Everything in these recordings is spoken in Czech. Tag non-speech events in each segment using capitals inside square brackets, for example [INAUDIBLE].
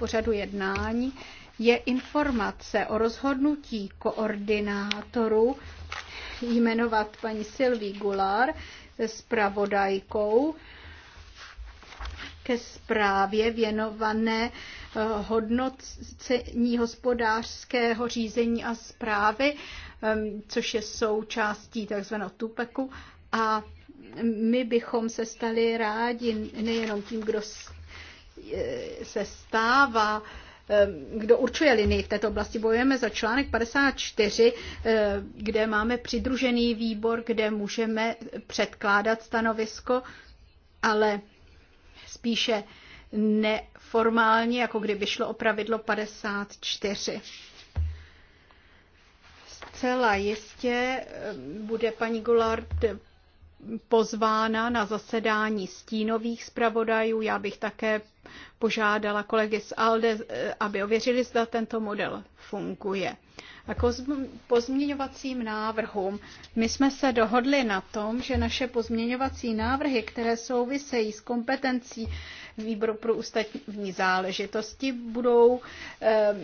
pořadu jednání je informace o rozhodnutí koordinátoru jmenovat paní Sylvie Gular zpravodajkou ke zprávě věnované eh, hodnocení hospodářského řízení a zprávy, ehm, což je součástí tzv. TUPEKu. A my bychom se stali rádi nejenom tím, kdo Eh, se stává eh, kdo určuje linii v této oblasti. Bojujeme za článek 54, eh, kde máme přidružený výbor, kde můžeme předkládat stanovisko, ale spíše neformálně, jako kdyby šlo o pravidlo 54. Zcela jistě bude paní Goulart pozvána na zasedání stínových zpravodajů. Já bych také požádala kolegy z ALDE, eh, aby ověřili, zda tento model funguje. A k pozměňovacím návrhům. My jsme se dohodli na tom, že naše pozměňovací návrhy, které souvisejí s kompetencí výboru pro ústavní záležitosti, budou eh,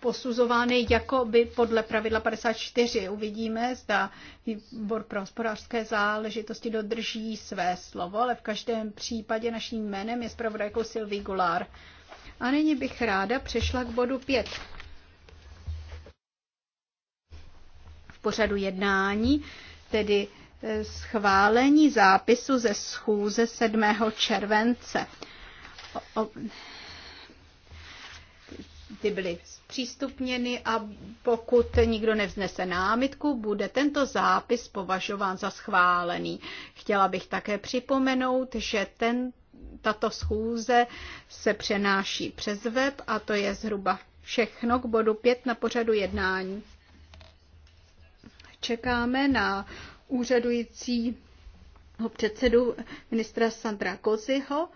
posuzovány jako by podle pravidla 54. Uvidíme, zda výbor pro hospodářské záležitosti dodrží své slovo, ale v každém případě naším jménem je zpravodajkou Silvi Gular. A nyní bych ráda přešla k bodu 5. V pořadu jednání, tedy eh, schválení zápisu ze schůze 7. července. O, o, ty byly přístupněny a pokud nikdo nevznese námitku, bude tento zápis považován za schválený. Chtěla bych také připomenout, že ten, tato schůze se přenáší přes web a to je zhruba všechno k bodu 5 na pořadu jednání. Čekáme na úřadujícího předsedu ministra Sandra Koziho.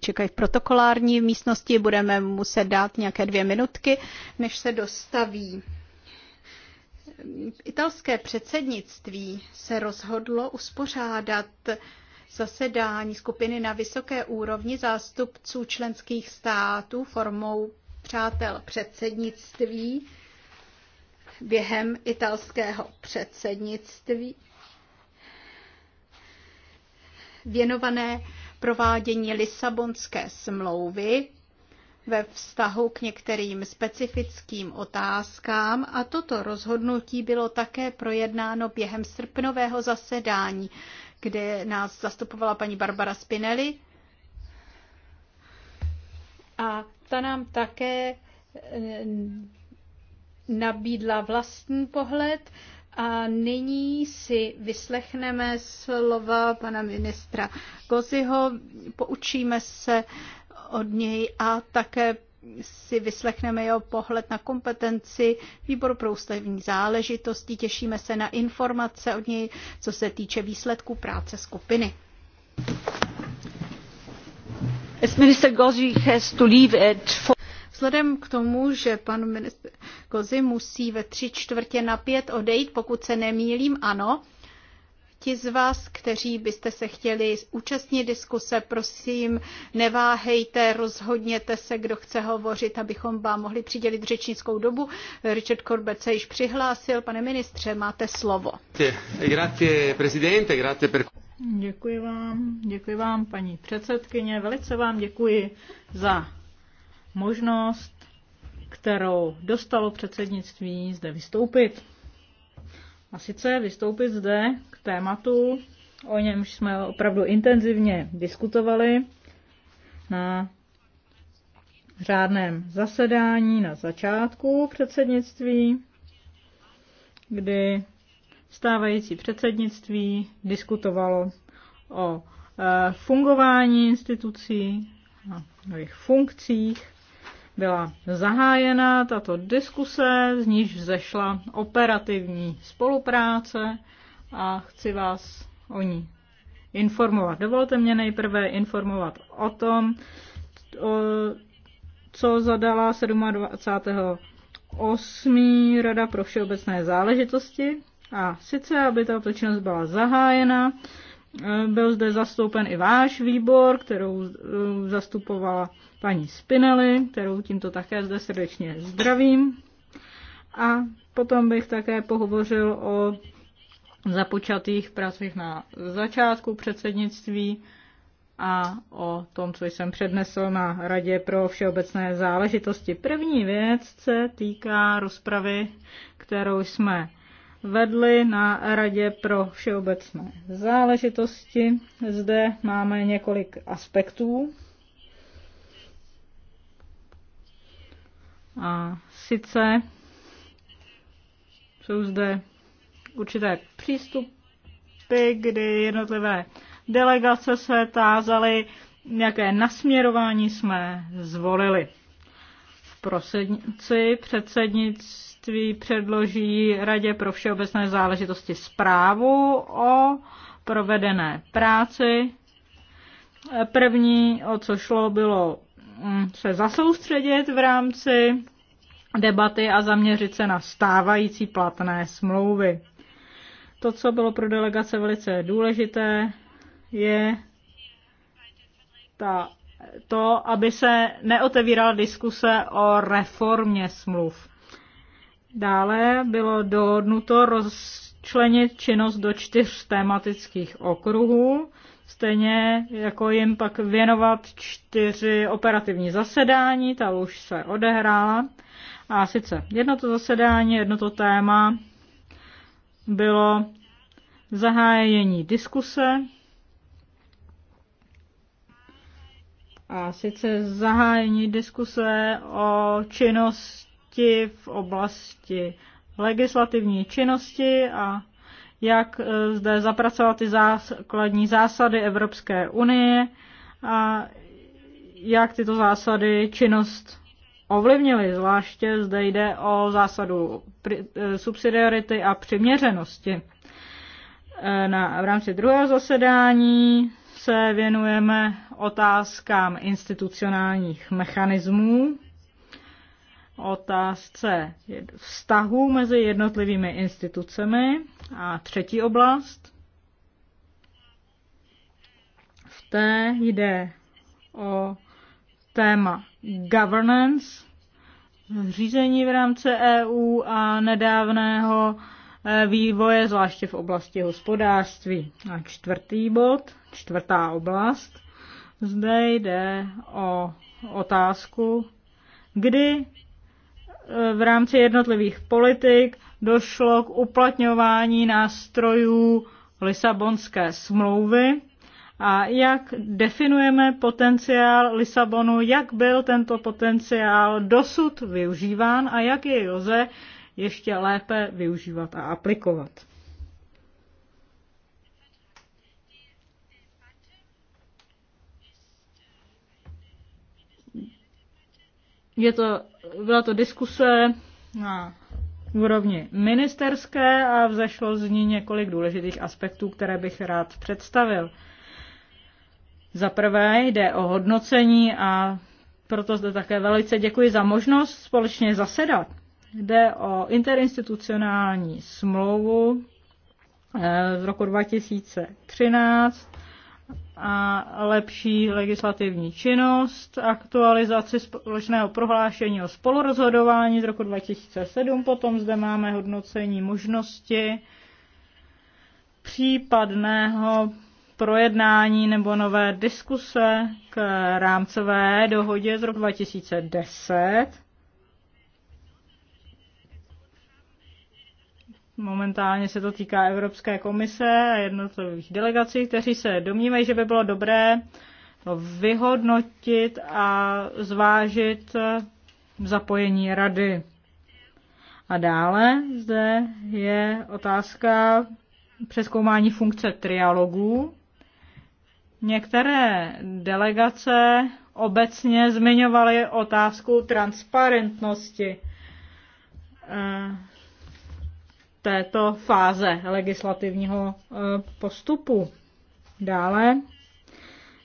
čekají v protokolární místnosti, budeme muset dát nějaké dvě minutky, než se dostaví. Italské předsednictví se rozhodlo uspořádat zasedání skupiny na vysoké úrovni zástupců členských států formou přátel předsednictví během italského předsednictví věnované provádění Lisabonské smlouvy ve vztahu k některým specifickým otázkám a toto rozhodnutí bylo také projednáno během srpnového zasedání, kde nás zastupovala paní Barbara Spinelli. A ta nám také eh, nabídla vlastní pohled a nyní si vyslechneme slova pana ministra Goziho, poučíme se od něj a také si vyslechneme jeho pohled na kompetenci výboru pro ústavní záležitosti. Těšíme se na informace od něj, co se týče výsledků práce skupiny. As Minister Gozzi has to leave at four. Vzhledem k tomu, že pan ministr Kozy musí ve tři čtvrtě na pět odejít, pokud se nemýlím, ano, ti z vás, kteří byste se chtěli účastnit diskuse, prosím, neváhejte, rozhodněte se, kdo chce hovořit, abychom vám mohli přidělit řečnickou dobu. Richard Corbett se již přihlásil. Pane ministře, máte slovo. Děkuji vám, děkuji vám, paní předsedkyně, velice vám děkuji za možnost, kterou dostalo předsednictví zde vystoupit. A sice vystoupit zde k tématu, o němž jsme opravdu intenzivně diskutovali na řádném zasedání na začátku předsednictví, kdy stávající předsednictví diskutovalo o eh, fungování institucí, o jejich funkcích byla zahájena tato diskuse, z níž zešla operativní spolupráce a chci vás o ní informovat. Dovolte mě nejprve informovat o tom, co zadala 27. Rada pro všeobecné záležitosti. A sice, aby tato činnost byla zahájena, Eh, byl zde zastoupen i váš výbor, kterou eh, zastupovala paní Spinelli, kterou tímto také zde srdečně zdravím. A potom bych také pohovořil o započatých pracích na začátku předsednictví a o tom, co jsem přednesl na Radě pro všeobecné záležitosti. První věc se týká rozpravy, kterou jsme vedli na Radě pro všeobecné záležitosti. Zde máme několik aspektů. A sice jsou zde určité přístupy, kdy jednotlivé delegace se tázaly, jaké nasměrování jsme zvolili. V prosinci předsednictví předsednictví předloží Radě pro všeobecné záležitosti zprávu o provedené práci. První, o co šlo, bylo mm, se zasoustředit v rámci debaty a zaměřit se na stávající platné smlouvy. To, co bylo pro delegace velice důležité, je ta, to, aby se neotevírala diskuse o reformě smluv. Dále bylo dohodnuto rozčlenit činnost do čtyř tematických okruhů, stejně jako jim pak věnovat čtyři operativní zasedání, ta už se odehrála. A sice jedno to zasedání, jedno to téma bylo zahájení diskuse, a sice zahájení diskuse o činnosti činnosti v oblasti legislativní činnosti a jak e, zde zapracovat ty základní zásady Evropské unie a jak tyto zásady činnost ovlivnily. Zvláště zde jde o zásadu e, subsidiarity a přiměřenosti. E, na, v rámci druhého zasedání se věnujeme otázkám institucionálních mechanismů otázce vztahu mezi jednotlivými institucemi. A třetí oblast, v té jde o téma governance, řízení v rámci EU a nedávného eh, vývoje, zvláště v oblasti hospodářství. A čtvrtý bod, čtvrtá oblast, zde jde o otázku, kdy v rámci jednotlivých politik došlo k uplatňování nástrojů Lisabonské smlouvy a jak definujeme potenciál Lisabonu, jak byl tento potenciál dosud využíván a jak jej lze ještě lépe využívat a aplikovat. Je to, byla to diskuse na úrovni ministerské a vzešlo z ní několik důležitých aspektů, které bych rád představil. Za prvé jde o hodnocení a proto zde také velice děkuji za možnost společně zasedat. Jde o interinstitucionální smlouvu eh, z roku 2013 a lepší legislativní činnost, aktualizaci společného prohlášení o spolurozhodování z roku 2007, potom zde máme hodnocení možnosti případného projednání nebo nové diskuse k rámcové dohodě z roku 2010 Momentálně se to týká Evropské komise a jednotlivých delegací, kteří se domnívají, že by bylo dobré vyhodnotit a zvážit zapojení rady. A dále zde je otázka přeskoumání funkce trialogů. Některé delegace obecně zmiňovaly otázku transparentnosti eh, této fáze legislativního eh, postupu. Dále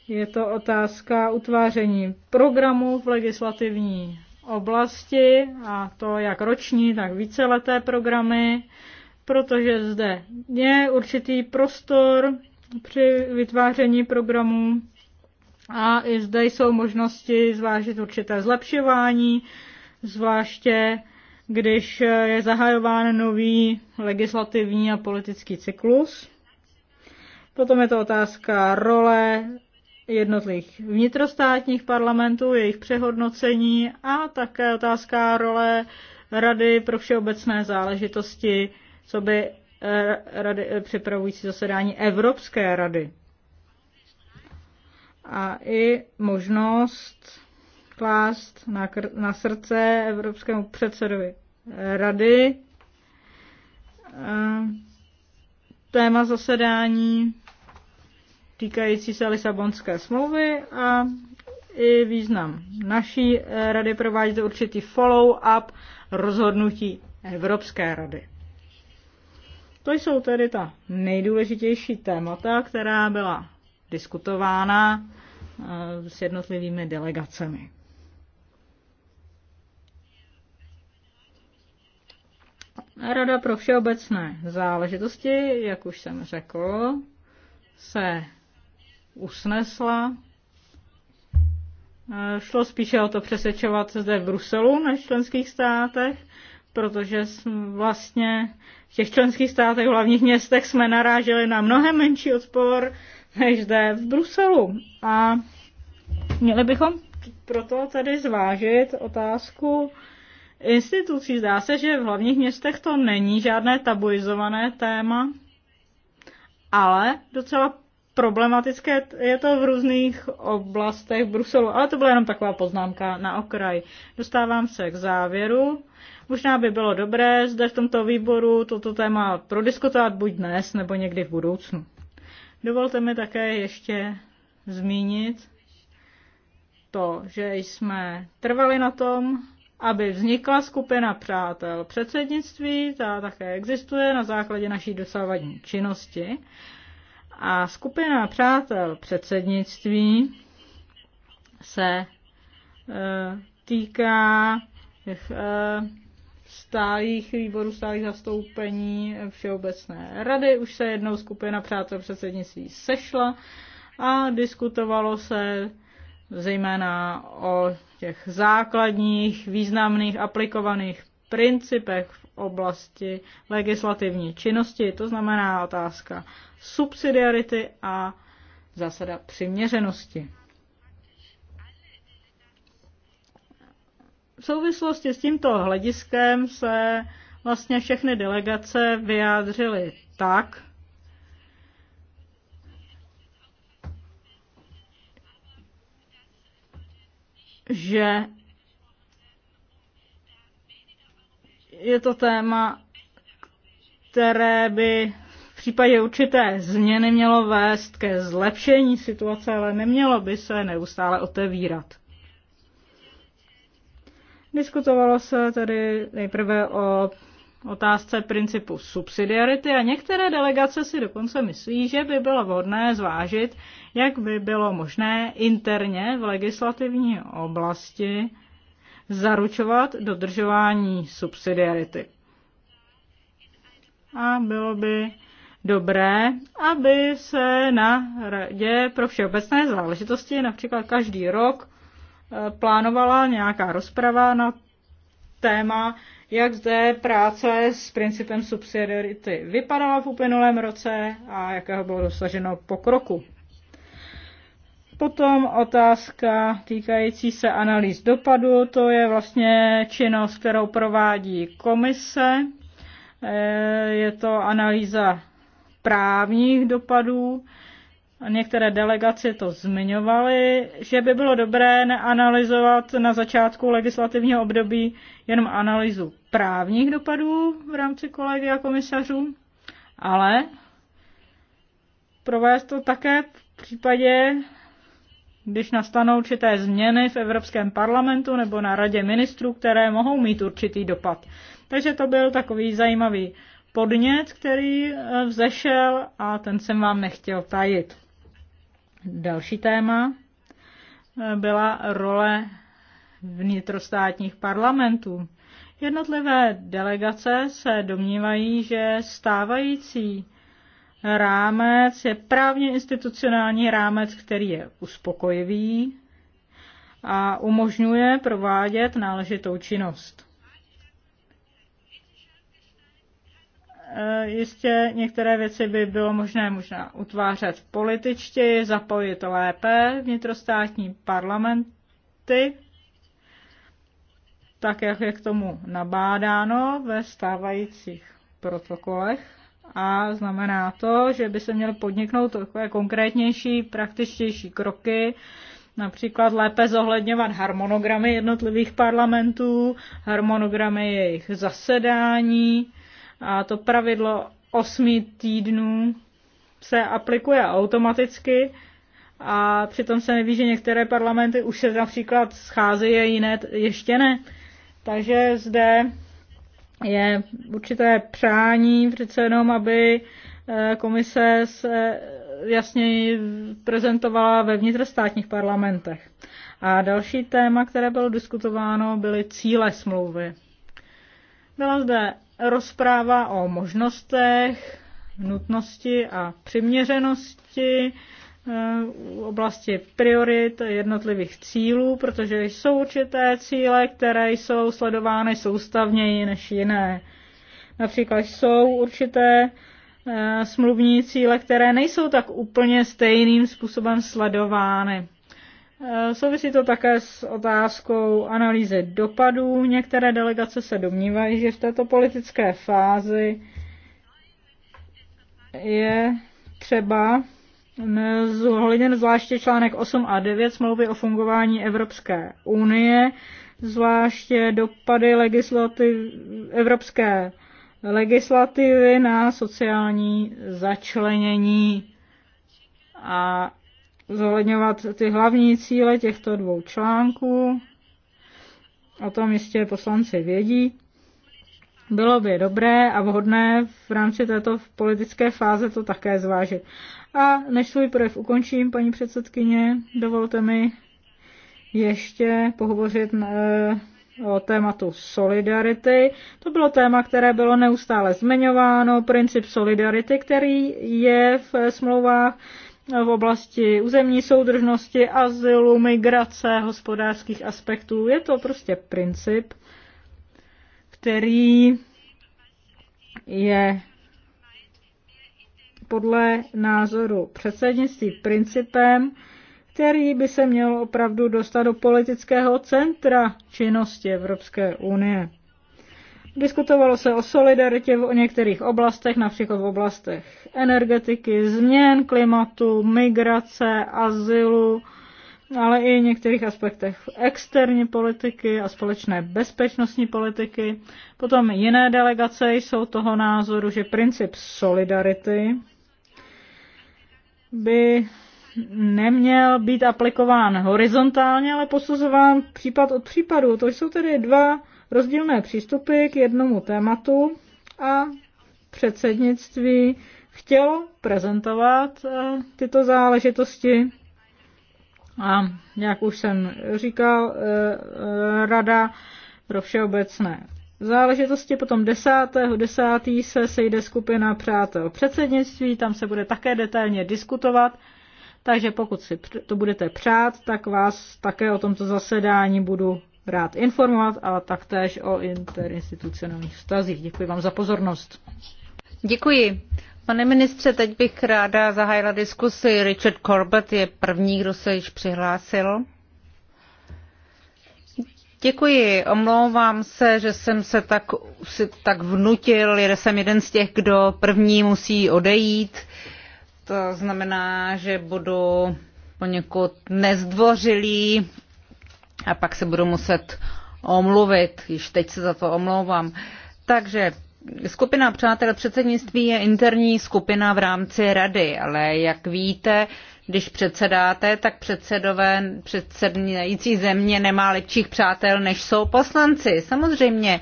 je to otázka utváření programů v legislativní oblasti, a to jak roční, tak víceleté programy, protože zde je určitý prostor při vytváření programů a i zde jsou možnosti zvážit určité zlepšování, zvláště když eh, je zahajován nový legislativní a politický cyklus. Potom je to otázka role jednotlivých vnitrostátních parlamentů, jejich přehodnocení a také otázka role Rady pro všeobecné záležitosti, co by eh, rady, eh, připravující zasedání Evropské rady. A i možnost klást na, na srdce evropskému předsedovi rady. Téma zasedání týkající se Lisabonské smlouvy a i význam naší rady provádět určitý follow-up rozhodnutí Evropské rady. To jsou tedy ta nejdůležitější témata, která byla diskutována e, s jednotlivými delegacemi. Rada pro všeobecné záležitosti, jak už jsem řekl, se usnesla. E, šlo spíše o to přesvědčovat zde v Bruselu než v členských státech, protože vlastně v těch členských státech, v hlavních městech jsme naráželi na mnohem menší odpor než zde v Bruselu. A měli bychom proto tady zvážit otázku institucí. Zdá se, že v hlavních městech to není žádné tabuizované téma, ale docela problematické je to v různých oblastech Bruselu, ale to byla jenom taková poznámka na okraj. Dostávám se k závěru. Možná by bylo dobré zde v tomto výboru toto téma prodiskutovat buď dnes nebo někdy v budoucnu. Dovolte mi také ještě zmínit to, že jsme trvali na tom, aby vznikla skupina přátel předsednictví, ta také existuje na základě naší dosávadní činnosti. A skupina přátel předsednictví se e, týká těch, e, stálých výborů, stálých zastoupení Všeobecné rady. Už se jednou skupina přátel předsednictví sešla a diskutovalo se zejména o těch základních, významných, aplikovaných principech v oblasti legislativní činnosti, to znamená otázka subsidiarity a zásada přiměřenosti. V souvislosti s tímto hlediskem se vlastně všechny delegace vyjádřily tak, že je to téma, které by v případě určité změny mělo vést ke zlepšení situace, ale nemělo by se neustále otevírat. Diskutovalo se tedy nejprve o otázce principu subsidiarity a některé delegace si dokonce myslí, že by bylo vhodné zvážit, jak by bylo možné interně v legislativní oblasti zaručovat dodržování subsidiarity. A bylo by dobré, aby se na Radě pro všeobecné záležitosti například každý rok eh, plánovala nějaká rozprava na téma, jak zde práce s principem subsidiarity vypadala v uplynulém roce a jakého bylo dosaženo pokroku. Potom otázka týkající se analýz dopadu, to je vlastně činnost, kterou provádí komise. Eh, je to analýza právních dopadů. Některé delegace to zmiňovaly, že by bylo dobré neanalyzovat na začátku legislativního období jenom analýzu právních dopadů v rámci a komisařů, ale provést to také v případě, když nastanou určité změny v Evropském parlamentu nebo na radě ministrů, které mohou mít určitý dopad. Takže to byl takový zajímavý podnět, který eh, vzešel a ten jsem vám nechtěl tajit. Další téma eh, byla role vnitrostátních parlamentů. Jednotlivé delegace se domnívají, že stávající rámec je právně institucionální rámec, který je uspokojivý a umožňuje provádět náležitou činnost. Eh, jistě některé věci by bylo možné možná utvářet političtěji, zapojit lépe vnitrostátní parlamenty, tak jak je k tomu nabádáno ve stávajících protokolech. A znamená to, že by se měly podniknout takové konkrétnější, praktičtější kroky, například lépe zohledňovat harmonogramy jednotlivých parlamentů, harmonogramy jejich zasedání a to pravidlo osmi týdnů se aplikuje automaticky a přitom se neví, že některé parlamenty už se například scházejí a jiné ještě ne. Takže zde je určité přání přece jenom, aby eh, komise se jasně prezentovala ve vnitrostátních parlamentech. A další téma, které bylo diskutováno, byly cíle smlouvy. Byla zde rozpráva o možnostech, nutnosti a přiměřenosti v eh, oblasti priorit jednotlivých cílů, protože jsou určité cíle, které jsou sledovány soustavněji než jiné. Například jsou určité eh, smluvní cíle, které nejsou tak úplně stejným způsobem sledovány. Eh, souvisí to také s otázkou analýzy dopadů. Některé delegace se domnívají, že v této politické fázi je třeba zohledněn zvláště článek 8 a 9 smlouvy o fungování Evropské unie, zvláště dopady legislativ, evropské legislativy na sociální začlenění a zohledňovat ty hlavní cíle těchto dvou článků. O tom jistě poslanci vědí. Bylo by dobré a vhodné v rámci této politické fáze to také zvážit. A než svůj projev ukončím, paní předsedkyně, dovolte mi ještě pohovořit eh, o tématu solidarity. To bylo téma, které bylo neustále zmiňováno, princip solidarity, který je v smlouvách v oblasti územní soudržnosti, azylu, migrace, hospodářských aspektů. Je to prostě princip, který je podle názoru předsednictví principem, který by se měl opravdu dostat do politického centra činnosti Evropské unie. Diskutovalo se o solidaritě v některých oblastech, například v oblastech energetiky, změn klimatu, migrace, azylu, ale i některých aspektech externí politiky a společné bezpečnostní politiky. Potom jiné delegace jsou toho názoru, že princip solidarity by neměl být aplikován horizontálně, ale posuzován případ od případu. To jsou tedy dva rozdílné přístupy k jednomu tématu a předsednictví chtělo prezentovat eh, tyto záležitosti a jak už jsem říkal, eh, eh, Rada pro všeobecné záležitosti. Potom 10.10. 10. se sejde skupina přátel předsednictví, tam se bude také detailně diskutovat, takže pokud si to budete přát, tak vás také o tomto zasedání budu rád informovat a taktéž o interinstitucionálních vztazích. Děkuji vám za pozornost. Děkuji. Pane ministře, teď bych ráda zahájila diskusi. Richard Corbett je první, kdo se již přihlásil. Děkuji, omlouvám se, že jsem se tak, si tak vnutil, že jsem jeden z těch, kdo první musí odejít. To znamená, že budu poněkud nezdvořilý a pak se budu muset omluvit, již teď se za to omlouvám. Takže Skupina přátel předsednictví je interní skupina v rámci rady, ale jak víte, když předsedáte, tak předsedové, předsednící země nemá lepších přátel, než jsou poslanci. Samozřejmě,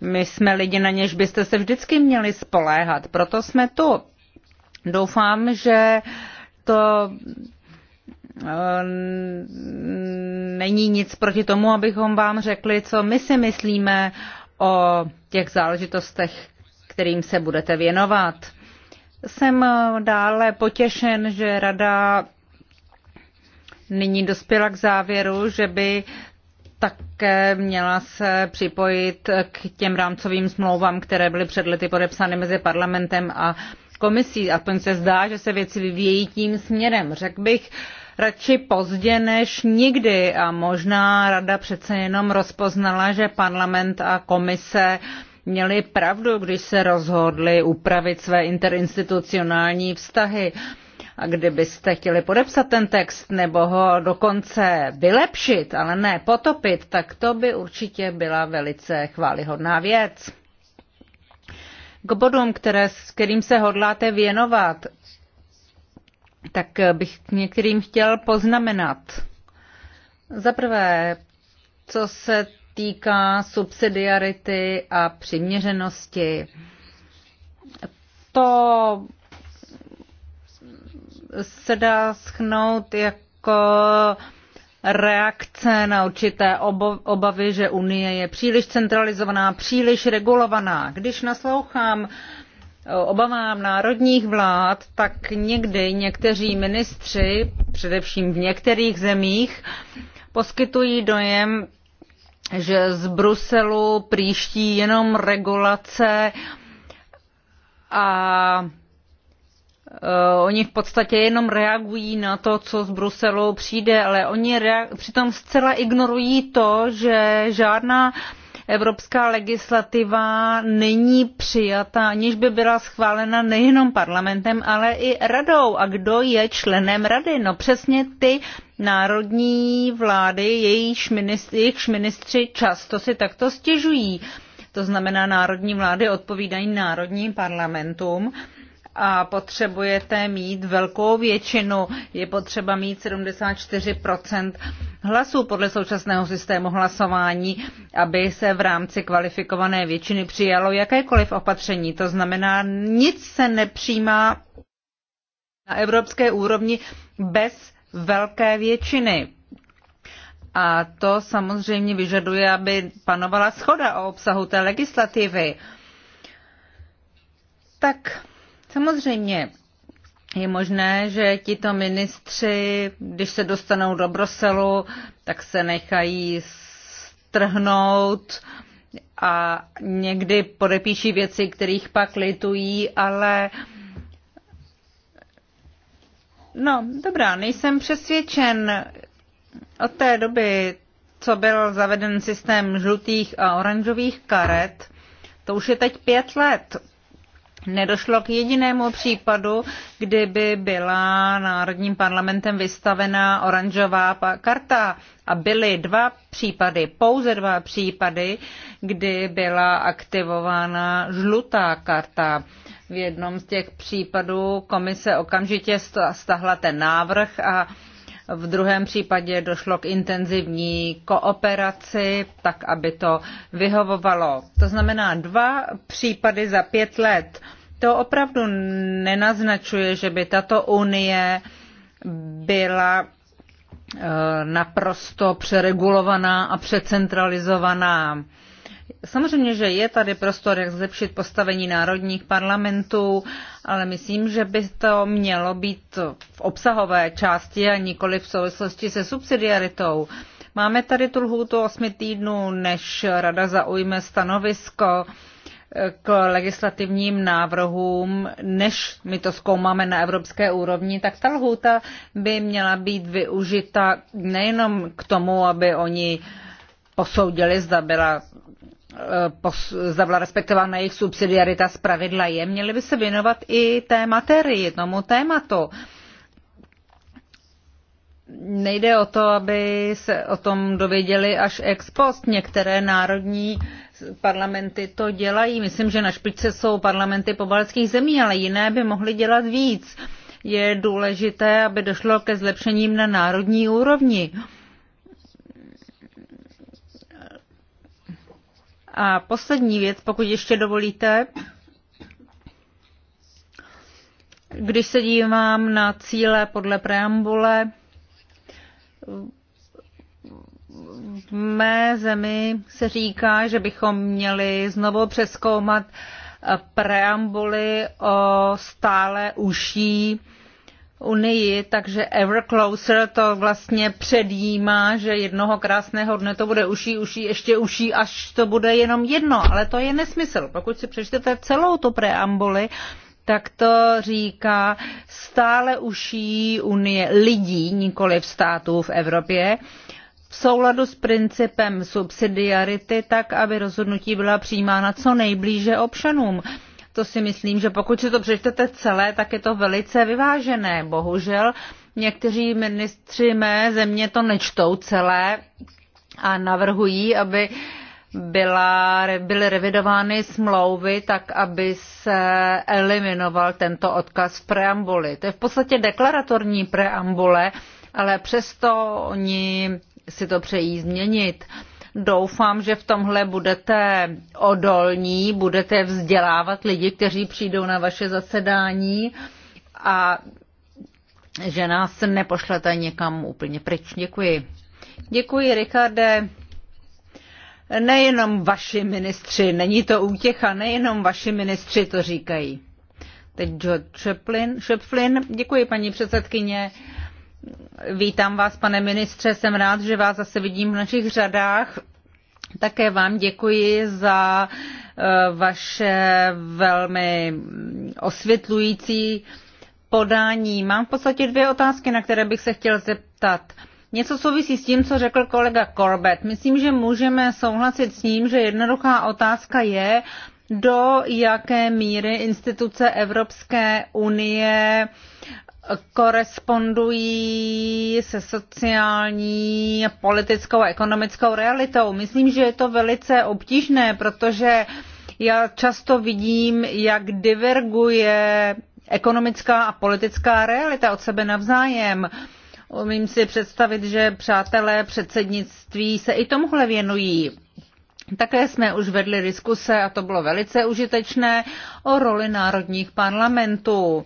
my jsme lidi, na něž byste se vždycky měli spoléhat, proto jsme tu. Doufám, že to eh, není nic proti tomu, abychom vám řekli, co my si myslíme o těch záležitostech, kterým se budete věnovat. Jsem dále potěšen, že Rada nyní dospěla k závěru, že by také měla se připojit k těm rámcovým smlouvám, které byly před lety podepsány mezi parlamentem a komisí. to se zdá, že se věci vyvíjí tím směrem. Řekl bych, radši pozdě než nikdy a možná rada přece jenom rozpoznala, že parlament a komise měli pravdu, když se rozhodli upravit své interinstitucionální vztahy. A kdybyste chtěli podepsat ten text nebo ho dokonce vylepšit, ale ne potopit, tak to by určitě byla velice chválihodná věc. K bodům, které, s kterým se hodláte věnovat, tak eh, bych k některým chtěl poznamenat. Za prvé, co se týká subsidiarity a přiměřenosti. To se dá schnout jako reakce na určité obavy, že Unie je příliš centralizovaná, příliš regulovaná. Když naslouchám obavám národních vlád, tak někdy někteří ministři, především v některých zemích, poskytují dojem, že z Bruselu příští jenom regulace a eh, oni v podstatě jenom reagují na to, co z Bruselu přijde, ale oni přitom zcela ignorují to, že žádná uh, evropská legislativa není přijata, aniž by byla schválena nejenom parlamentem, ale i radou. A kdo je členem rady? No přesně ty národní vlády, jejichž ministři, jejichž ministři často si takto stěžují. To znamená, národní vlády odpovídají národním parlamentům a potřebujete mít velkou většinu. Je potřeba mít 74 hlasů podle současného systému hlasování, aby se v rámci kvalifikované většiny přijalo jakékoliv opatření. To znamená, nic se nepřijímá na evropské úrovni bez velké většiny. A to samozřejmě vyžaduje, aby panovala schoda o obsahu té legislativy. Tak samozřejmě Vlastně je možné, že tito ministři, když se dostanou do Bruselu, tak se nechají strhnout a někdy podepíší věci, kterých pak litují, ale no, dobrá, nejsem přesvědčen od té doby, co byl zaveden systém žlutých a oranžových karet, to už je teď pět let Nedošlo k jedinému případu, kdyby byla Národním parlamentem vystavená oranžová karta. A byly dva případy, pouze dva případy, kdy byla aktivována žlutá karta. V jednom z těch případů komise okamžitě stahla ten návrh a v druhém případě došlo k intenzivní kooperaci, tak aby to vyhovovalo. To znamená dva případy za pět let to opravdu nenaznačuje, že by tato unie byla eh, naprosto přeregulovaná a přecentralizovaná. Samozřejmě, že je tady prostor, jak zlepšit postavení národních parlamentů, ale myslím, že by to mělo být v obsahové části a nikoli v souvislosti se subsidiaritou. Máme tady tu lhůtu osmi týdnů, než Rada zaujme stanovisko k legislativním návrhům, než my to zkoumáme na evropské úrovni, tak ta lhůta by měla být využita nejenom k tomu, aby oni posoudili, zda byla eh, zda byla respektována jejich subsidiarita z pravidla je, měli by se věnovat i té materii, tomu tématu. Nejde o to, aby se o tom dověděli až ex post. Některé národní uh, Parlamenty to dělají. Myslím, že na špičce jsou parlamenty pobaltských zemí, ale jiné by mohly dělat víc. Je důležité, aby došlo ke zlepšením na národní úrovni. A poslední věc, pokud ještě dovolíte. Když se dívám na cíle podle preambule, v mé zemi se říká, že bychom měli znovu přeskoumat eh, preambuly o stále uší unii, takže ever closer to vlastně předjímá, že jednoho krásného dne to bude uší, uší, ještě uší, až to bude jenom jedno. Ale to je nesmysl. Pokud si přečtete celou tu preambuli, tak to říká stále uší unie lidí, nikoli v států v Evropě. Uh, v souladu s principem subsidiarity tak, aby rozhodnutí byla přijímána co nejblíže občanům. To si myslím, že pokud si to přečtete celé, tak je to velice vyvážené. Bohužel někteří ministři mé země to nečtou celé a navrhují, aby byla, byly revidovány smlouvy tak, aby se eliminoval tento odkaz v preambuli. To je v podstatě deklaratorní preambule, ale přesto oni si to přejí změnit. Doufám, že v tomhle budete odolní, budete vzdělávat lidi, kteří přijdou na vaše zasedání a že nás nepošlete někam úplně pryč. Děkuji. Děkuji, Rikarde. Nejenom vaši ministři, není to útěcha, nejenom vaši ministři to říkají. Teď George Chaplin, Chaplin. Děkuji, paní předsedkyně. Vítám vás, pane ministře, jsem rád, že vás zase vidím v našich řadách. Také vám děkuji za eh, vaše velmi osvětlující podání. Mám v podstatě dvě otázky, na které bych se chtěl zeptat. Něco souvisí s tím, co řekl kolega Corbett. Myslím, že můžeme souhlasit s ním, že jednoduchá otázka je, do jaké míry instituce Evropské unie uh, korespondují se sociální, politickou a ekonomickou realitou. Myslím, že je to velice obtížné, protože já často vidím, jak diverguje ekonomická a politická realita od sebe navzájem. Umím si představit, že přátelé předsednictví se i tomuhle věnují. Také jsme už vedli diskuse, a to bylo velice užitečné, o roli národních parlamentů.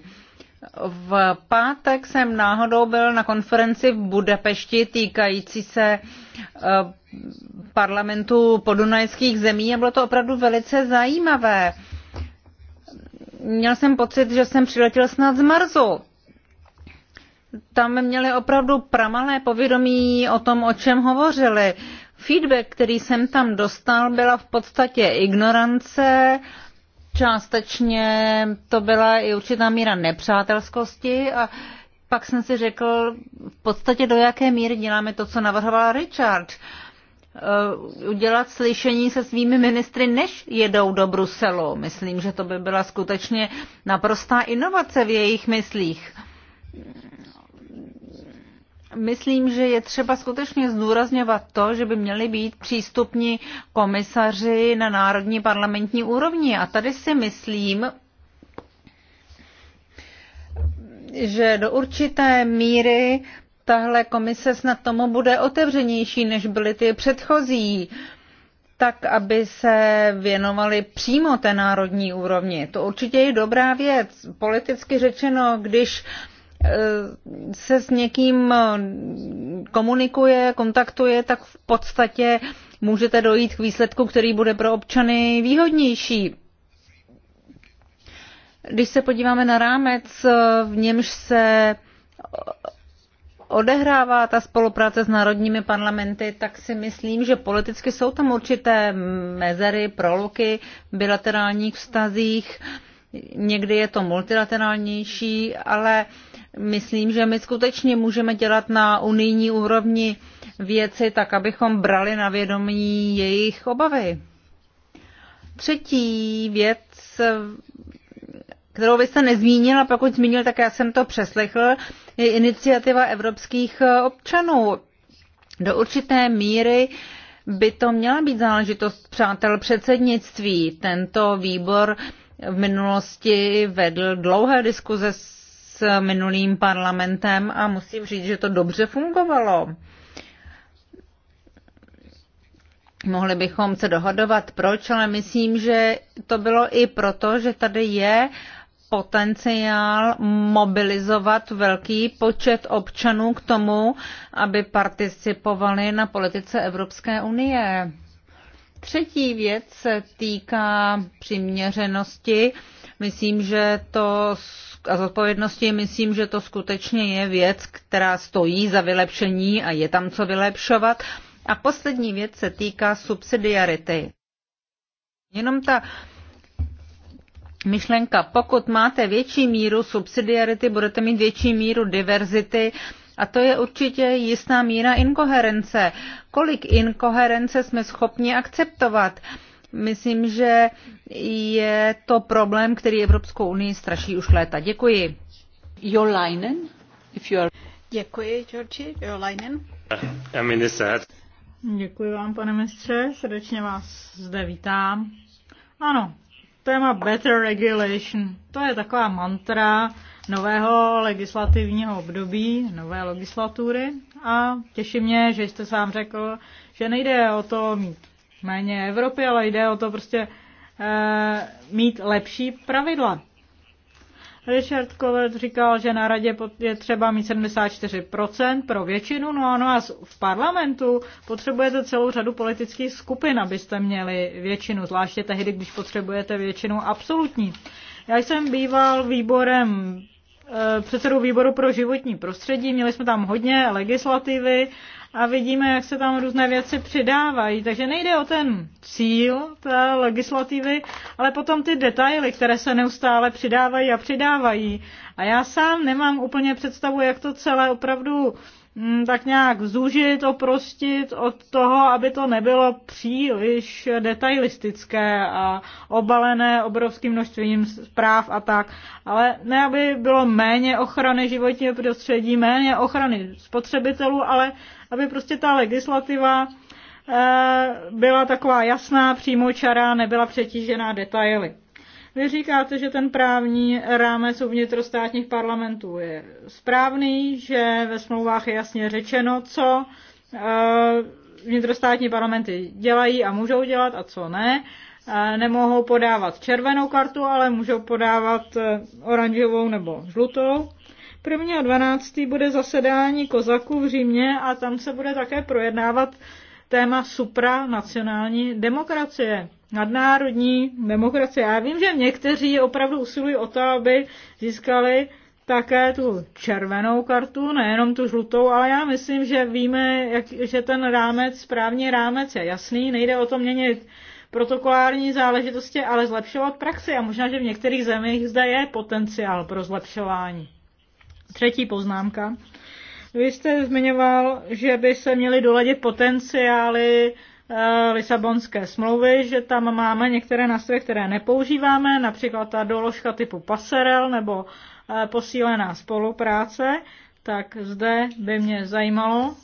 V pátek jsem náhodou byl na konferenci v Budapešti týkající se eh, parlamentu podunajských zemí a bylo to opravdu velice zajímavé. Měl jsem pocit, že jsem přiletěl snad z Marzu. Tam měli opravdu pramalé povědomí o tom, o čem hovořili. Feedback, který jsem tam dostal, byla v podstatě ignorance, Částečně to byla i určitá míra nepřátelskosti a pak jsem si řekl, v podstatě do jaké míry děláme to, co navrhoval Richard. Eh, udělat slyšení se svými ministry, než jedou do Bruselu. Myslím, že to by byla skutečně naprostá inovace v jejich myslích. Myslím, že je třeba skutečně zdůrazňovat to, že by měli být přístupní komisaři na národní parlamentní úrovni. A tady si myslím, že do určité míry tahle komise snad tomu bude otevřenější, než byly ty předchozí, tak aby se věnovali přímo té národní úrovni. To určitě je dobrá věc. Politicky řečeno, když uh, se s někým eh, komunikuje, kontaktuje, tak v podstatě můžete dojít k výsledku, který bude pro občany výhodnější. Když se podíváme na rámec, eh, v němž se odehrává ta spolupráce s národními parlamenty, tak si myslím, že politicky jsou tam určité mezery, proluky v bilaterálních vztazích. Někdy je to multilaterálnější, ale uh, Myslím, že my skutečně můžeme dělat na unijní úrovni věci tak, abychom brali na vědomí jejich obavy. Třetí věc, kterou byste nezmínil, a pokud zmínil, tak já jsem to přeslechl, je iniciativa evropských občanů. Do určité míry by to měla být záležitost přátel předsednictví. Tento výbor v minulosti vedl dlouhé diskuze s s minulým parlamentem a musím říct, že to dobře fungovalo. Mohli bychom se dohodovat, proč, ale myslím, že to bylo i proto, že tady je potenciál mobilizovat velký počet občanů k tomu, aby participovali na politice Evropské unie. Třetí věc se týká přiměřenosti. Myslím, že to a zodpovědnosti, myslím, že to skutečně je věc, která stojí za vylepšení a je tam co vylepšovat. A poslední věc se týká subsidiarity. Jenom ta myšlenka, pokud máte větší míru subsidiarity, budete mít větší míru diverzity a to je určitě jistá míra inkoherence. Kolik inkoherence jsme schopni akceptovat? Myslím, že je to problém, který Evropskou unii straší už léta. Děkuji. Jolainen, if you are... Děkuji, Georgi. Jolainen. Děkuji vám, pane mistře. Srdečně vás zde vítám. Ano, téma better regulation. To je taková mantra nového legislativního období, nové legislatury. A těší mě, že jste sám řekl, že nejde o to mít méně Evropy, ale jde o to prostě e, mít lepší pravidla. Richard Covert říkal, že na radě je třeba mít 74% pro většinu, no ano a no v parlamentu potřebujete celou řadu politických skupin, abyste měli většinu, zvláště tehdy, když potřebujete většinu absolutní. Já jsem býval výborem Eh, předsedou výboru pro životní prostředí, měli jsme tam hodně legislativy a vidíme, jak se tam různé věci přidávají. Takže nejde o ten cíl té legislativy, ale potom ty detaily, které se neustále přidávají a přidávají. A já sám nemám úplně představu, jak to celé opravdu Hm, tak nějak zúžit, oprostit od toho, aby to nebylo příliš detailistické a obalené obrovským množstvím zpráv a tak, ale ne, aby bylo méně ochrany životního prostředí, méně ochrany spotřebitelů, ale aby prostě ta legislativa eh, byla taková jasná, přímočará, nebyla přetížená detaily. Vy říkáte, že ten právní rámec u vnitrostátních parlamentů je správný, že ve smlouvách je jasně řečeno, co eh, vnitrostátní parlamenty dělají a můžou dělat a co ne. Eh, nemohou podávat červenou kartu, ale můžou podávat eh, oranžovou nebo žlutou. První a 12. bude zasedání Kozaku v Římě a tam se bude také projednávat téma supranacionální demokracie, nadnárodní demokracie. Já vím, že někteří opravdu usilují o to, aby získali také tu červenou kartu, nejenom tu žlutou, ale já myslím, že víme, jak, že ten rámec, správný rámec je jasný, nejde o to měnit protokolární záležitosti, ale zlepšovat praxi a možná, že v některých zemích zde je potenciál pro zlepšování. Třetí poznámka. Vy jste zmiňoval, že by se měly doladit potenciály eh, Lisabonské smlouvy, že tam máme některé nástroje, které nepoužíváme, například ta doložka typu paserel nebo eh, posílená spolupráce, tak zde by mě zajímalo,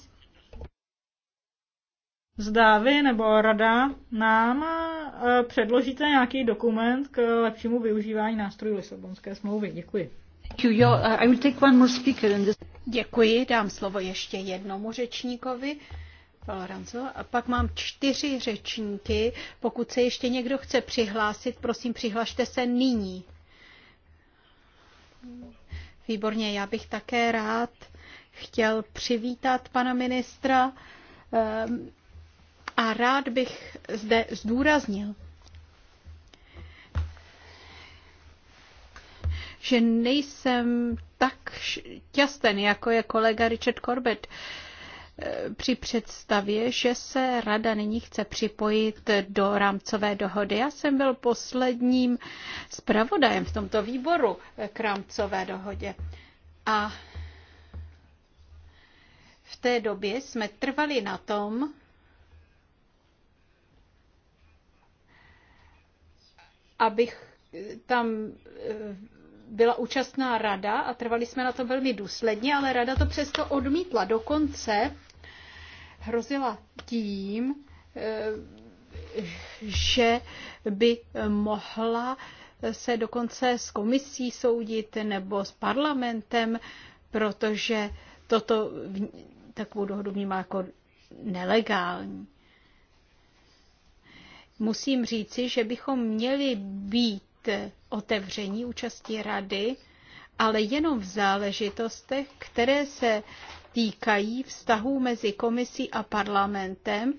zda vy nebo rada nám eh, předložíte nějaký dokument k lepšímu využívání nástrojů Lisabonské smlouvy. Děkuji. Děkuji, dám slovo ještě jednomu řečníkovi. Lorenzo. A pak mám čtyři řečníky. Pokud se ještě někdo chce přihlásit, prosím, přihlašte se nyní. Výborně, já bych také rád chtěl přivítat pana ministra ehm, a rád bych zde zdůraznil, že nejsem tak šťasten, jako je kolega Richard Corbett eh, při představě, že se rada nyní chce připojit do rámcové dohody. Já jsem byl posledním zpravodajem v tomto výboru k rámcové dohodě. A v té době jsme trvali na tom, abych tam eh, byla účastná rada a trvali jsme na tom velmi důsledně, ale rada to přesto odmítla. Dokonce hrozila tím, eh, že by mohla se dokonce s komisí soudit nebo s parlamentem, protože toto takovou dohodu vnímá jako nelegální. Musím říci, že bychom měli být otevření účasti rady, ale jenom v záležitostech, které se týkají vztahů mezi komisí a parlamentem,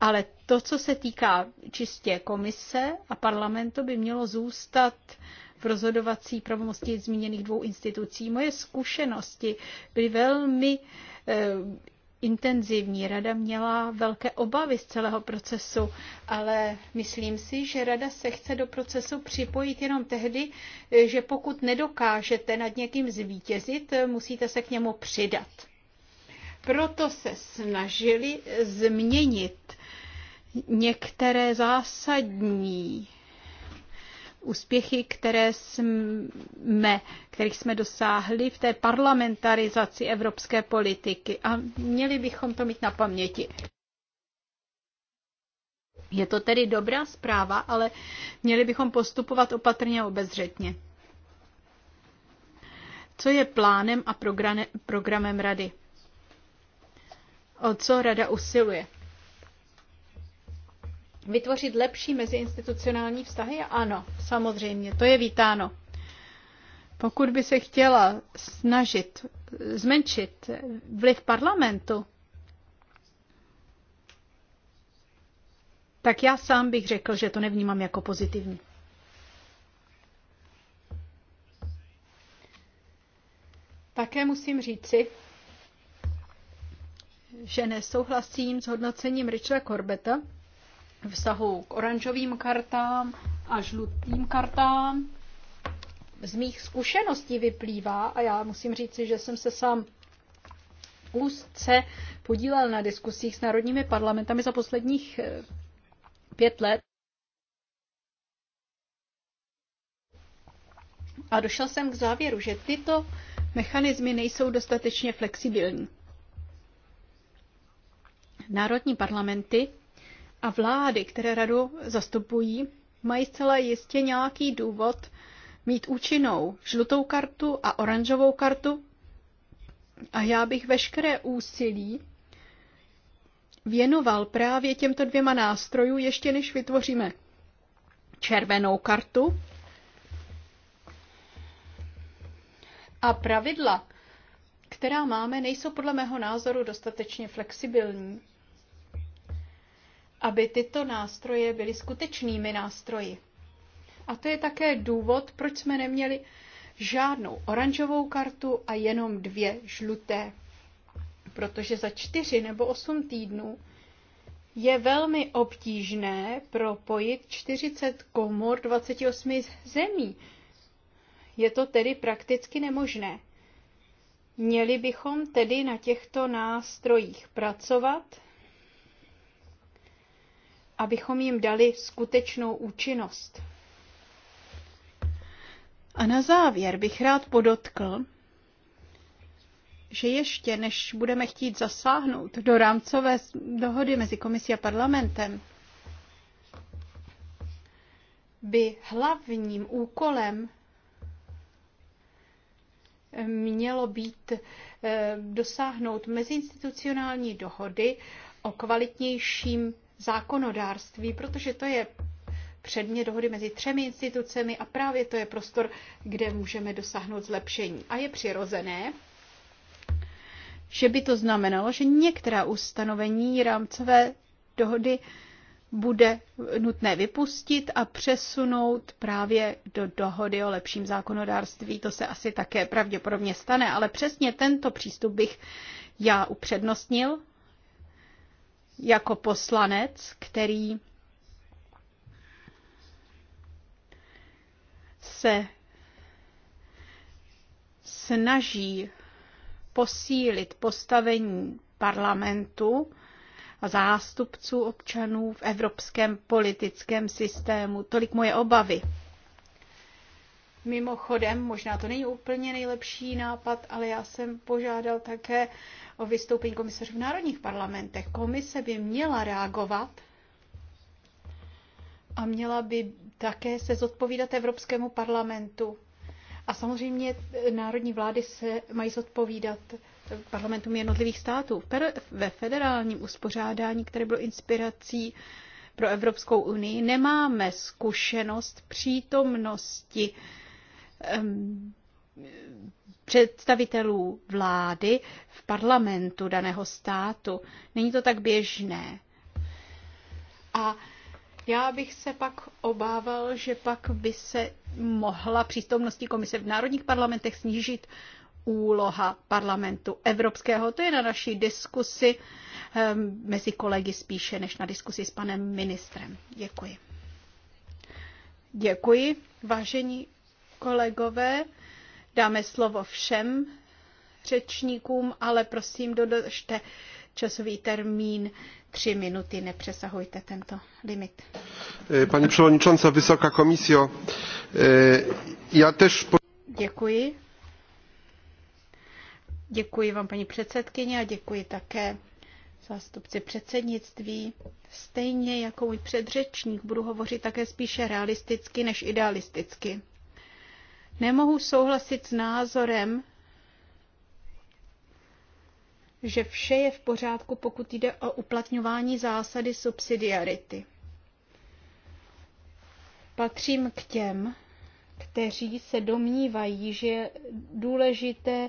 ale to, co se týká čistě komise a parlamentu, by mělo zůstat v rozhodovací pravomosti zmíněných dvou institucí. Moje zkušenosti byly velmi eh, intenzivní. Rada měla velké obavy z celého procesu, ale myslím si, že rada se chce do procesu připojit jenom tehdy, že pokud nedokážete nad někým zvítězit, musíte se k němu přidat. Proto se snažili změnit některé zásadní úspěchy, které jsme, kterých jsme dosáhli v té parlamentarizaci evropské politiky. A měli bychom to mít na paměti. Je to tedy dobrá zpráva, ale měli bychom postupovat opatrně a obezřetně. Co je plánem a programem Rady? O co Rada usiluje? vytvořit lepší meziinstitucionální vztahy? Ano, samozřejmě, to je vítáno. Pokud by se chtěla snažit zmenšit vliv parlamentu, tak já sám bych řekl, že to nevnímám jako pozitivní. Také musím říci, že nesouhlasím s hodnocením Richarda Corbeta, vztahu k oranžovým kartám a žlutým kartám. Z mých zkušeností vyplývá, a já musím říci, že jsem se sám úzce podílel na diskusích s národními parlamentami za posledních eh, pět let. A došel jsem k závěru, že tyto mechanismy nejsou dostatečně flexibilní. Národní parlamenty a vlády, které radu zastupují, mají zcela jistě nějaký důvod mít účinnou žlutou kartu a oranžovou kartu. A já bych veškeré úsilí věnoval právě těmto dvěma nástrojům, ještě než vytvoříme červenou kartu. A pravidla, která máme, nejsou podle mého názoru dostatečně flexibilní aby tyto nástroje byly skutečnými nástroji. A to je také důvod, proč jsme neměli žádnou oranžovou kartu a jenom dvě žluté. Protože za čtyři nebo osm týdnů je velmi obtížné propojit 40 komor 28 zemí. Je to tedy prakticky nemožné. Měli bychom tedy na těchto nástrojích pracovat abychom jim dali skutečnou účinnost. A na závěr bych rád podotkl, že ještě než budeme chtít zasáhnout do rámcové dohody mezi komisí a parlamentem, by hlavním úkolem eh, mělo být eh, dosáhnout mezinstitucionální dohody o kvalitnějším zákonodárství, protože to je předmět dohody mezi třemi institucemi a právě to je prostor, kde můžeme dosáhnout zlepšení. A je přirozené, že by to znamenalo, že některá ustanovení rámcové dohody bude nutné vypustit a přesunout právě do dohody o lepším zákonodárství. To se asi také pravděpodobně stane, ale přesně tento přístup bych já upřednostnil jako poslanec, který se snaží posílit postavení parlamentu a zástupců občanů v evropském politickém systému. Tolik moje obavy. Mimochodem, možná to není úplně nejlepší nápad, ale já jsem požádal také o vystoupení komisaře v národních parlamentech. Komise by měla reagovat a měla by také se zodpovídat Evropskému parlamentu. A samozřejmě národní vlády se mají zodpovídat parlamentům jednotlivých států. Ve federálním uspořádání, které bylo inspirací pro Evropskou unii, nemáme zkušenost přítomnosti představitelů vlády v parlamentu daného státu. Není to tak běžné. A já bych se pak obával, že pak by se mohla přítomností komise v národních parlamentech snížit úloha parlamentu evropského. To je na naší diskusi mezi kolegy spíše než na diskusi s panem ministrem. Děkuji. Děkuji, vážení Kolegové, dáme slovo všem řečníkům, ale prosím dodržte časový termín. Tři minuty, nepřesahujte tento limit. E, Pani przewodnicząca, wysoka komisjo, e, já też... Děkuji. Děkuji vám, paní předsedkyně, a děkuji také zástupci předsednictví. Stejně jako můj předřečník budu hovořit také spíše realisticky než idealisticky. Nemohu souhlasit s názorem, že vše je v pořádku, pokud jde o uplatňování zásady subsidiarity. Patřím k těm, kteří se domnívají, že je důležité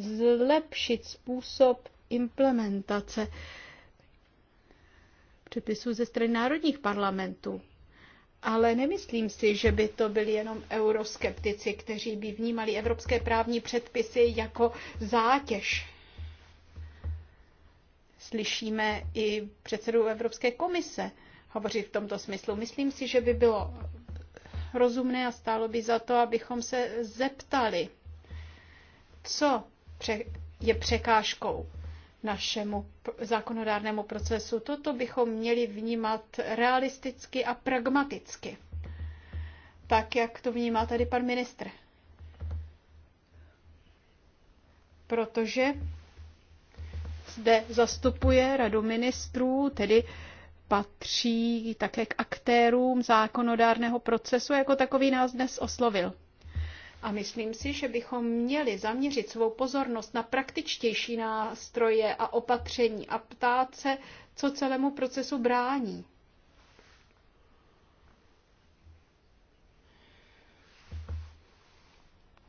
zlepšit způsob implementace předpisů ze strany národních parlamentů. Ale nemyslím si, že by to byli jenom euroskeptici, kteří by vnímali evropské právní předpisy jako zátěž. Slyšíme i předsedu Evropské komise hovořit v tomto smyslu. Myslím si, že by bylo rozumné a stálo by za to, abychom se zeptali, co je překážkou našemu zákonodárnému procesu. Toto bychom měli vnímat realisticky a pragmaticky, tak jak to vnímá tady pan ministr. Protože zde zastupuje radu ministrů, tedy patří také k aktérům zákonodárného procesu, jako takový nás dnes oslovil. A myslím si, že bychom měli zaměřit svou pozornost na praktičtější nástroje a opatření a ptát se, co celému procesu brání.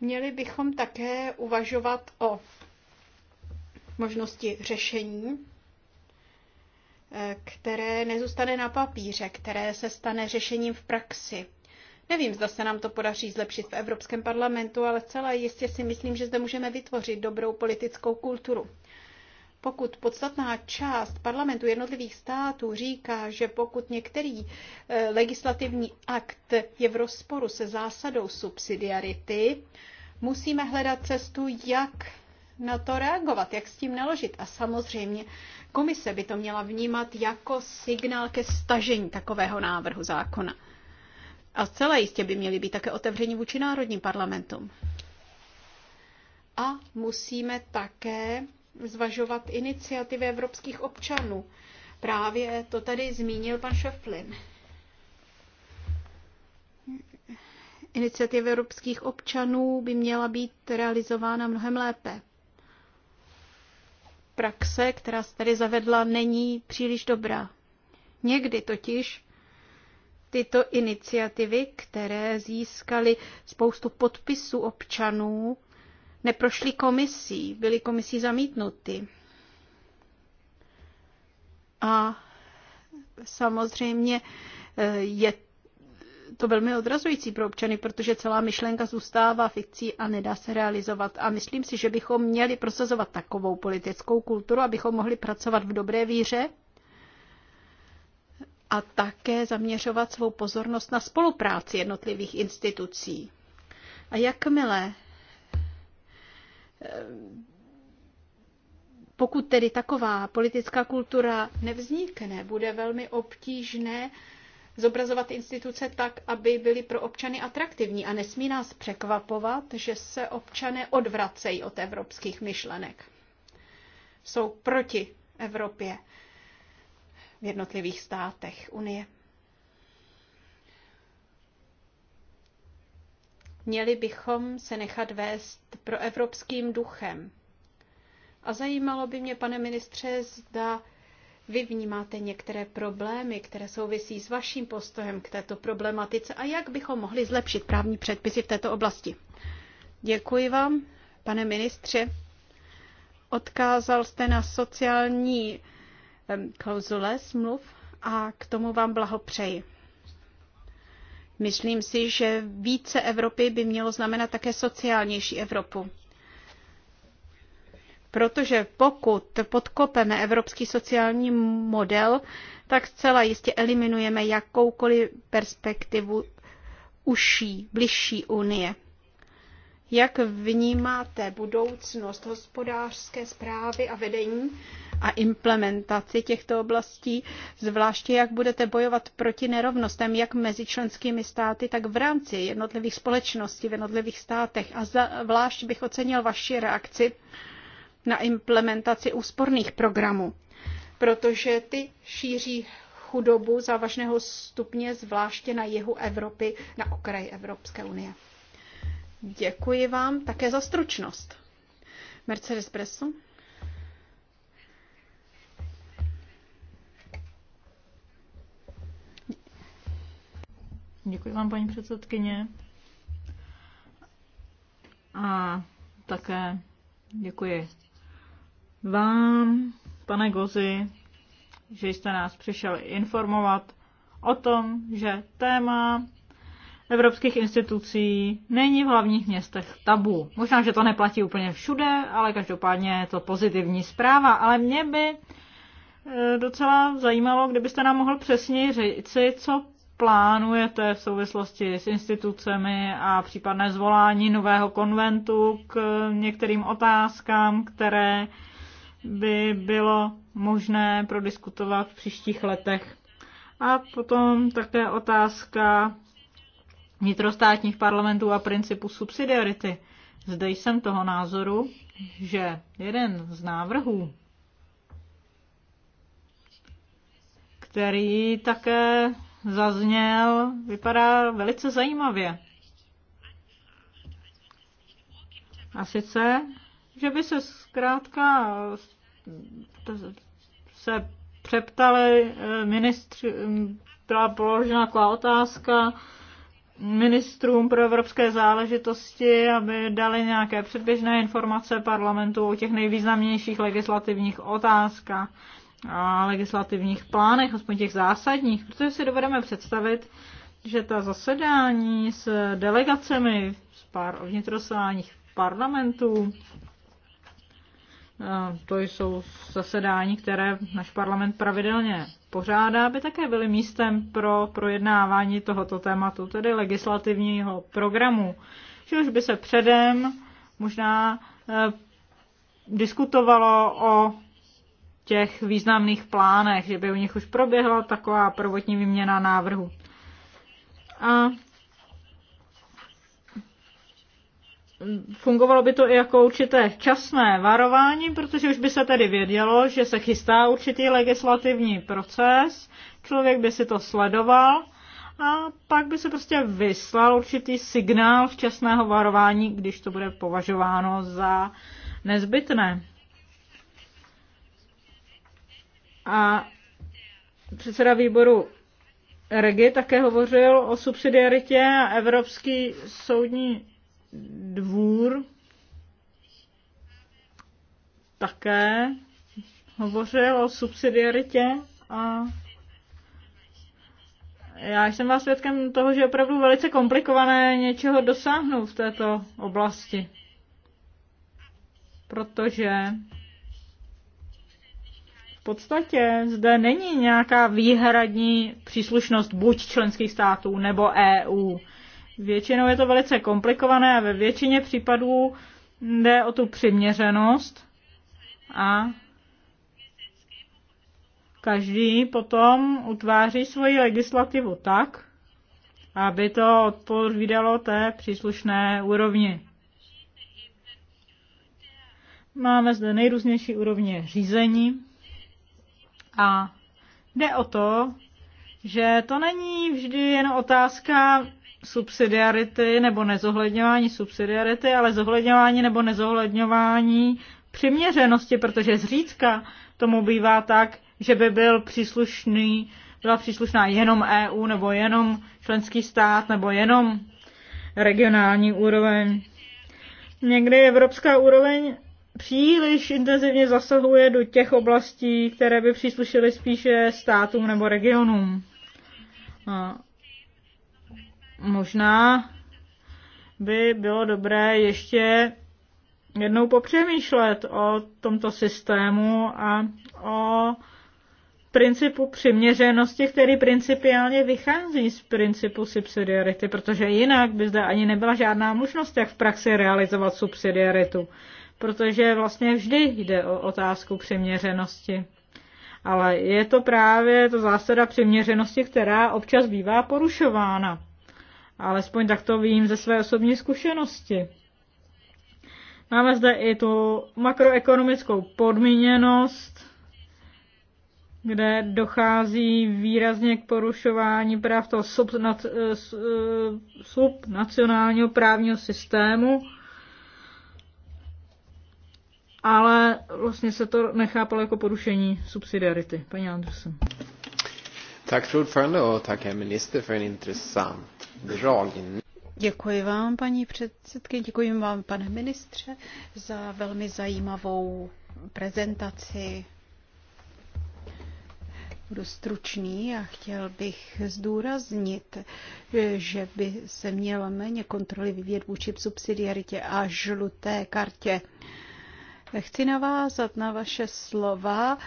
Měli bychom také uvažovat o možnosti řešení, eh, které nezůstane na papíře, které se stane řešením v praxi. Nevím, zda se nám to podaří zlepšit v Evropském parlamentu, ale celé jistě si myslím, že zde můžeme vytvořit dobrou politickou kulturu. Pokud podstatná část parlamentu jednotlivých států říká, že pokud některý eh, legislativní akt je v rozporu se zásadou subsidiarity, musíme hledat cestu, jak na to reagovat, jak s tím naložit. A samozřejmě komise by to měla vnímat jako signál ke stažení takového návrhu zákona. A zcela jistě by měli být také otevřeni vůči národním parlamentům. A musíme také zvažovat iniciativy evropských občanů. Právě to tady zmínil pan Šeflin. Iniciativa evropských občanů by měla být realizována mnohem lépe. Praxe, která se tady zavedla, není příliš dobrá. Někdy totiž tyto iniciativy, které získaly spoustu podpisů občanů, neprošly komisí, byly komisí zamítnuty. A samozřejmě eh, je to velmi odrazující pro občany, protože celá myšlenka zůstává fikcí a nedá se realizovat. A myslím si, že bychom měli prosazovat takovou politickou kulturu, abychom mohli pracovat v dobré víře a také zaměřovat svou pozornost na spolupráci jednotlivých institucí. A jakmile, eh, pokud tedy taková politická kultura nevznikne, bude velmi obtížné zobrazovat instituce tak, aby byly pro občany atraktivní a nesmí nás překvapovat, že se občané odvracejí od evropských myšlenek. Jsou proti Evropě v jednotlivých státech Unie. Měli bychom se nechat vést pro evropským duchem. A zajímalo by mě, pane ministře, zda vy vnímáte některé problémy, které souvisí s vaším postojem k této problematice a jak bychom mohli zlepšit právní předpisy v této oblasti. Děkuji vám, pane ministře. Odkázal jste na sociální klauzule smluv a k tomu vám blahopřeji. Myslím si, že více Evropy by mělo znamenat také sociálnější Evropu. Protože pokud podkopeme evropský sociální model, tak zcela jistě eliminujeme jakoukoliv perspektivu uší, bližší unie. Jak vnímáte budoucnost hospodářské zprávy a vedení a implementaci těchto oblastí, zvláště jak budete bojovat proti nerovnostem, jak mezi členskými státy, tak v rámci jednotlivých společností v jednotlivých státech. A zvlášť bych ocenil vaši reakci na implementaci úsporných programů, protože ty šíří chudobu závažného stupně, zvláště na jihu Evropy, na okraji Evropské unie. Děkuji vám také za stručnost. Mercedes Bresson. Děkuji vám, paní předsedkyně. A také děkuji vám, pane Gozi, že jste nás přišel informovat o tom, že téma evropských institucí není v hlavních městech tabu. Možná, že to neplatí úplně všude, ale každopádně je to pozitivní zpráva. Ale mě by eh, docela zajímalo, kdybyste nám mohl přesně říci, co plánujete v souvislosti s institucemi a případné zvolání nového konventu k některým otázkám, které by bylo možné prodiskutovat v příštích letech. A potom také otázka vnitrostátních parlamentů a principu subsidiarity. Zde jsem toho názoru, že jeden z návrhů, který také zazněl, vypadá velice zajímavě. A sice, že by se zkrátka se přeptali eh, ministři, hm, byla položena taková otázka ministrům pro evropské záležitosti, aby dali nějaké předběžné informace parlamentu o těch nejvýznamnějších legislativních otázkách a legislativních plánech, aspoň těch zásadních, protože si dovedeme představit, že ta zasedání s delegacemi z pár vnitrostátních parlamentů, eh, to jsou zasedání, které náš parlament pravidelně pořádá, by také byly místem pro projednávání tohoto tématu, tedy legislativního programu. Že už by se předem možná eh, diskutovalo o těch významných plánech, že by u nich už proběhla taková prvotní výměna návrhu. A fungovalo by to i jako určité časné varování, protože už by se tedy vědělo, že se chystá určitý legislativní proces, člověk by si to sledoval a pak by se prostě vyslal určitý signál včasného varování, když to bude považováno za nezbytné. A předseda výboru Regi také hovořil o subsidiaritě a Evropský soudní dvůr také hovořil o subsidiaritě a já jsem vás svědkem toho, že je opravdu velice komplikované něčeho dosáhnout v této oblasti. Protože podstatě zde není nějaká výhradní příslušnost buď členských států nebo EU. Většinou je to velice komplikované a ve většině případů jde o tu přiměřenost a každý potom utváří svoji legislativu tak, aby to odpovídalo té příslušné úrovni. Máme zde nejrůznější úrovně řízení, a jde o to, že to není vždy jen otázka subsidiarity nebo nezohledňování subsidiarity, ale zohledňování nebo nezohledňování přiměřenosti, protože zřídka tomu bývá tak, že by byl příslušný, byla příslušná jenom EU nebo jenom členský stát nebo jenom regionální úroveň. Někdy evropská úroveň příliš intenzivně zasahuje do těch oblastí, které by příslušely spíše státům nebo regionům. A možná by bylo dobré ještě jednou popřemýšlet o tomto systému a o principu přiměřenosti, který principiálně vychází z principu subsidiarity, protože jinak by zde ani nebyla žádná možnost, jak v praxi realizovat subsidiaritu protože vlastně vždy jde o otázku přiměřenosti. Ale je to právě to zásada přiměřenosti, která občas bývá porušována. Alespoň tak to vím ze své osobní zkušenosti. Máme zde i tu makroekonomickou podmíněnost, kde dochází výrazně k porušování práv toho eh, eh, subnacionálního právního systému ale vlastně se to nechápalo jako porušení subsidiarity. Paní Andersen. Tak fru ordförande minister for en Děkuji vám, paní předsedkyně, děkuji vám, pane ministře, za velmi zajímavou prezentaci. Budu stručný a chtěl bych zdůraznit, že by se měla méně kontroly vyvíjet vůči subsidiaritě a žluté kartě. Chci navázat na vaše slova,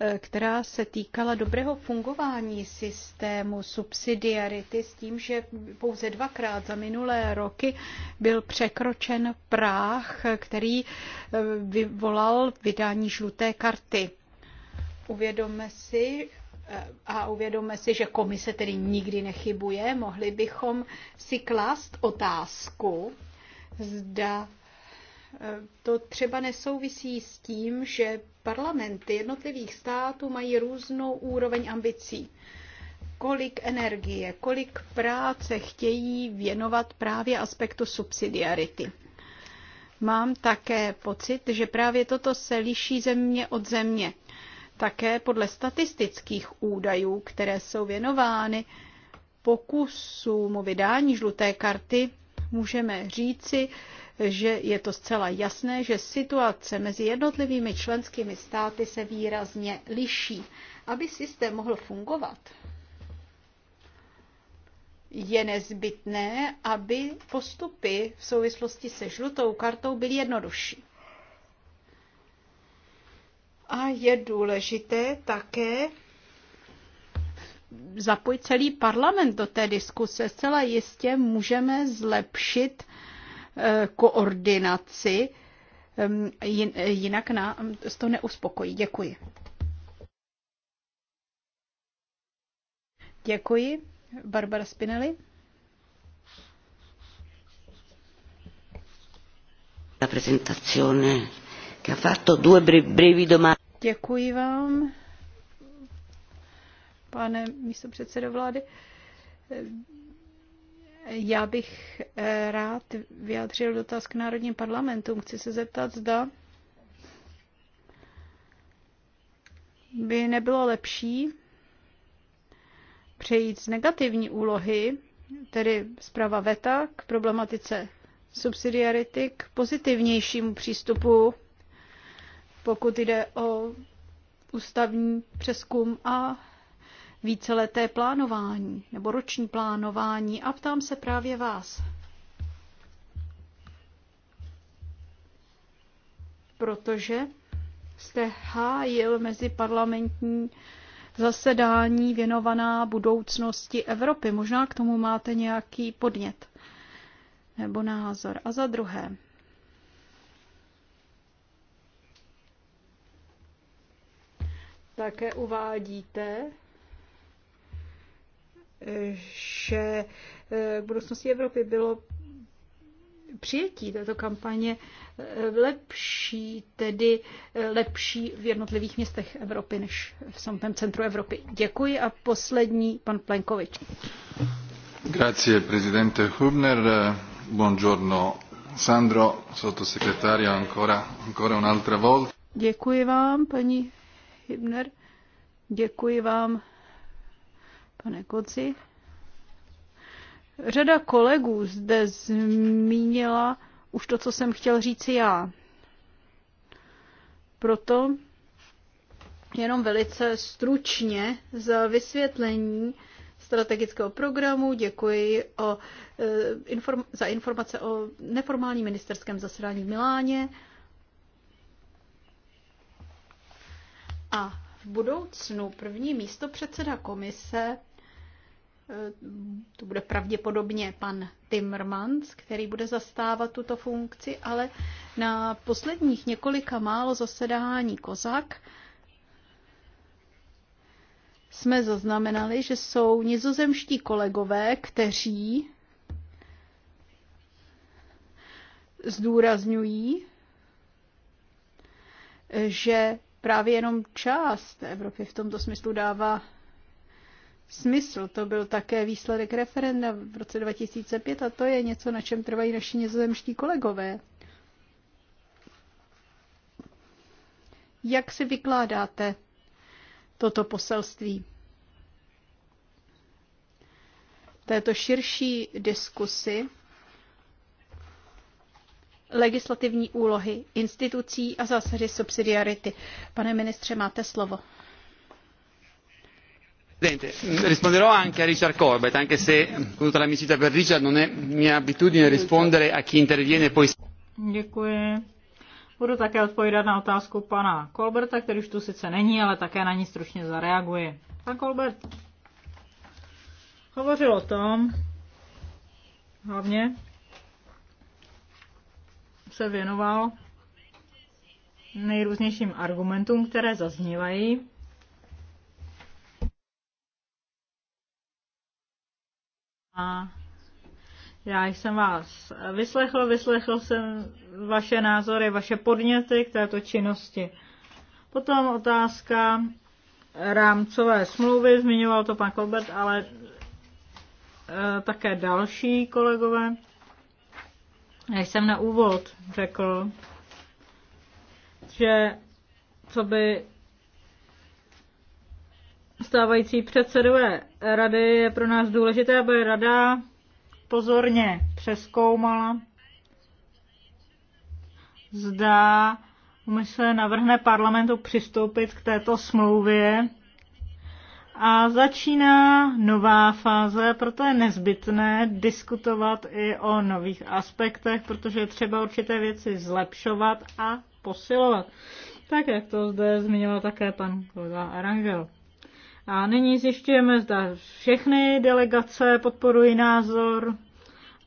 eh, která se týkala dobrého fungování systému subsidiarity s tím, že pouze dvakrát za minulé roky byl překročen práh, který eh, vyvolal vydání žluté karty. Uvědomme si, eh, a uvědomme si, že komise tedy nikdy nechybuje, mohli bychom si klást otázku, zda to třeba nesouvisí s tím, že parlamenty jednotlivých států mají různou úroveň ambicí. Kolik energie, kolik práce chtějí věnovat právě aspektu subsidiarity. Mám také pocit, že právě toto se liší země od země. Také podle statistických údajů, které jsou věnovány pokusům o vydání žluté karty, můžeme říci, že je to zcela jasné, že situace mezi jednotlivými členskými státy se výrazně liší. Aby systém mohl fungovat, je nezbytné, aby postupy v souvislosti se žlutou kartou byly jednodušší. A je důležité také zapojit celý parlament do té diskuse. Zcela jistě můžeme zlepšit uh, Eh, koordinaci, jinak nám to neuspokojí. Děkuji. Děkuji. Barbara Spinelli. La presentazione che ha fatto due brevi domande. Děkuji vám, pane místopředsedo vlády. Já bych eh, rád vyjádřil dotaz k Národním parlamentům. Chci se zeptat, zda by nebylo lepší přejít z negativní úlohy, tedy zprava VETA, k problematice subsidiarity, k pozitivnějšímu přístupu, pokud jde o ústavní přeskum a víceleté plánování nebo roční plánování a ptám se právě vás. Protože jste hájil mezi parlamentní zasedání věnovaná budoucnosti Evropy. Možná k tomu máte nějaký podnět nebo názor. A za druhé, také uvádíte, že k eh, budoucnosti Evropy bylo přijetí této kampaně eh, lepší, tedy eh, lepší v jednotlivých městech Evropy než v samotném centru Evropy. Děkuji a poslední pan Plenkovič. Grazie, prezidente Hubner. Buongiorno, Sandro, sottosegretario, ancora, ancora un'altra volta. Děkuji vám, paní Hubner. Děkuji vám Pane Koci, řada kolegů zde zmínila už to, co jsem chtěl říci já. Proto jenom velice stručně za vysvětlení strategického programu. Děkuji o, eh, inform, za informace o neformálním ministerském zasedání v Miláně. A budoucnu první místo předseda komise, eh, to bude pravděpodobně pan Timmermans, který bude zastávat tuto funkci, ale na posledních několika málo zasedání Kozak jsme zaznamenali, že jsou nizozemští kolegové, kteří zdůrazňují, že právě jenom část Evropy v tomto smyslu dává smysl. To byl také výsledek referenda v roce 2005 a to je něco, na čem trvají naši nizozemští kolegové. Jak si vykládáte toto poselství? této širší diskusi legislativní úlohy institucí a zásady subsidiarity. Pane ministře, máte slovo. Presidente, risponderò anche a Richard Corbett, anche se con tutta l'amicizia per Richard non è mia abitudine rispondere a chi interviene e poi. Děkuji. Budu také odpovídat na otázku pana Kolberta, který už tu sice není, ale také na ní stručně zareaguje. Pan Kolbert hovořil o tom, hlavně, se věnoval nejrůznějším argumentům, které zaznívají. A já jsem vás vyslechl, vyslechl jsem vaše názory, vaše podněty k této činnosti. Potom otázka rámcové smlouvy, zmiňoval to pan Kolbert, ale e, také další kolegové. Já jsem na úvod řekl, že co by stávající předsedové rady je pro nás důležité, aby rada pozorně přeskoumala, zda umysle navrhne parlamentu přistoupit k této smlouvě a začíná nová fáze, proto je nezbytné diskutovat i o nových aspektech, protože je třeba určité věci zlepšovat a posilovat. Tak, jak to zde zmiňoval také pan kolega Arangel. A nyní zjišťujeme, zda všechny delegace podporují názor.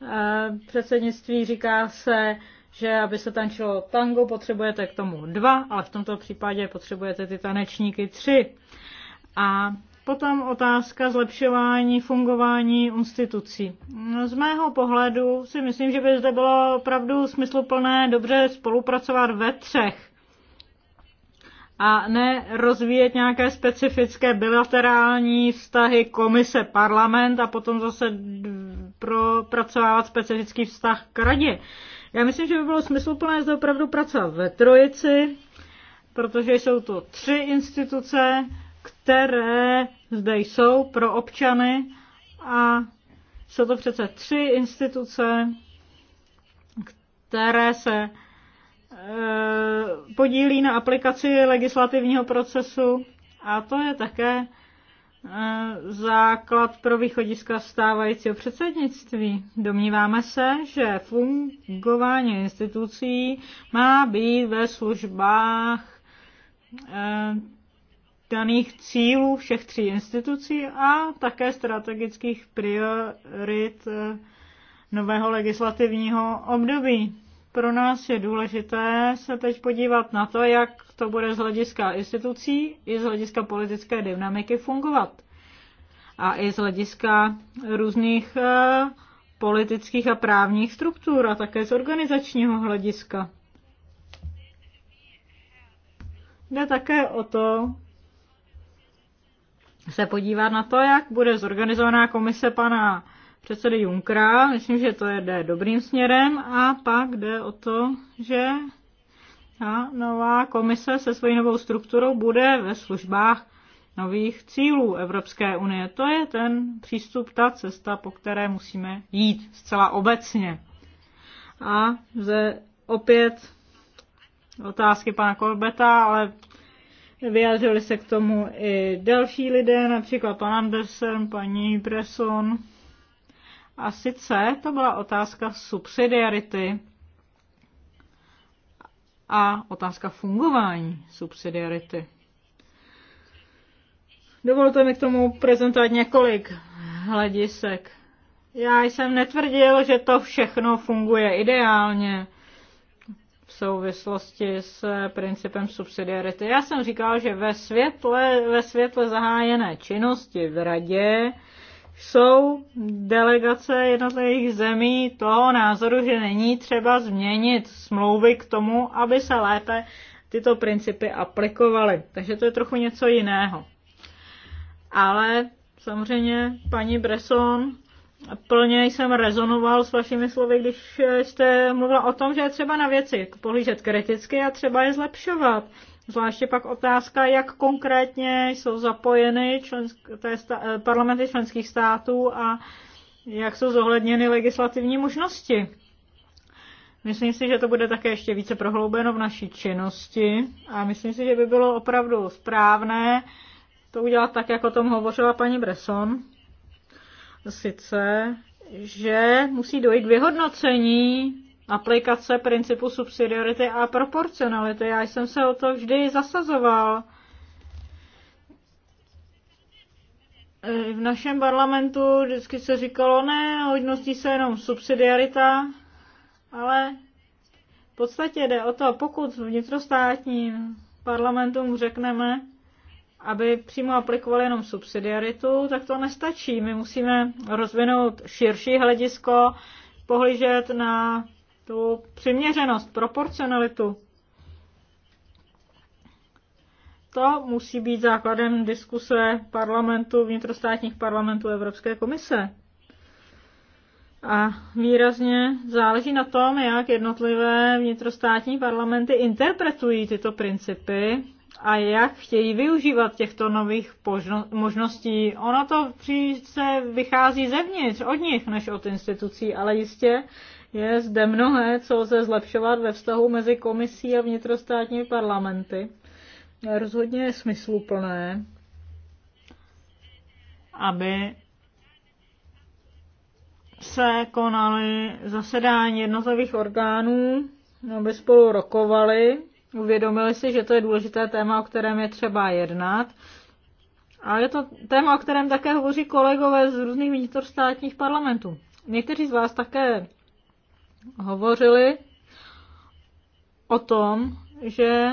E, předsednictví říká se, že aby se tančilo tango, potřebujete k tomu dva, ale v tomto případě potřebujete ty tanečníky tři. A Potom otázka zlepšování fungování institucí. Z mého pohledu si myslím, že by zde bylo opravdu smysluplné dobře spolupracovat ve třech a ne rozvíjet nějaké specifické bilaterální vztahy komise parlament a potom zase propracovávat specifický vztah k radě. Já myslím, že by bylo smysluplné zde opravdu pracovat ve trojici, protože jsou to tři instituce, které zde jsou pro občany a jsou to přece tři instituce, které se e, podílí na aplikaci legislativního procesu a to je také e, základ pro východiska stávajícího předsednictví. Domníváme se, že fungování institucí má být ve službách e, daných cílů všech tří institucí a také strategických priorit eh, nového legislativního období. Pro nás je důležité se teď podívat na to, jak to bude z hlediska institucí i z hlediska politické dynamiky fungovat. A i z hlediska různých eh, politických a právních struktur a také z organizačního hlediska. Jde také o to, se podívat na to, jak bude zorganizovaná komise pana předsedy Junkra. Myslím, že to jde dobrým směrem a pak jde o to, že ta nová komise se svojí novou strukturou bude ve službách nových cílů Evropské unie. To je ten přístup, ta cesta, po které musíme jít zcela obecně. A ze opět otázky pana Kolbeta, ale Vyjádřili se k tomu i další lidé, například pan Andersen, paní Bresson. A sice to byla otázka subsidiarity a otázka fungování subsidiarity. Dovolte mi k tomu prezentovat několik hledisek. Já jsem netvrdil, že to všechno funguje ideálně v souvislosti s principem subsidiarity. Já jsem říkal, že ve světle, ve světle zahájené činnosti v radě jsou delegace jednotlivých zemí toho názoru, že není třeba změnit smlouvy k tomu, aby se lépe tyto principy aplikovaly. Takže to je trochu něco jiného. Ale samozřejmě paní Bresson plně jsem rezonoval s vašimi slovy, když jste mluvila o tom, že je třeba na věci pohlížet kriticky a třeba je zlepšovat. Zvláště pak otázka, jak konkrétně jsou zapojeny člensk- sta- eh, parlamenty členských států a jak jsou zohledněny legislativní možnosti. Myslím si, že to bude také ještě více prohloubeno v naší činnosti a myslím si, že by bylo opravdu správné to udělat tak, jak o tom hovořila paní Bresson, sice, že musí dojít k vyhodnocení aplikace principu subsidiarity a proporcionality. Já jsem se o to vždy zasazoval. V našem parlamentu vždycky se říkalo, ne, hodnotí se jenom subsidiarita, ale v podstatě jde o to, pokud vnitrostátním parlamentům řekneme, aby přímo aplikovali jenom subsidiaritu, tak to nestačí. My musíme rozvinout širší hledisko, pohlížet na tu přiměřenost, proporcionalitu. To musí být základem diskuse parlamentu, vnitrostátních parlamentů Evropské komise. A výrazně záleží na tom, jak jednotlivé vnitrostátní parlamenty interpretují tyto principy a jak chtějí využívat těchto nových možností. Ono to příště vychází zevnitř, od nich, než od institucí, ale jistě je zde mnohé, co se zlepšovat ve vztahu mezi komisí a vnitrostátními parlamenty. Rozhodně je smysluplné, aby se konaly zasedání jednotlivých orgánů, aby spolu rokovali uvědomili si, že to je důležité téma, o kterém je třeba jednat. A je to téma, o kterém také hovoří kolegové z různých vnitrostátních parlamentů. Někteří z vás také hovořili o tom, že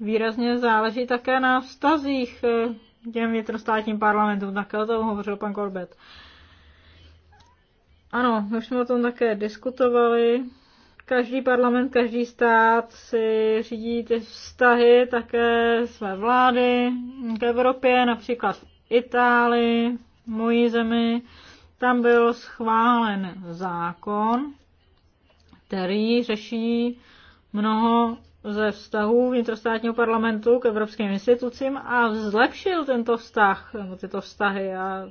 výrazně záleží také na vztazích eh, těm vnitrostátním parlamentům. Také o tom hovořil pan Korbet. Ano, my jsme o tom také diskutovali. Každý parlament, každý stát si řídí ty vztahy také své vlády k Evropě, například v Itálii, mojí zemi. Tam byl schválen zákon, který řeší mnoho ze vztahů vnitrostátního parlamentu k evropským institucím a zlepšil tento vztah, tyto vztahy a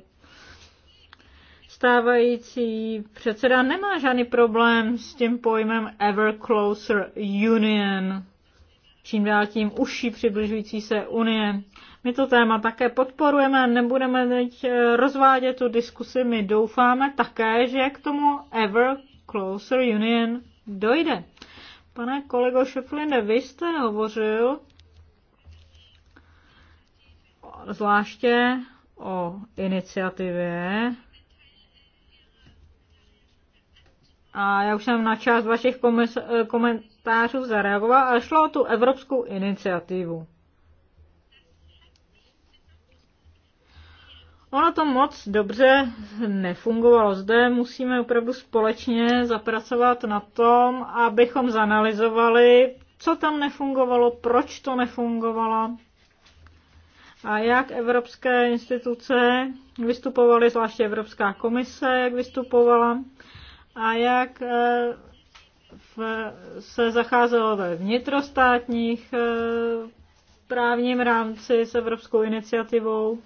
stávající předseda nemá žádný problém s tím pojmem ever closer union, čím dál tím užší přibližující se unie. My to téma také podporujeme, nebudeme teď eh, rozvádět tu diskusi, my doufáme také, že k tomu ever closer union dojde. Pane kolego Šeflinde, vy jste hovořil zvláště o iniciativě a já už jsem na část vašich komis- eh, komentářů zareagoval, ale šlo o tu evropskou iniciativu. Ono to moc dobře nefungovalo. Zde musíme opravdu společně zapracovat na tom, abychom zanalizovali, co tam nefungovalo, proč to nefungovalo a jak evropské instituce vystupovaly, zvláště Evropská komise, jak vystupovala a jak eh, v, se zacházelo ve vnitrostátních eh, právním rámci s evropskou iniciativou.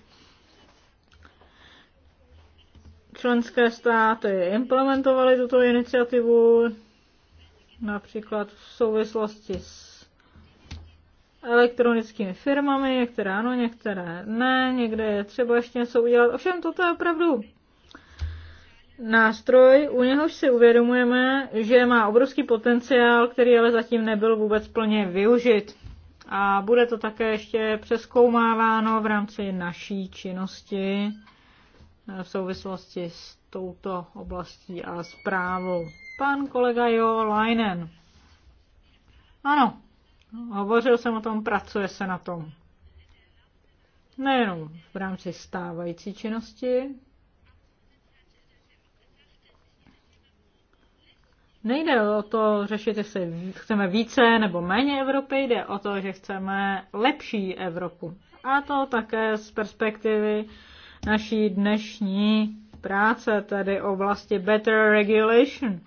Členské státy implementovaly tuto iniciativu například v souvislosti s elektronickými firmami, některé ano, některé ne, někde je třeba ještě něco udělat. Ovšem toto je opravdu nástroj, u něhož si uvědomujeme, že má obrovský potenciál, který ale zatím nebyl vůbec plně využit. A bude to také ještě přeskoumáváno v rámci naší činnosti eh, v souvislosti s touto oblastí a zprávou. Pan kolega Jo Leinen. Ano, hovořil jsem o tom, pracuje se na tom. Nejenom v rámci stávající činnosti, Nejde o to řešit, jestli chceme více nebo méně Evropy, jde o to, že chceme lepší Evropu. A to také z perspektivy naší dnešní práce, tedy oblasti better regulation,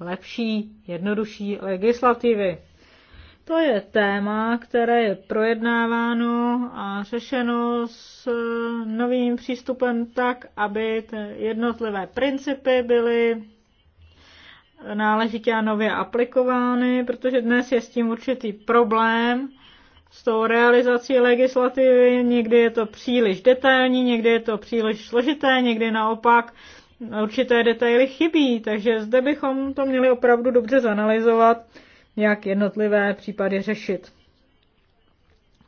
lepší, jednodušší legislativy. To je téma, které je projednáváno a řešeno s eh, novým přístupem tak, aby jednotlivé principy byly náležitě a nově aplikovány, protože dnes je s tím určitý problém s tou realizací legislativy. Někdy je to příliš detailní, někdy je to příliš složité, někdy naopak určité detaily chybí, takže zde bychom to měli opravdu dobře zanalizovat, jak jednotlivé případy řešit.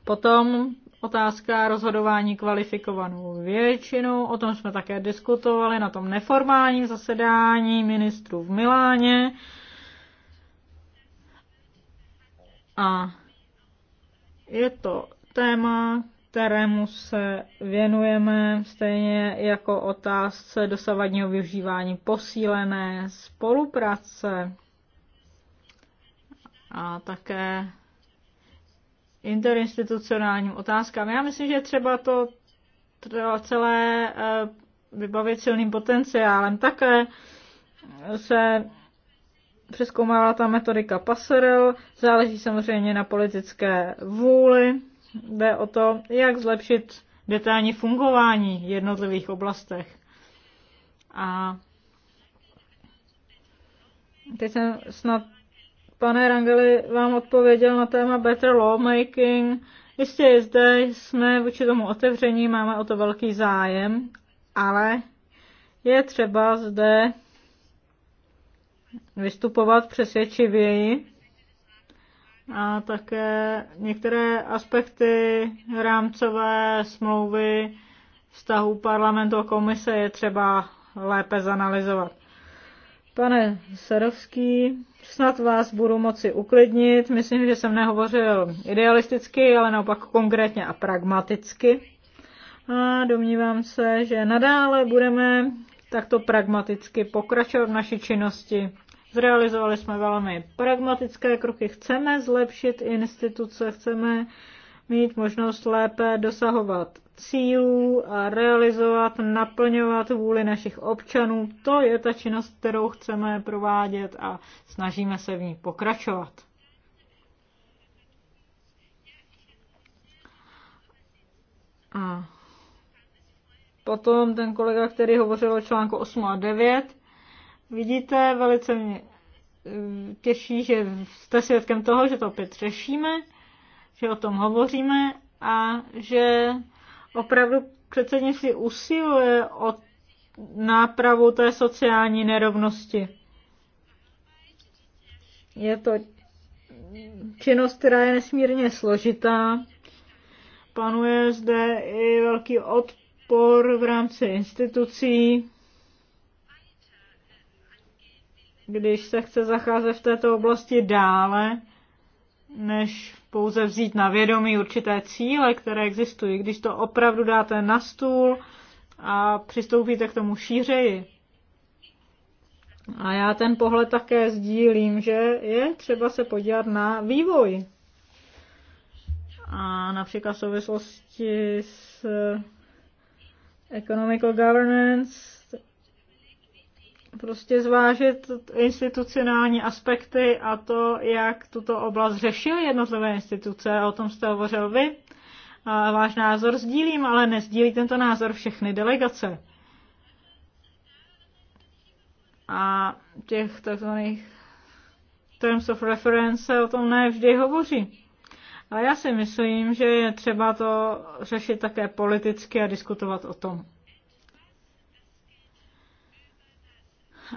Potom otázka rozhodování kvalifikovanou většinou. O tom jsme také diskutovali na tom neformálním zasedání ministrů v Miláně. A je to téma, kterému se věnujeme, stejně jako otázce dosavadního využívání posílené spolupráce a také interinstitucionálním otázkám. Já myslím, že třeba to třeba celé eh, vybavit silným potenciálem. Také se přeskoumává ta metodika paserel, záleží samozřejmě na politické vůli, jde o to, jak zlepšit detailní fungování v jednotlivých oblastech. A teď jsem snad pane Rangeli vám odpověděl na téma better lawmaking. Jistě je zde, jsme vůči tomu otevření, máme o to velký zájem, ale je třeba zde vystupovat přesvědčivěji a také některé aspekty rámcové smlouvy vztahu parlamentu a komise je třeba lépe zanalizovat. Pane Serovský, Snad vás budu moci uklidnit. Myslím, že jsem nehovořil idealisticky, ale naopak konkrétně a pragmaticky. A domnívám se, že nadále budeme takto pragmaticky pokračovat v naší činnosti. Zrealizovali jsme velmi pragmatické kroky. Chceme zlepšit instituce, chceme mít možnost lépe dosahovat cílů a realizovat, naplňovat vůli našich občanů. To je ta činnost, kterou chceme provádět a snažíme se v ní pokračovat. A potom ten kolega, který hovořil o článku 8 a 9, vidíte, velice mě eh, těší, že jste svědkem toho, že to opět řešíme že o tom hovoříme a že opravdu si usiluje o nápravu té sociální nerovnosti. Je to činnost, která je nesmírně složitá. Panuje zde i velký odpor v rámci institucí. Když se chce zacházet v této oblasti dále, než pouze vzít na vědomí určité cíle, které existují. Když to opravdu dáte na stůl a přistoupíte k tomu šířeji. A já ten pohled také sdílím, že je třeba se podívat na vývoj. A například v souvislosti s Economical Governance prostě zvážit institucionální aspekty a to, jak tuto oblast řešil jednotlivé instituce. O tom jste hovořil vy. A váš názor sdílím, ale nezdílí tento názor všechny delegace. A těch takzvaných terms of reference o tom ne vždy hovoří. A já si myslím, že je třeba to řešit také politicky a diskutovat o tom.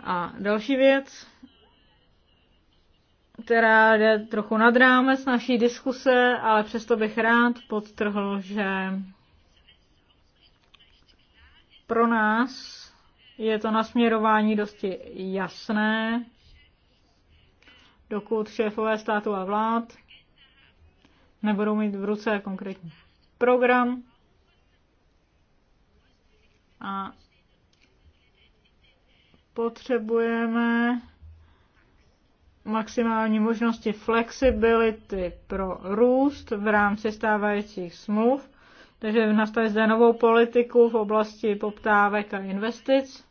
A další věc, která jde trochu nad rámec naší diskuse, ale přesto bych rád podtrhl, že pro nás je to nasměrování dosti jasné, dokud šéfové státu a vlád nebudou mít v ruce konkrétní program a potřebujeme maximální možnosti flexibility pro růst v rámci stávajících smluv, takže nastaví zde novou politiku v oblasti poptávek a investic.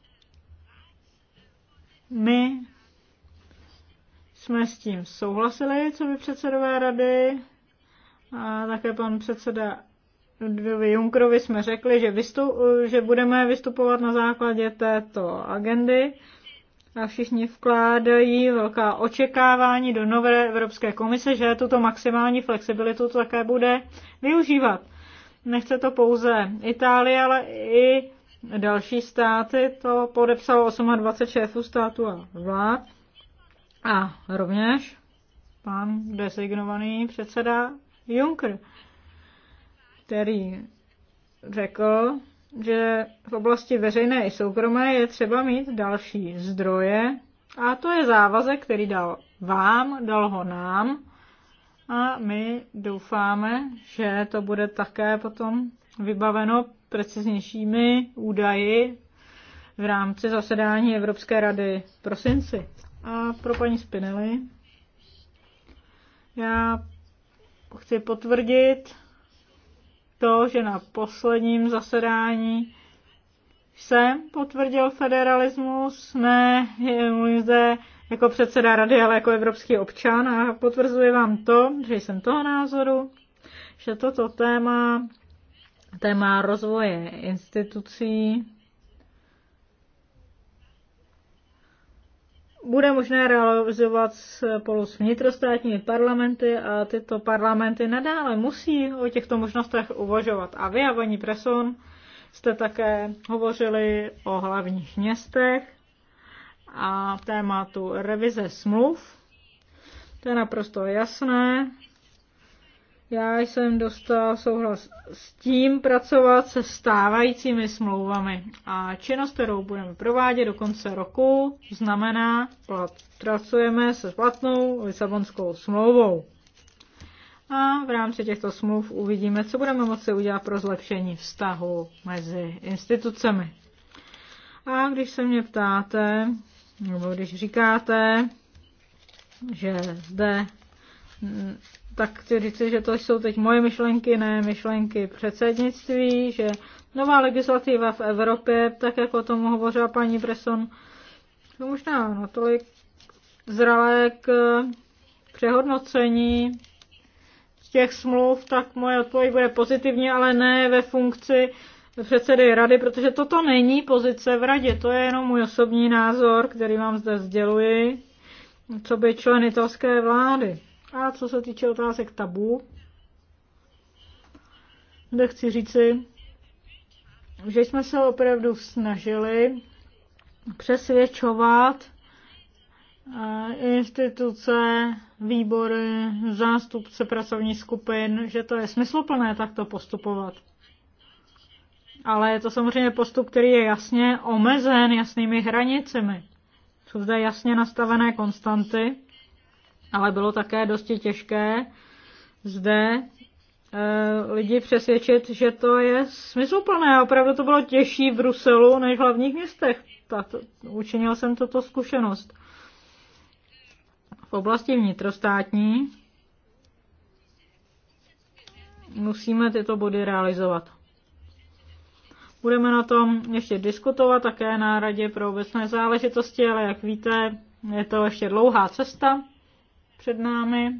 My jsme s tím souhlasili, co by předsedové rady, a také pan předseda Junkrovi jsme řekli, že, vystu, že budeme vystupovat na základě této agendy a všichni vkládají velká očekávání do nové Evropské komise, že tuto maximální flexibilitu také bude využívat. Nechce to pouze Itálie, ale i další státy. To podepsalo 28 šéfů států a vlád. A rovněž pan designovaný předseda Juncker který řekl, že v oblasti veřejné i soukromé je třeba mít další zdroje a to je závazek, který dal vám, dal ho nám a my doufáme, že to bude také potom vybaveno preciznějšími údaji v rámci zasedání Evropské rady v prosinci. A pro paní Spinelli já chci potvrdit to, že na posledním zasedání jsem potvrdil federalismus, ne můj zde jako předseda rady, ale jako evropský občan a potvrzuji vám to, že jsem toho názoru, že toto téma, téma rozvoje institucí, bude možné realizovat spolu s vnitrostátními parlamenty a tyto parlamenty nadále musí o těchto možnostech uvažovat. A vy a paní Preson jste také hovořili o hlavních městech a v tématu revize smluv. To je naprosto jasné. Já jsem dostal souhlas s tím pracovat se stávajícími smlouvami. A činnost, kterou budeme provádět do konce roku, znamená, plat, pracujeme se platnou Lisabonskou smlouvou. A v rámci těchto smluv uvidíme, co budeme moci udělat pro zlepšení vztahu mezi institucemi. A když se mě ptáte, nebo když říkáte, že zde tak chci říci, že to jsou teď moje myšlenky, ne myšlenky předsednictví, že nová legislativa v Evropě, tak jako o tom hovořila paní Bresson, to možná natolik zralé k přehodnocení těch smluv, tak moje odpověď bude pozitivní, ale ne ve funkci předsedy rady, protože toto není pozice v radě, to je jenom můj osobní názor, který vám zde sděluji, co by člen italské vlády. A co se týče otázek tabu, kde chci říci, že jsme se opravdu snažili přesvědčovat eh, instituce, výbory, zástupce pracovních skupin, že to je smysluplné takto postupovat. Ale je to samozřejmě postup, který je jasně omezen jasnými hranicemi. Jsou zde jasně nastavené konstanty ale bylo také dosti těžké zde eh, lidi přesvědčit, že to je smysluplné. Opravdu to bylo těžší v Bruselu než v hlavních městech. Tato, učinil jsem toto zkušenost. V oblasti vnitrostátní musíme tyto body realizovat. Budeme na tom ještě diskutovat také na Radě pro obecné záležitosti, ale jak víte, je to ještě dlouhá cesta před námi.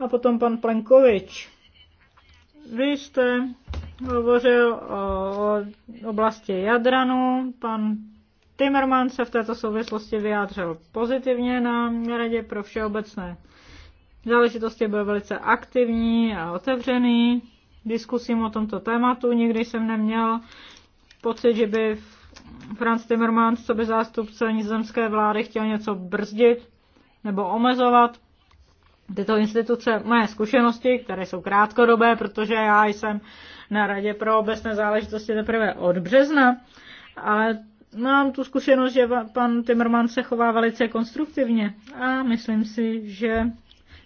A potom pan Plenkovič. Vy jste hovořil o oblasti Jadranu. Pan Timerman se v této souvislosti vyjádřil pozitivně na Radě pro všeobecné záležitosti. Byl velice aktivní a otevřený diskusím o tomto tématu. Nikdy jsem neměl pocit, že by Franz Timmermans, co by zástupce nizozemské vlády, chtěl něco brzdit nebo omezovat tyto instituce. Moje zkušenosti, které jsou krátkodobé, protože já jsem na Radě pro obecné záležitosti teprve od března, ale mám tu zkušenost, že pan Timmerman se chová velice konstruktivně a myslím si, že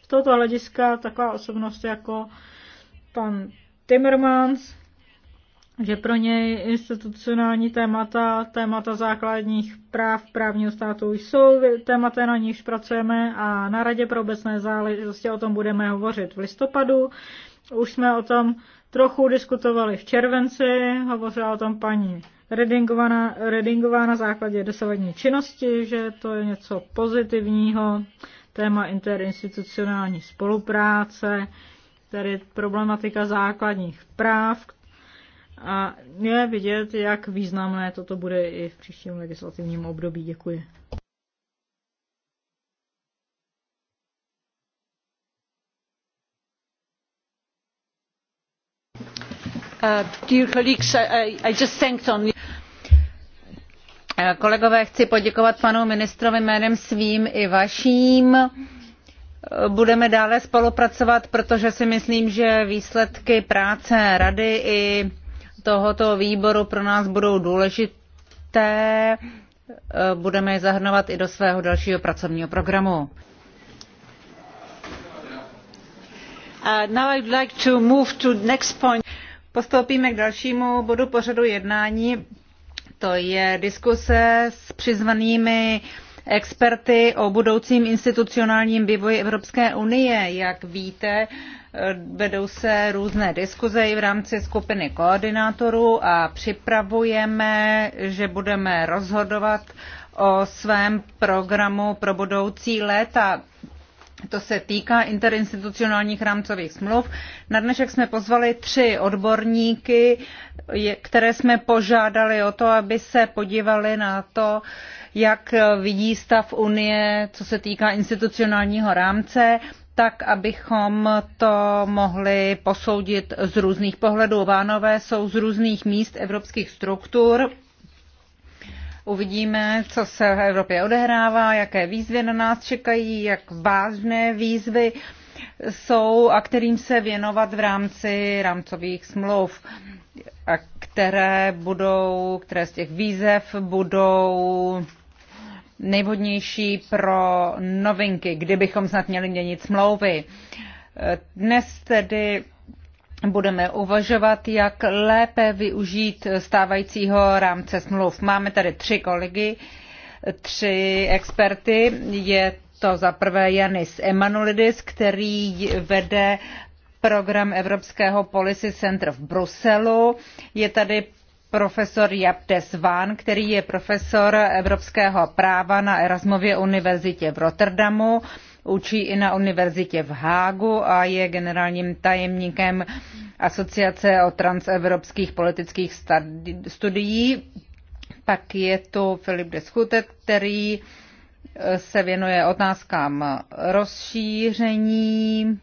z tohoto hlediska taková osobnost jako pan Timmermans že pro něj institucionální témata, témata základních práv právního státu jsou témata, na nichž pracujeme a na Radě pro obecné záležitosti o tom budeme hovořit v listopadu. Už jsme o tom trochu diskutovali v červenci, hovořila o tom paní Redingová na, základě dosavadní činnosti, že to je něco pozitivního, téma interinstitucionální spolupráce, tedy problematika základních práv, a měl vidět, jak významné toto bude i v příštím legislativním období. Děkuji. Uh, eh, kolegové chci poděkovat panu ministrovi jménem svým i vaším. Eh, budeme dále spolupracovat protože si myslím že výsledky práce rady i tohoto výboru pro nás budou důležité. Eh, budeme je zahrnovat i do svého dalšího pracovního programu. Uh, like to to Postoupíme k dalšímu bodu pořadu jednání. To je diskuse s přizvanými experty o budoucím institucionálním vývoji Evropské unie. Jak víte, vedou se různé diskuze i v rámci skupiny koordinátorů a připravujeme, že budeme rozhodovat o svém programu pro budoucí léta. To se týká interinstitucionálních rámcových smluv. Na dnešek jsme pozvali tři odborníky, které jsme požádali o to, aby se podívali na to, jak eh, vidí stav Unie, co se týká institucionálního rámce, tak abychom to mohli posoudit z různých pohledů. Vánové jsou z různých míst evropských struktur. Uvidíme, co se v Evropě odehrává, jaké výzvy na nás čekají, jak vážné výzvy jsou a kterým se věnovat v rámci rámcových smluv, a které budou, které z těch výzev budou nejvhodnější pro novinky, kdybychom snad měli měnit smlouvy. Dnes tedy budeme uvažovat, jak lépe využít stávajícího rámce smluv. Máme tady tři kolegy, tři experty. Je to za prvé Janis Emanulidis, který vede program Evropského Policy Center v Bruselu. Je tady profesor Japtes Van, který je profesor evropského práva na Erasmově univerzitě v Rotterdamu, učí i na univerzitě v Hágu a je generálním tajemníkem Asociace o transevropských politických studií. Pak je tu Filip Deschutet, který eh, se věnuje otázkám rozšíření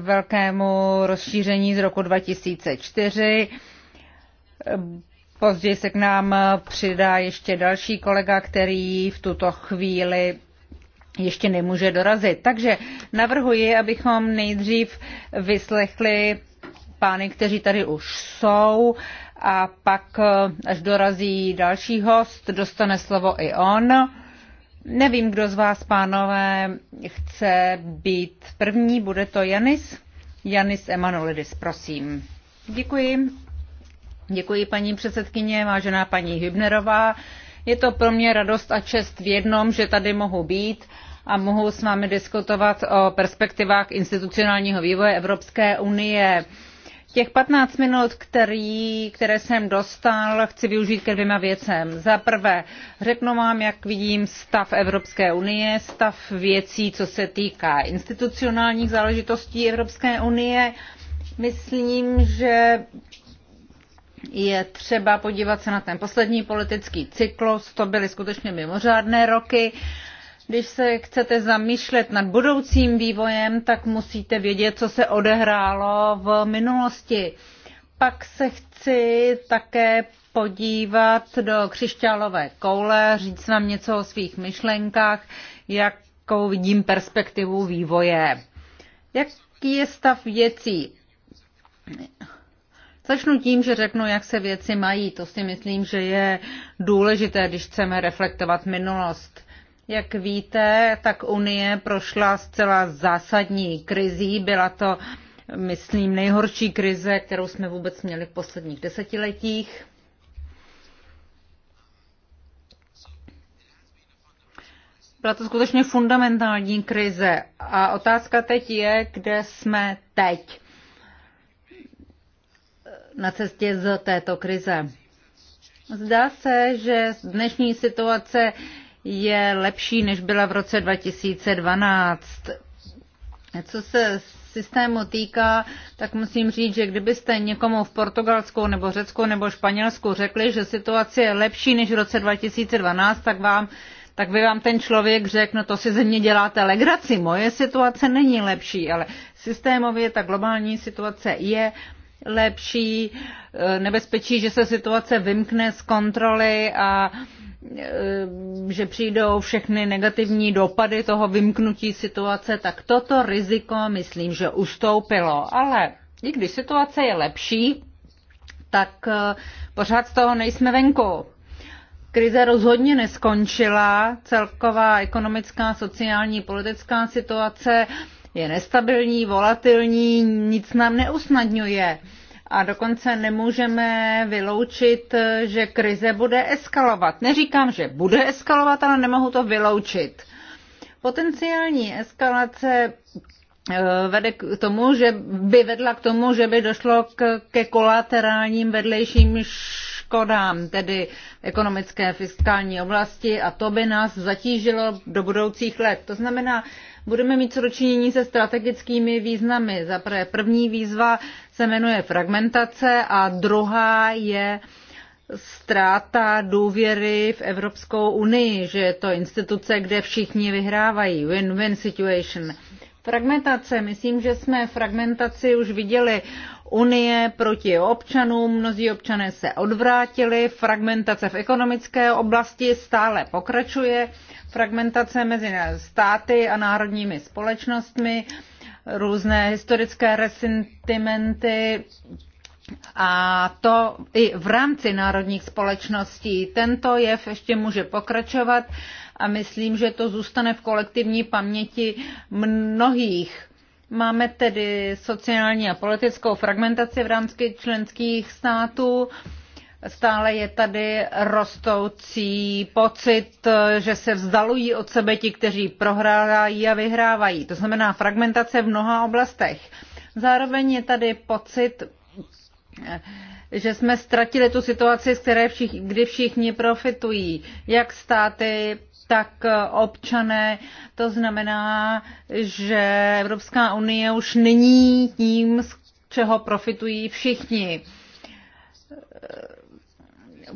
velkému rozšíření z roku 2004. Později se k nám přidá ještě další kolega, který v tuto chvíli ještě nemůže dorazit. Takže navrhuji, abychom nejdřív vyslechli pány, kteří tady už jsou a pak, až dorazí další host, dostane slovo i on. Nevím, kdo z vás, pánové, chce být první. Bude to Janis? Janis Emanolidis, prosím. Děkuji. Děkuji, paní předsedkyně, vážená paní Hybnerová. Je to pro mě radost a čest v jednom, že tady mohu být a mohu s vámi diskutovat o perspektivách institucionálního vývoje Evropské unie. Těch 15 minut, který, které jsem dostal, chci využít ke dvěma věcem. Za prvé, řeknu vám, jak vidím stav Evropské unie, stav věcí, co se týká institucionálních záležitostí Evropské unie. Myslím, že je třeba podívat se na ten poslední politický cyklus. To byly skutečně mimořádné roky. Uh, když se chcete zamýšlet nad budoucím vývojem, tak musíte vědět, co se odehrálo v minulosti. Pak se chci také podívat do křišťálové koule, říct vám něco o svých myšlenkách, jakou vidím perspektivu vývoje. Jaký je stav věcí? Začnu tím, že řeknu, jak se věci mají. To si myslím, že je důležité, když chceme reflektovat minulost. Jak víte, tak Unie prošla zcela zásadní krizí. Byla to, myslím, nejhorší krize, kterou jsme vůbec měli v posledních desetiletích. Byla to skutečně fundamentální krize a otázka teď je, kde jsme teď na cestě z této krize. Zdá se, že dnešní situace je lepší, než byla v roce 2012. Co se systému týká, tak musím říct, že kdybyste někomu v Portugalsku nebo Řecku nebo Španělsku řekli, že situace je lepší než v roce 2012, tak vám tak by vám ten člověk řekl, no to si ze mě děláte legraci, moje situace není lepší, ale systémově ta globální situace je lepší, eh, nebezpečí, že se situace vymkne z kontroly a eh, že přijdou všechny negativní dopady toho vymknutí situace, tak toto riziko myslím, že ustoupilo. Ale i když situace je lepší, tak eh, pořád z toho nejsme venku. Krize rozhodně neskončila, celková ekonomická, sociální, politická situace je nestabilní, volatilní, nic nám neusnadňuje. A dokonce nemůžeme vyloučit, že krize bude eskalovat. Neříkám, že bude eskalovat, ale nemohu to vyloučit. Potenciální eskalace eh, vede k tomu, že by vedla k tomu, že by došlo k, ke kolaterálním vedlejším škodám, tedy ekonomické fiskální oblasti a to by nás zatížilo do budoucích let. To znamená, budeme mít co sročinění se strategickými významy. Za první výzva se jmenuje fragmentace a druhá je ztráta důvěry v Evropskou unii, že je to instituce, kde všichni vyhrávají, win-win situation. Fragmentace, myslím, že jsme fragmentaci už viděli. Unie proti občanům, mnozí občané se odvrátili, fragmentace v ekonomické oblasti stále pokračuje fragmentace mezi státy a národními společnostmi, různé historické resentimenty a to i v rámci národních společností. Tento jev ještě může pokračovat a myslím, že to zůstane v kolektivní paměti mnohých. Máme tedy sociální a politickou fragmentaci v rámci členských států. Stále je tady rostoucí pocit, že se vzdalují od sebe ti, kteří prohrávají a vyhrávají. To znamená fragmentace v mnoha oblastech. Zároveň je tady pocit, že jsme ztratili tu situaci, z které všichni, kdy všichni profitují, jak státy, tak občané. To znamená, že Evropská unie už není tím, z čeho profitují všichni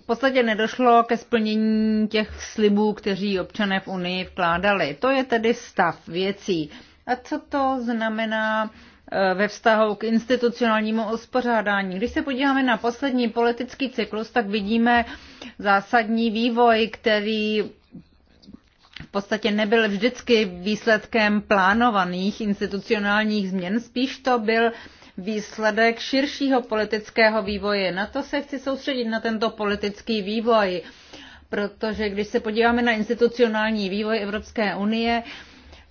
v podstatě nedošlo ke splnění těch slibů, kteří občané v Unii vkládali. To je tedy stav věcí. A co to znamená eh, ve vztahu k institucionálnímu uspořádání? Když se podíváme na poslední politický cyklus, tak vidíme zásadní vývoj, který v podstatě nebyl vždycky výsledkem plánovaných institucionálních změn, spíš to byl výsledek širšího politického vývoje. Na to se chci soustředit, na tento politický vývoj, protože když se podíváme na institucionální vývoj Evropské unie,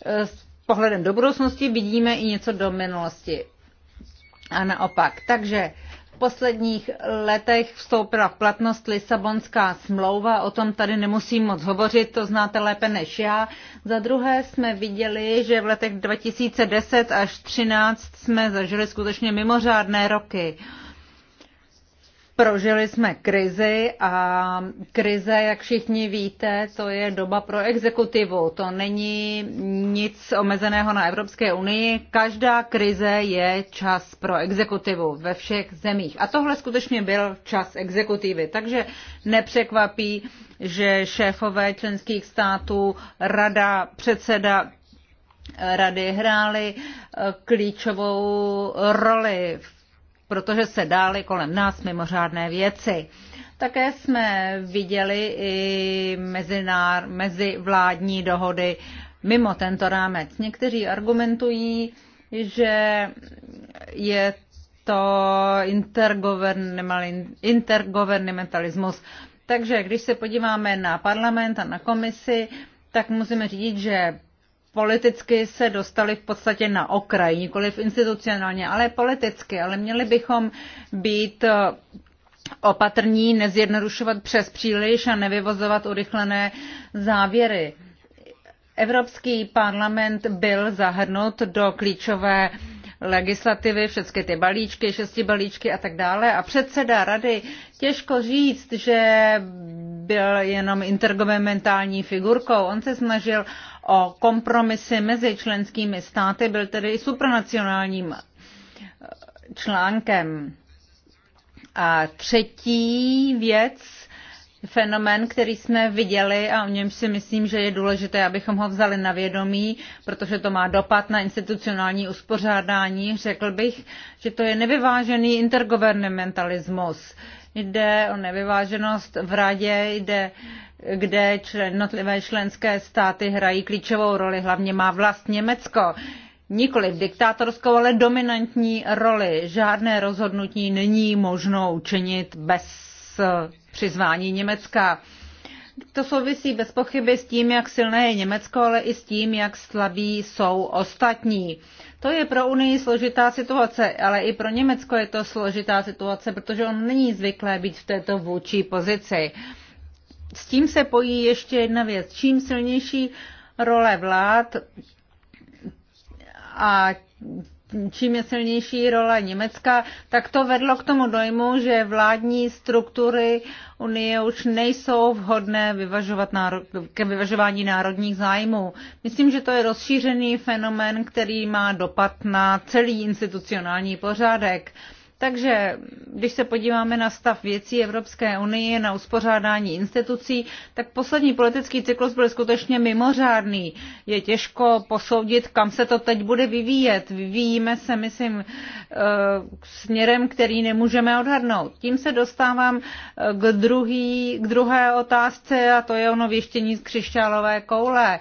eh, s pohledem do budoucnosti vidíme i něco do minulosti. A naopak. Takže v posledních letech vstoupila v platnost Lisabonská smlouva, o tom tady nemusím moc hovořit, to znáte lépe než já. Za druhé jsme viděli, že v letech 2010 až 2013 jsme zažili skutečně mimořádné roky. Uh, Prožili jsme krizi a krize, jak všichni víte, to je doba pro exekutivu. To není nic omezeného na Evropské unii. Každá krize je čas pro exekutivu ve všech zemích. A tohle skutečně byl čas exekutivy. Takže nepřekvapí, že šéfové členských států, rada, předseda rady hrály eh, klíčovou roli v protože se dály kolem nás mimořádné věci. Také jsme viděli i mezinár, mezivládní dohody mimo tento rámec. Někteří argumentují, že je to intergovernmentalismus. Takže když se podíváme na parlament a na komisi, tak musíme říct, že politicky se dostali v podstatě na okraj, nikoli v institucionálně, ale politicky. Ale měli bychom být eh, opatrní, nezjednodušovat přes příliš a nevyvozovat urychlené závěry. Evropský parlament byl zahrnut do klíčové legislativy, všechny ty balíčky, šesti balíčky a tak dále. A předseda rady těžko říct, že byl jenom intergovernmentální figurkou. On se snažil o kompromisy mezi členskými státy byl tedy i supranacionálním eh, článkem. A třetí věc, fenomén, který jsme viděli a o něm si myslím, že je důležité, abychom ho vzali na vědomí, protože to má dopad na institucionální uspořádání, řekl bych, že to je nevyvážený intergovernmentalismus jde o nevyváženost v radě, jde, kde člen, jednotlivé členské státy hrají klíčovou roli, hlavně má vlast Německo. Nikoli v diktátorskou, ale dominantní roli. Žádné rozhodnutí není možno učinit bez eh, přizvání Německa. To souvisí bez pochyby s tím, jak silné je Německo, ale i s tím, jak slabí jsou ostatní. To je pro Unii složitá situace, ale i pro Německo je to složitá situace, protože on není zvyklé být v této vůči pozici. S tím se pojí ještě jedna věc. Čím silnější role vlád a čím je silnější rola Německa, tak to vedlo k tomu dojmu, že vládní struktury Unie už nejsou vhodné vyvažovat náro... ke vyvažování národních zájmů. Myslím, že to je rozšířený fenomén, který má dopad na celý institucionální pořádek. Takže když se podíváme na stav věcí Evropské unie, na uspořádání institucí, tak poslední politický cyklus byl skutečně mimořádný. Je těžko posoudit, kam se to teď bude vyvíjet. Vyvíjíme se, myslím, eh, směrem, který nemůžeme odhadnout. Tím se dostávám eh, k, druhý, k druhé otázce a to je ono věštění z křišťálové koule.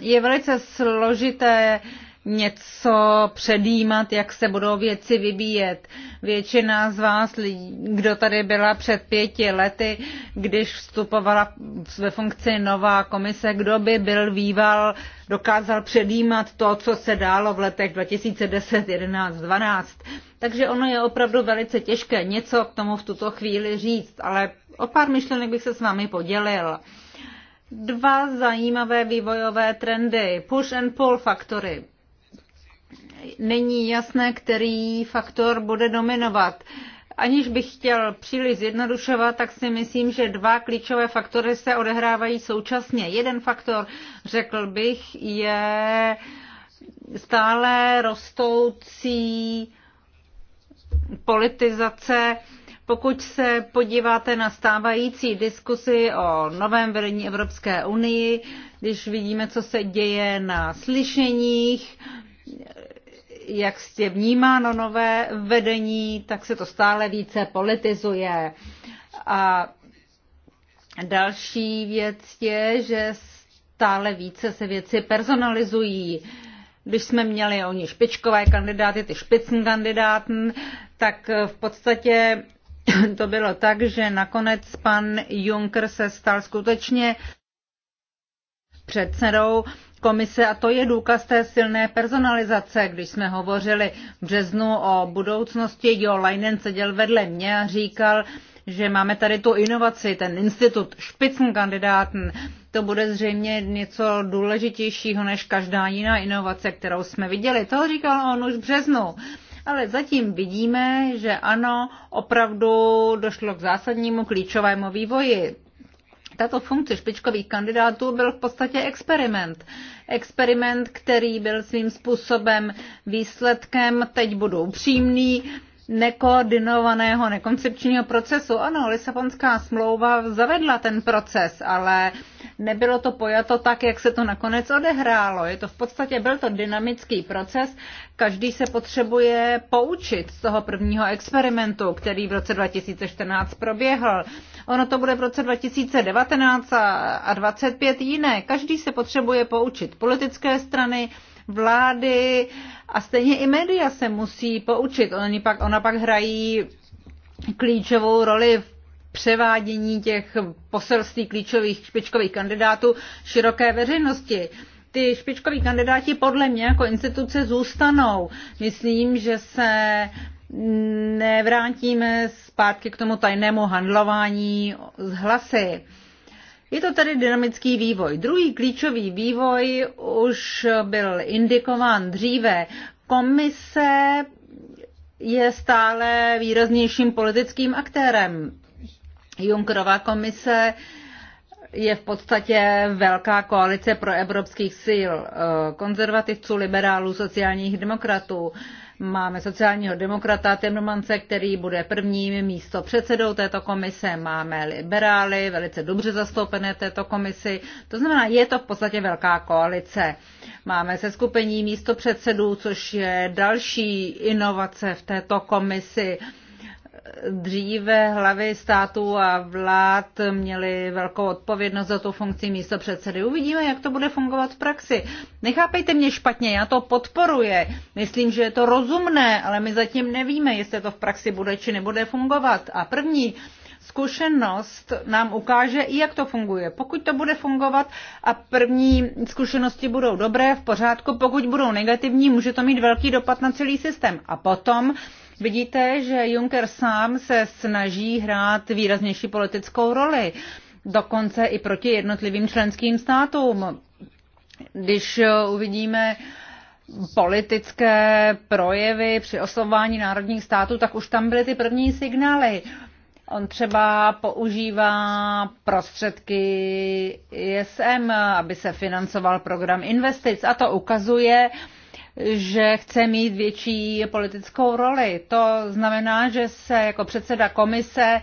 Je velice složité uh, něco předjímat, jak se budou věci vybíjet. Většina z vás, kdo tady byla před pěti lety, když vstupovala ve funkci nová komise, kdo by byl výval, dokázal předjímat to, co se dálo v letech 2010, 11, 12. Takže ono je opravdu velice těžké něco k tomu v tuto chvíli říct, ale o pár myšlenek bych se s vámi podělil dva zajímavé vývojové trendy. Push and pull faktory není jasné, který faktor bude dominovat. Aniž bych chtěl příliš zjednodušovat, tak si myslím, že dva klíčové faktory se odehrávají současně. Jeden faktor, řekl bych, je stále rostoucí politizace. Pokud se podíváte na stávající diskusy o novém vedení Evropské unii, když vidíme, co se děje na slyšeních, jak je vnímáno nové vedení, tak se to stále více politizuje. A další věc je, že stále více se věci personalizují. Když jsme měli oni špičkové kandidáty, ty špicn kandidáten, tak v podstatě [CLEARS THROAT] to bylo tak, že nakonec pan Juncker se stal skutečně předsedou komise a to je důkaz té silné personalizace. Když jsme hovořili v březnu o budoucnosti, Jo Leinen seděl vedle mě a říkal, že máme tady tu inovaci, ten institut Spitzenkandidaten, to bude zřejmě něco důležitějšího než každá jiná inovace, kterou jsme viděli. To říkal on už v březnu. Ale zatím vidíme, že ano, opravdu došlo k zásadnímu klíčovému vývoji. Tato funkce špičkových kandidátů byl v podstatě experiment. Experiment, který byl svým způsobem výsledkem, teď budu upřímný, nekoordinovaného, nekoncepčního procesu. Ano, Lisabonská smlouva zavedla ten proces, ale nebylo to pojato tak, jak se to nakonec odehrálo. Je to v podstatě, byl to dynamický proces, každý se potřebuje poučit z toho prvního experimentu, který v roce 2014 proběhl. Ono to bude v roce 2019 a 2025 jiné. Každý se potřebuje poučit. Politické strany, vlády a stejně i média se musí poučit. Oni pak, ona pak hrají klíčovou roli v převádění těch poselství klíčových špičkových kandidátů široké veřejnosti. Ty špičkoví kandidáti podle mě jako instituce zůstanou. Myslím, že se nevrátíme zpátky k tomu tajnému handlování z hlasy. Je to tedy dynamický vývoj. Druhý klíčový vývoj už byl indikován dříve. Komise je stále výraznějším politickým aktérem. Junkerova komise je v podstatě velká koalice pro evropských sil, eh, konzervativců, liberálů, sociálních demokratů. Máme sociálního demokrata Timmermanse, který bude prvním místo předsedou této komise. Máme liberály, velice dobře zastoupené této komisi. To znamená, je to v podstatě velká koalice. Máme se skupení místo předsedů, což je další inovace v této komisi dříve hlavy států a vlád měly velkou odpovědnost za tu funkci místo předsedy. Uvidíme, jak to bude fungovat v praxi. Nechápejte mě špatně, já to podporuji. Myslím, že je to rozumné, ale my zatím nevíme, jestli to v praxi bude či nebude fungovat. A první zkušenost nám ukáže, jak to funguje. Pokud to bude fungovat a první zkušenosti budou dobré, v pořádku, pokud budou negativní, může to mít velký dopad na celý systém. A potom Vidíte, že Juncker sám se snaží hrát výraznější politickou roli, dokonce i proti jednotlivým členským státům. Když uvidíme politické projevy při oslovování národních států, tak už tam byly ty první signály. On třeba používá prostředky ISM, aby se financoval program investic a to ukazuje, že chce mít větší politickou roli. To znamená, že se jako předseda komise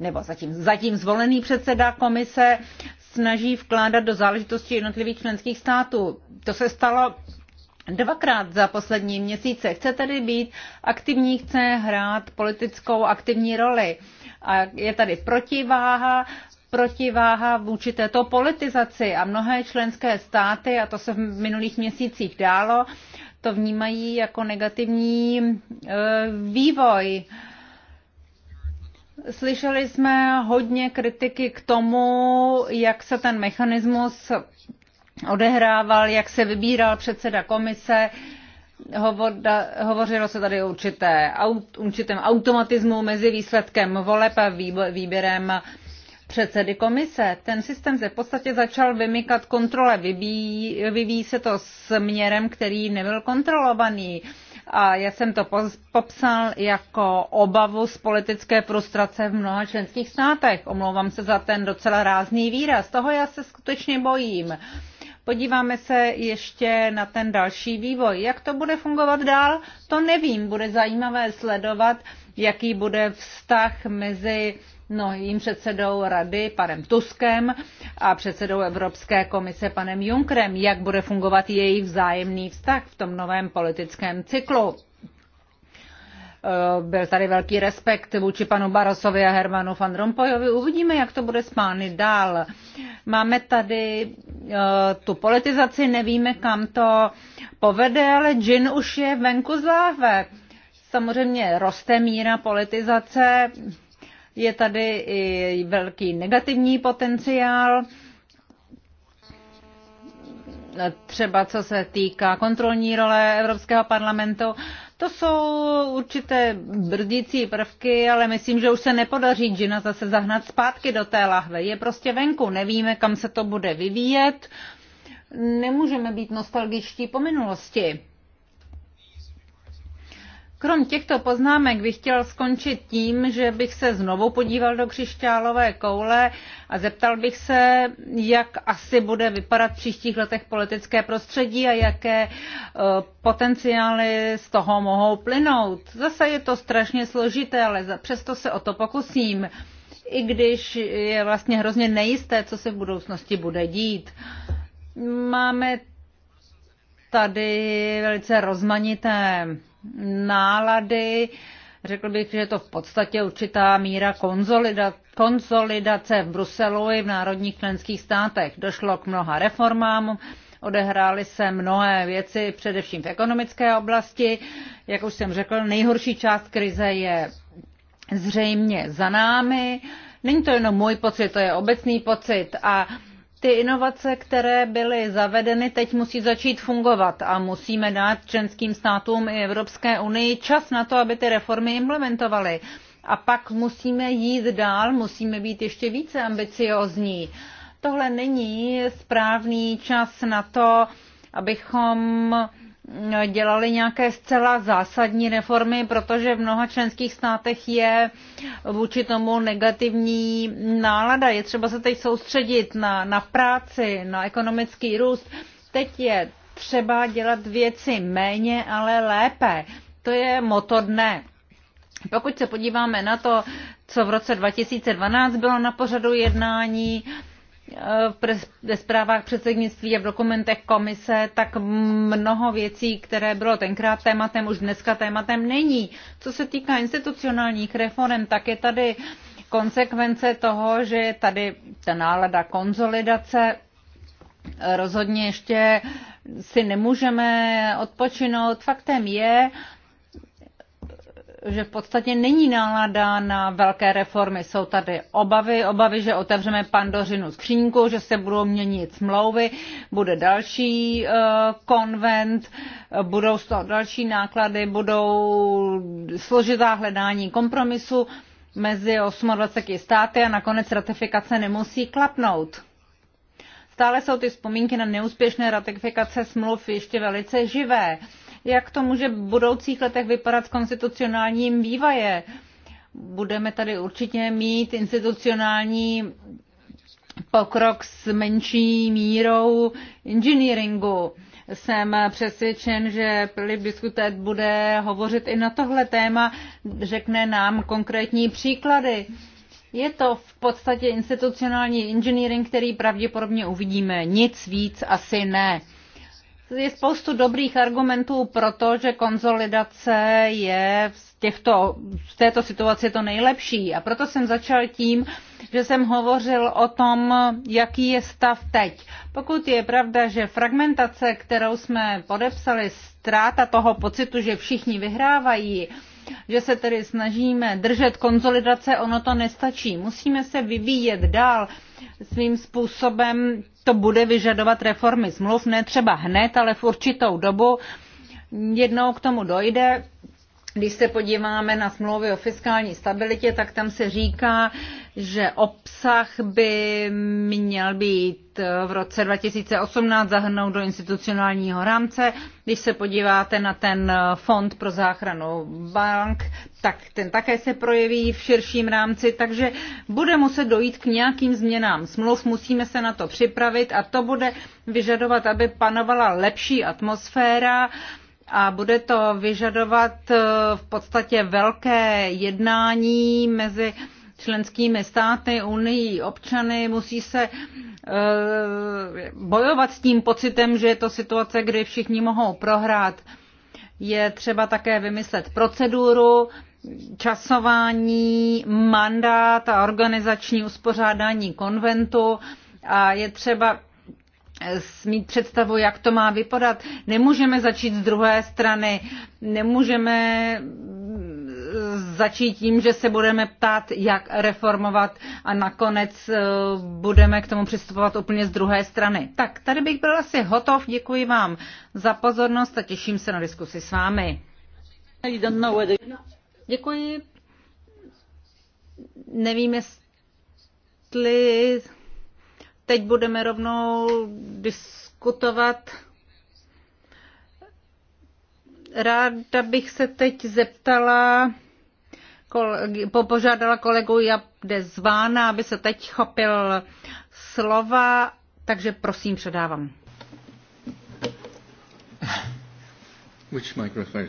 nebo zatím, zatím zvolený předseda komise snaží vkládat do záležitosti jednotlivých členských států. To se stalo dvakrát za poslední měsíce. Chce tedy být aktivní, chce hrát politickou aktivní roli. A je tady protiváha, protiváha vůči této politizaci a mnohé členské státy, a to se v minulých měsících dálo, to vnímají jako negativní e, vývoj. Slyšeli jsme hodně kritiky k tomu, jak se ten mechanismus odehrával, jak se vybíral předseda komise. Hovořilo se tady o určité, určitém automatismu mezi výsledkem voleb a výběrem předsedy komise. Ten systém se v podstatě začal vymykat kontrole, vyvíjí, vyvíjí se to směrem, který nebyl kontrolovaný. A já jsem to popsal jako obavu z politické frustrace v mnoha členských státech. Omlouvám se za ten docela rázný výraz. Toho já se skutečně bojím. Podíváme se ještě na ten další vývoj. Jak to bude fungovat dál, to nevím. Bude zajímavé sledovat, jaký bude vztah mezi novým předsedou rady panem Tuskem a předsedou Evropské komise panem Junkrem, jak bude fungovat jejich vzájemný vztah v tom novém politickém cyklu. Eh, byl tady velký respekt vůči panu Barosovi a Hermanu van Rompuyovi. Uvidíme, jak to bude s pány dál. Máme tady eh, tu politizaci, nevíme, kam to povede, ale Jin už je venku z láve. Samozřejmě roste míra politizace, je tady i velký negativní potenciál, třeba co se týká kontrolní role Evropského parlamentu. To jsou určité brdící prvky, ale myslím, že už se nepodaří Gina zase zahnat zpátky do té lahve. Je prostě venku, nevíme, kam se to bude vyvíjet. Nemůžeme být nostalgičtí po minulosti. Krom těchto poznámek bych chtěl skončit tím, že bych se znovu podíval do křišťálové koule a zeptal bych se, jak asi bude vypadat v příštích letech politické prostředí a jaké e, potenciály z toho mohou plynout. Zase je to strašně složité, ale přesto se o to pokusím, i když je vlastně hrozně nejisté, co se v budoucnosti bude dít. Máme tady velice rozmanité nálady. Řekl bych, že je to v podstatě určitá míra konzolida- konsolidace v Bruselu i v národních členských státech. Došlo k mnoha reformám, odehrály se mnohé věci, především v ekonomické oblasti. Jak už jsem řekl, nejhorší část krize je zřejmě za námi. Není to jenom můj pocit, to je obecný pocit a ty inovace, které byly zavedeny, teď musí začít fungovat a musíme dát členským státům i Evropské unii čas na to, aby ty reformy implementovaly. A pak musíme jít dál, musíme být ještě více ambiciozní. Tohle není správný čas na to, abychom dělali nějaké zcela zásadní reformy, protože v mnoha členských státech je vůči tomu negativní nálada. Je třeba se teď soustředit na, na práci, na ekonomický růst. Teď je třeba dělat věci méně, ale lépe. To je moto dne. Pokud se podíváme na to, co v roce 2012 bylo na pořadu jednání, ve zprávách předsednictví a v dokumentech komise, tak mnoho věcí, které bylo tenkrát tématem, už dneska tématem není. Co se týká institucionálních reform, tak je tady konsekvence toho, že je tady ta nálada konzolidace. Rozhodně ještě si nemůžeme odpočinout. Faktem je, že v podstatě není nálada na velké reformy. Jsou tady obavy, obavy, že otevřeme pandořinu skřínku, že se budou měnit smlouvy, bude další eh, konvent, budou z toho další náklady, budou složitá hledání kompromisu mezi 28 státy a nakonec ratifikace nemusí klapnout. Stále jsou ty vzpomínky na neúspěšné ratifikace smluv ještě velice živé. Uh, jak to může v budoucích letech vypadat s konstitucionálním vývaje. Budeme tady určitě mít institucionální pokrok s menší mírou engineeringu. Jsem přesvědčen, že Filip Diskutet bude hovořit i na tohle téma, řekne nám konkrétní příklady. Je to v podstatě institucionální engineering, který pravděpodobně uvidíme. Nic víc asi ne je spoustu dobrých argumentů pro to, že konzolidace je v, těchto, v této situaci to nejlepší. A proto jsem začal tím, že jsem hovořil o tom, jaký je stav teď. Pokud je pravda, že fragmentace, kterou jsme podepsali, ztráta toho pocitu, že všichni vyhrávají, že se tedy snažíme držet konsolidace, ono to nestačí. Musíme se vyvíjet dál. Svým způsobem to bude vyžadovat reformy smluv, ne třeba hned, ale v určitou dobu. Jednou k tomu dojde když se podíváme na smlouvy o fiskální stabilitě, tak tam se říká, že obsah by měl být v roce 2018 zahrnout do institucionálního rámce. Když se podíváte na ten fond pro záchranu bank, tak ten také se projeví v širším rámci, takže bude muset dojít k nějakým změnám smluv, musíme se na to připravit a to bude vyžadovat, aby panovala lepší atmosféra, a bude to vyžadovat eh, v podstatě velké jednání mezi členskými státy, unii, občany. Musí se eh, bojovat s tím pocitem, že je to situace, kdy všichni mohou prohrát. Je třeba také vymyslet proceduru, časování, mandát a organizační uspořádání konventu a je třeba mít představu, jak to má vypadat. Nemůžeme začít z druhé strany, nemůžeme mm, začít tím, že se budeme ptát, jak reformovat a nakonec e, budeme k tomu přistupovat úplně z druhé strany. Tak, tady bych byl asi hotov, děkuji vám za pozornost a těším se na diskusi s vámi. No, děkuji. Nevím, jestli teď budeme rovnou diskutovat. Ráda bych se teď zeptala, popožádala kolegu Jabde Zvána, aby se teď chopil slova, takže prosím, předávám. Which microphone?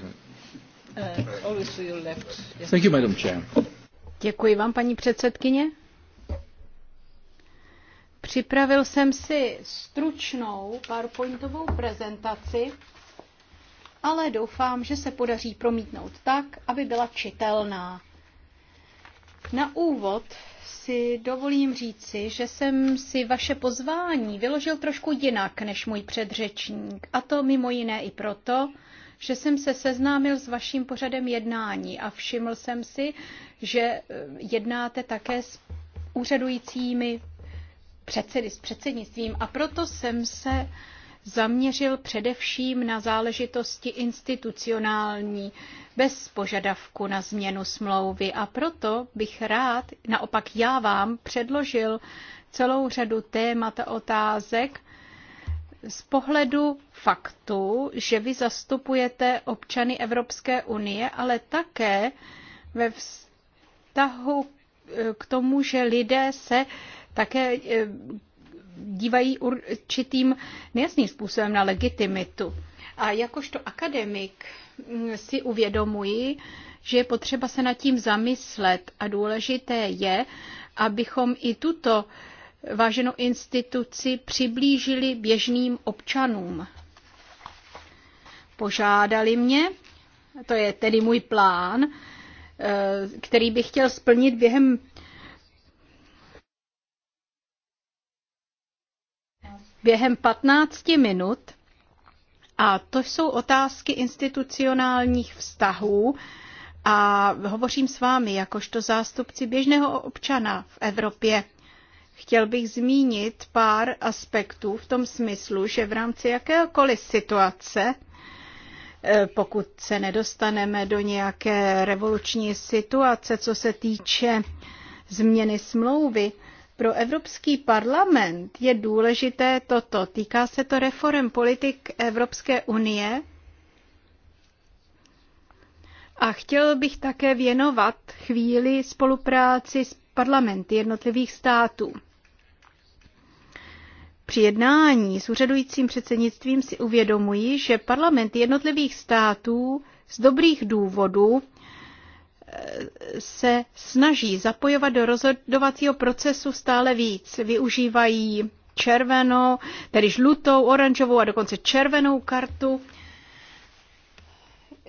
Uh, your left. Yes. Thank you, Madam Chair. Děkuji vám, paní předsedkyně. Připravil jsem si stručnou PowerPointovou prezentaci, ale doufám, že se podaří promítnout tak, aby byla čitelná. Na úvod si dovolím říci, že jsem si vaše pozvání vyložil trošku jinak než můj předřečník, a to mimo jiné i proto, že jsem se seznámil s vaším pořadem jednání a všiml jsem si, že eh, jednáte také s úřadujícími předsedy s předsednictvím a proto jsem se zaměřil především na záležitosti institucionální, bez požadavku na změnu smlouvy. A proto bych rád, naopak já vám, předložil celou řadu témat a otázek z pohledu faktu, že vy zastupujete občany Evropské unie, ale také ve vztahu k tomu, že lidé se také eh, dívají určitým nejasným způsobem na legitimitu. A jakožto akademik mm, si uvědomuji, že je potřeba se nad tím zamyslet a důležité je, abychom i tuto váženou instituci přiblížili běžným občanům. Požádali mě, to je tedy můj plán, eh, který bych chtěl splnit během během 15 minut. A to jsou otázky institucionálních vztahů. A hovořím s vámi jakožto zástupci běžného občana v Evropě. Chtěl bych zmínit pár aspektů v tom smyslu, že v rámci jakékoliv situace, eh, pokud se nedostaneme do nějaké revoluční situace, co se týče změny smlouvy, pro Evropský parlament je důležité toto. Týká se to reform politik Evropské unie. A chtěl bych také věnovat chvíli spolupráci s parlamenty jednotlivých států. Při jednání s úřadujícím předsednictvím si uvědomuji, že parlament jednotlivých států z dobrých důvodů se snaží zapojovat do rozhodovacího procesu stále víc. Využívají červenou, tedy žlutou, oranžovou a dokonce červenou kartu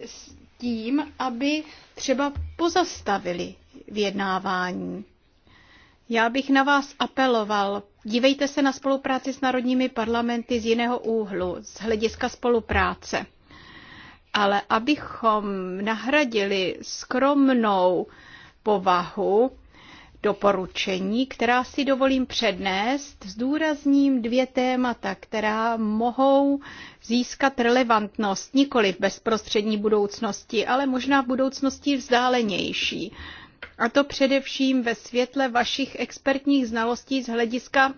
s tím, aby třeba pozastavili vyjednávání. Já bych na vás apeloval, dívejte se na spolupráci s národními parlamenty z jiného úhlu, z hlediska spolupráce ale abychom nahradili skromnou povahu doporučení, která si dovolím přednést, zdůrazním dvě témata, která mohou získat relevantnost nikoli v bezprostřední budoucnosti, ale možná v budoucnosti vzdálenější. A to především ve světle vašich expertních znalostí z hlediska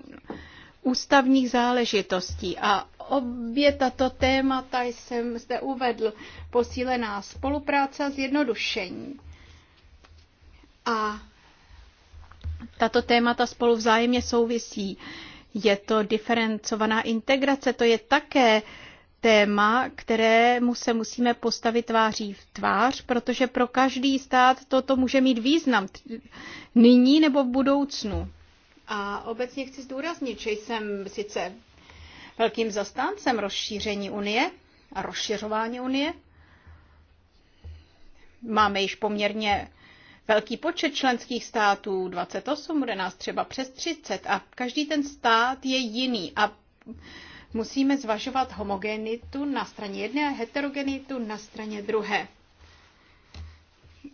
ústavních záležitostí a Obě tato témata jsem zde uvedl. Posílená spolupráce a zjednodušení. A tato témata spolu vzájemně souvisí. Je to diferencovaná integrace, to je také téma, kterému se musíme postavit tváří v tvář, protože pro každý stát toto může mít význam nyní nebo v budoucnu. A obecně chci zdůraznit, že jsem sice velkým zastáncem rozšíření Unie a rozšiřování Unie. Máme již poměrně velký počet členských států, 28, bude nás třeba přes 30 a každý ten stát je jiný a musíme zvažovat homogenitu na straně jedné a heterogenitu na straně druhé.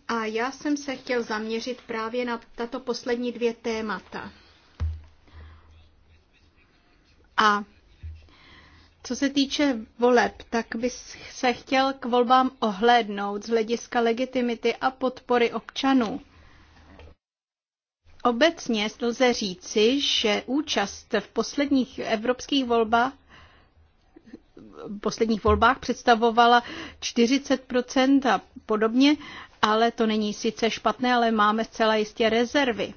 A já jsem se chtěl zaměřit právě na tato poslední dvě témata. A co se týče voleb, tak bych se chtěl k volbám ohlédnout z hlediska legitimity a podpory občanů. Obecně lze říci, že účast v posledních evropských volbách posledních volbách představovala 40% a podobně, ale to není sice špatné, ale máme zcela jistě rezervy.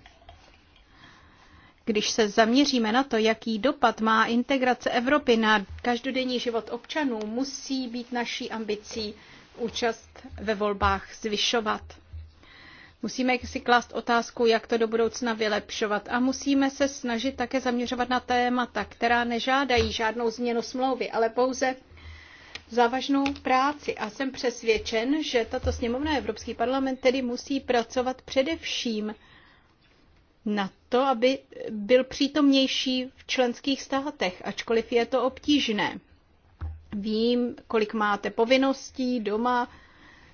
Když se zaměříme na to, jaký dopad má integrace Evropy na každodenní život občanů, musí být naší ambicí účast ve volbách zvyšovat. Musíme si klást otázku, jak to do budoucna vylepšovat a musíme se snažit také zaměřovat na témata, která nežádají žádnou změnu smlouvy, ale pouze závažnou práci. A jsem přesvědčen, že tato sněmovna Evropský parlament tedy musí pracovat především na to, aby byl přítomnější v členských státech, ačkoliv je to obtížné. Vím, kolik máte povinností doma,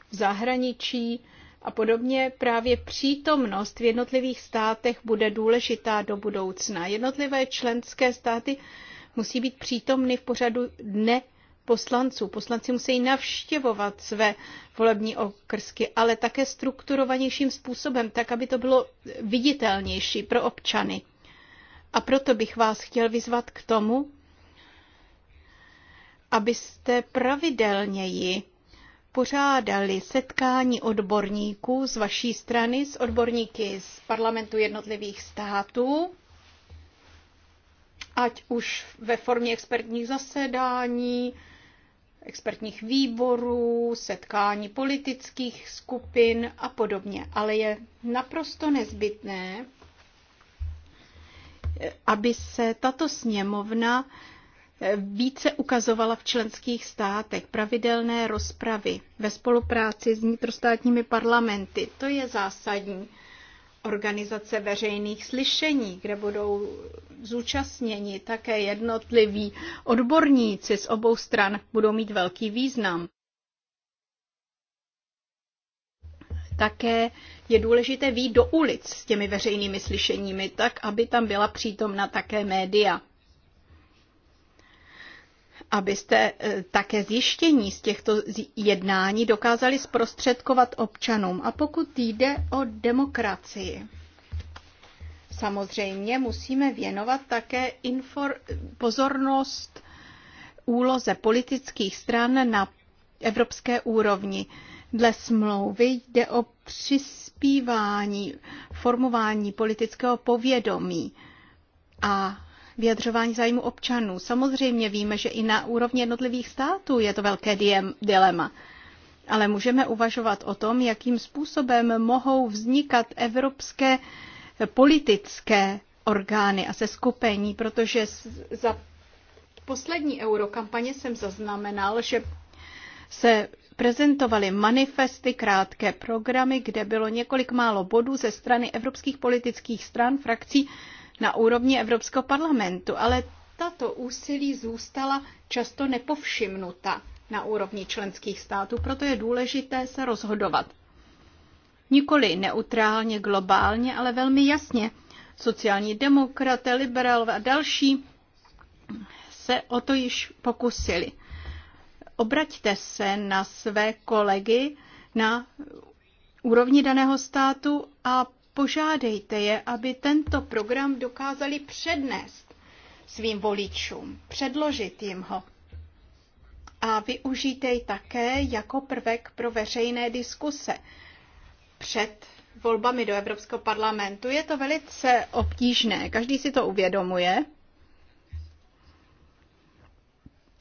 v zahraničí a podobně. Právě přítomnost v jednotlivých státech bude důležitá do budoucna. Jednotlivé členské státy musí být přítomny v pořadu dne poslanců. Poslanci musí navštěvovat své volební okrsky, ale také strukturovanějším způsobem, tak aby to bylo viditelnější pro občany. A proto bych vás chtěl vyzvat k tomu, abyste pravidelněji pořádali setkání odborníků z vaší strany, s odborníky z parlamentu jednotlivých států, ať už ve formě expertních zasedání, expertních výborů, setkání politických skupin a podobně. Ale je naprosto nezbytné, aby se tato sněmovna více ukazovala v členských státech pravidelné rozpravy ve spolupráci s vnitrostátními parlamenty. To je zásadní organizace veřejných slyšení, kde budou zúčastněni také jednotliví odborníci z obou stran, budou mít velký význam. Také je důležité výjít do ulic s těmi veřejnými slyšeními, tak aby tam byla přítomna také média abyste e, také zjištění z těchto jednání dokázali zprostředkovat občanům. A pokud jde o demokracii, samozřejmě musíme věnovat také pozornost úloze politických stran na evropské úrovni. Dle smlouvy jde o přispívání, formování politického povědomí a vyjadřování zájmu občanů. Samozřejmě víme, že i na úrovni jednotlivých států je to velké dilema. Ale můžeme uvažovat o tom, jakým způsobem mohou vznikat evropské politické orgány a se skupení, protože za poslední eurokampaně jsem zaznamenal, že se prezentovaly manifesty, krátké programy, kde bylo několik málo bodů ze strany evropských politických stran, frakcí na úrovni Evropského parlamentu, ale tato úsilí zůstala často nepovšimnuta na úrovni členských států, proto je důležité se rozhodovat. Nikoli neutrálně, globálně, ale velmi jasně. Sociální demokraté, liberálové a další se o to již pokusili. Obraťte se na své kolegy na úrovni daného státu a Požádejte je, aby tento program dokázali přednést svým voličům, předložit jim ho. A využijte ji také jako prvek pro veřejné diskuse před volbami do Evropského parlamentu. Je to velice obtížné, každý si to uvědomuje.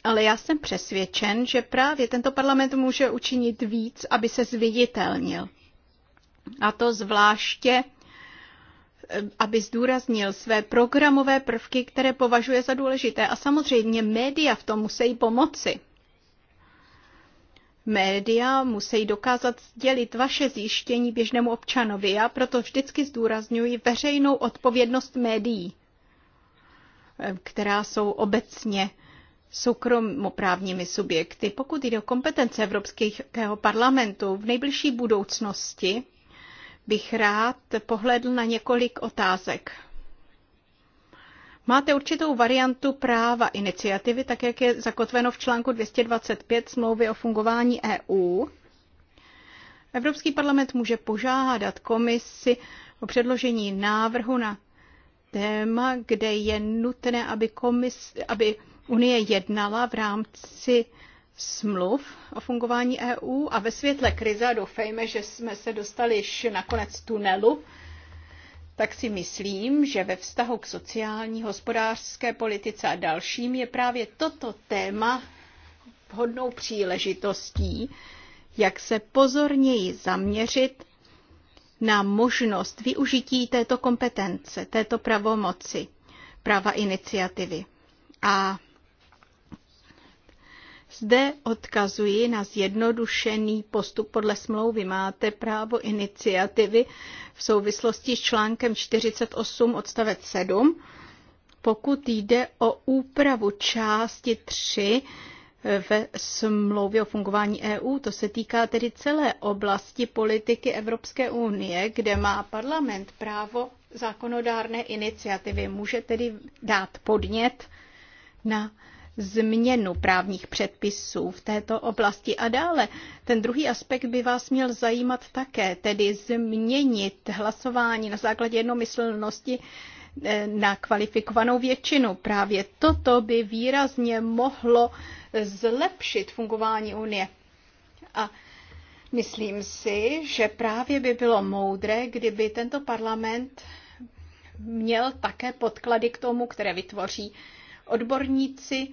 Ale já jsem přesvědčen, že právě tento parlament může učinit víc, aby se zviditelnil. A to zvláště aby zdůraznil své programové prvky, které považuje za důležité. A samozřejmě média v tom musí pomoci. Média musí dokázat sdělit vaše zjištění běžnému občanovi. Já proto vždycky zdůrazňuji veřejnou odpovědnost médií, která jsou obecně soukromoprávními subjekty. Pokud jde o kompetence Evropského parlamentu v nejbližší budoucnosti, bych rád pohledl na několik otázek. Máte určitou variantu práva iniciativy, tak jak je zakotveno v článku 225 smlouvy o fungování EU. Evropský parlament může požádat komisi o předložení návrhu na téma, kde je nutné, aby, komis, aby Unie jednala v rámci smluv o fungování EU a ve světle krize, doufejme, že jsme se dostali již na konec tunelu, tak si myslím, že ve vztahu k sociální, hospodářské politice a dalším je právě toto téma vhodnou příležitostí, jak se pozorněji zaměřit na možnost využití této kompetence, této pravomoci, práva iniciativy. A zde odkazuji na zjednodušený postup podle smlouvy. Máte právo iniciativy v souvislosti s článkem 48 odstavec 7, pokud jde o úpravu části 3 ve smlouvě o fungování EU. To se týká tedy celé oblasti politiky Evropské unie, kde má parlament právo zákonodárné iniciativy. Může tedy dát podnět na změnu právních předpisů v této oblasti. A dále, ten druhý aspekt by vás měl zajímat také, tedy změnit hlasování na základě jednomyslnosti eh, na kvalifikovanou většinu. Právě toto by výrazně mohlo zlepšit fungování Unie. A myslím si, že právě by bylo moudré, kdyby tento parlament měl také podklady k tomu, které vytvoří odborníci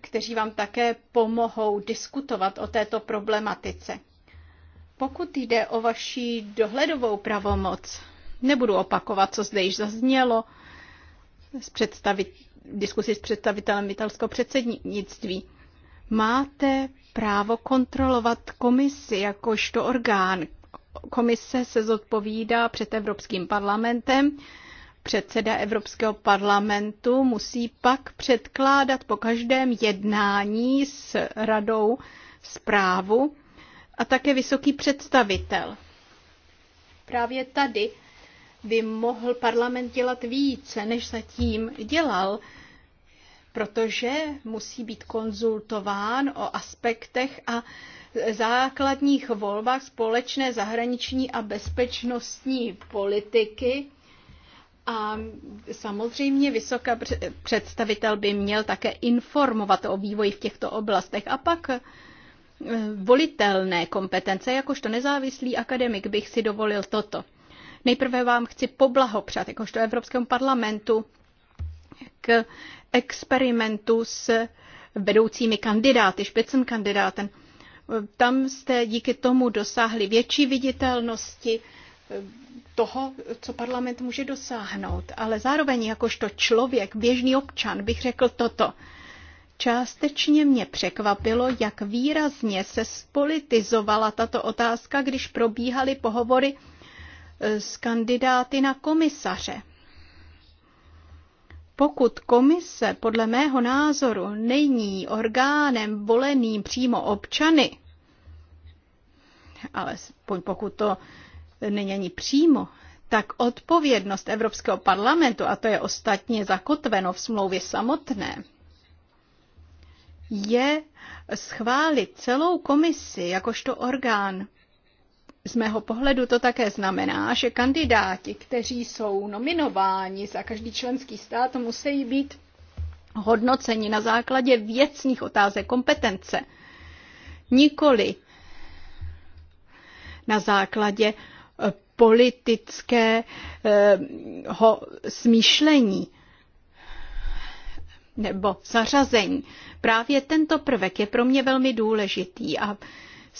kteří vám také pomohou diskutovat o této problematice. Pokud jde o vaši dohledovou pravomoc, nebudu opakovat, co zde již zaznělo z představit, diskusi s představitelem italského předsednictví. Máte právo kontrolovat komisi jakožto orgán. Komise se zodpovídá před Evropským parlamentem Předseda Evropského parlamentu musí pak předkládat po každém jednání s radou zprávu a také vysoký představitel. Právě tady by mohl parlament dělat více, než zatím dělal, protože musí být konzultován o aspektech a základních volbách společné zahraniční a bezpečnostní politiky a samozřejmě vysoká představitel by měl také informovat o vývoji v těchto oblastech. A pak eh, volitelné kompetence, jakožto nezávislý akademik bych si dovolil toto. Nejprve vám chci poblahopřát, jakožto Evropskému parlamentu, k experimentu s vedoucími kandidáty, špicem kandidátem. Tam jste díky tomu dosáhli větší viditelnosti, toho, co parlament může dosáhnout. Ale zároveň jakožto člověk, běžný občan, bych řekl toto. Částečně mě překvapilo, jak výrazně se spolitizovala tato otázka, když probíhaly pohovory e, s kandidáty na komisaře. Pokud komise podle mého názoru není orgánem voleným přímo občany, ale pokud to není přímo, tak odpovědnost Evropského parlamentu, a to je ostatně zakotveno v smlouvě samotné, je schválit celou komisi jakožto orgán. Z mého pohledu to také znamená, že kandidáti, kteří jsou nominováni za každý členský stát, musí být hodnoceni na základě věcných otázek kompetence, nikoli na základě politického smýšlení nebo zařazení. Právě tento prvek je pro mě velmi důležitý a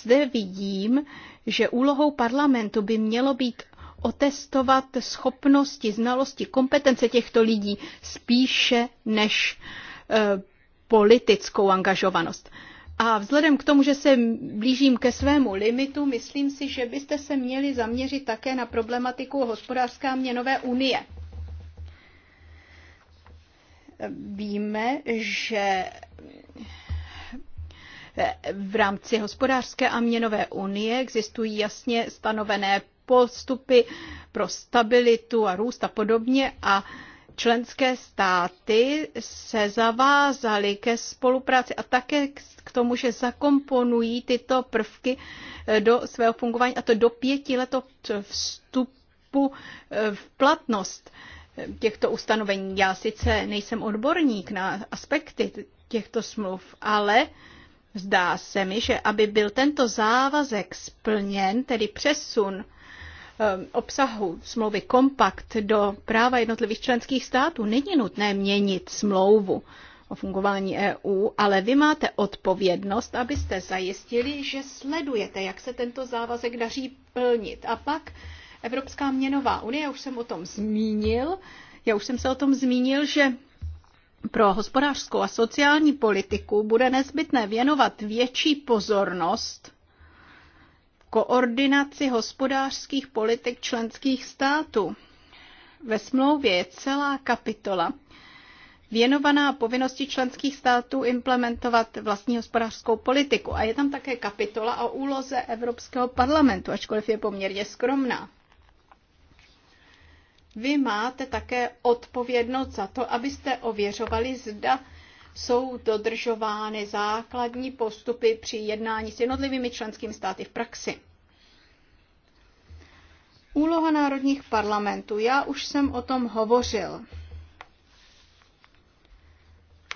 zde vidím, že úlohou parlamentu by mělo být otestovat schopnosti, znalosti, kompetence těchto lidí spíše než eh, politickou angažovanost. A vzhledem k tomu, že se blížím ke svému limitu, myslím si, že byste se měli zaměřit také na problematiku hospodářské a měnové unie. Víme, že v rámci hospodářské a měnové unie existují jasně stanovené postupy pro stabilitu a růst a podobně a Členské státy se zavázaly ke spolupráci a také k tomu, že zakomponují tyto prvky eh, do svého fungování a to do pěti let od vstupu eh, v platnost eh, těchto ustanovení. Já sice nejsem odborník na aspekty těchto smluv, ale zdá se mi, že aby byl tento závazek splněn, tedy přesun Eh, obsahu smlouvy kompakt do práva jednotlivých členských států, není nutné měnit smlouvu o fungování EU, ale vy máte odpovědnost, abyste zajistili, že sledujete, jak se tento závazek daří plnit. A pak Evropská měnová unie, já už jsem o tom zmínil, já už jsem se o tom zmínil, že pro hospodářskou a sociální politiku bude nezbytné věnovat větší pozornost koordinaci hospodářských politik členských států. Ve smlouvě je celá kapitola věnovaná povinnosti členských států implementovat vlastní hospodářskou politiku. A je tam také kapitola o úloze Evropského parlamentu, ačkoliv je poměrně skromná. Vy máte také odpovědnost za to, abyste ověřovali, zda jsou dodržovány základní postupy při jednání s jednotlivými členskými státy v praxi. Úloha národních parlamentů. Já už jsem o tom hovořil.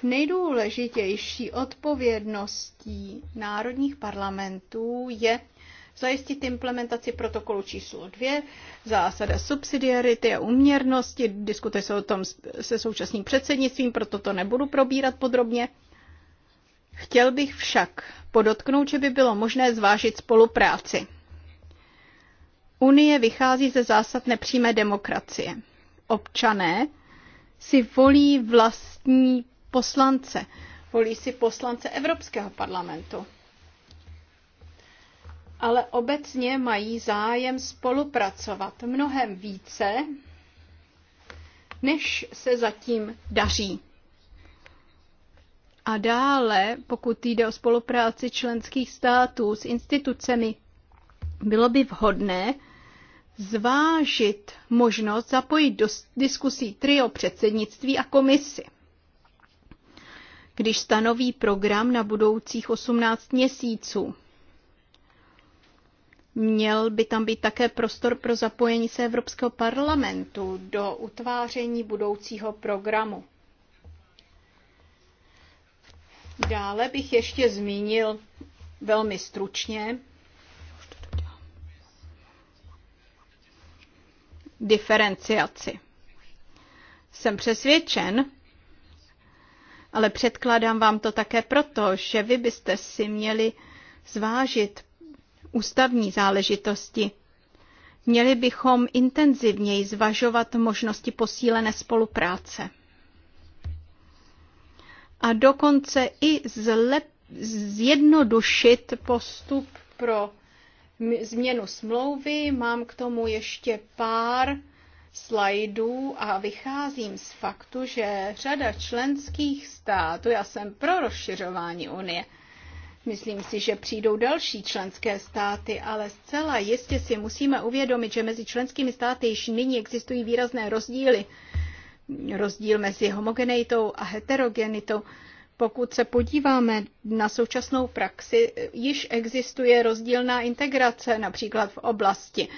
Nejdůležitější odpovědností národních parlamentů je zajistit implementaci protokolu číslo 2, zásada subsidiarity a uměrnosti. Diskutuje se o tom se současným předsednictvím, proto to nebudu probírat podrobně. Chtěl bych však podotknout, že by bylo možné zvážit spolupráci. Unie vychází ze zásad nepřímé demokracie. Občané si volí vlastní poslance. Volí si poslance Evropského parlamentu ale obecně mají zájem spolupracovat mnohem více, než se zatím daří. A dále, pokud jde o spolupráci členských států s institucemi, bylo by vhodné zvážit možnost zapojit do diskusí trio předsednictví a komisy. Když stanoví program na budoucích 18 měsíců, Měl by tam být také prostor pro zapojení se Evropského parlamentu do utváření budoucího programu. Dále bych ještě zmínil velmi stručně diferenciaci. Jsem přesvědčen, ale předkládám vám to také proto, že vy byste si měli zvážit ústavní záležitosti. Měli bychom intenzivněji zvažovat možnosti posílené spolupráce. A dokonce i zlep, zjednodušit postup pro změnu smlouvy. Mám k tomu ještě pár slajdů a vycházím z faktu, že řada členských států, já jsem pro rozšiřování Unie, Myslím si, že přijdou další členské státy, ale zcela jistě si musíme uvědomit, že mezi členskými státy již nyní existují výrazné rozdíly. Rozdíl mezi homogeneitou a heterogenitou pokud se podíváme na současnou praxi, již existuje rozdílná integrace, například v oblasti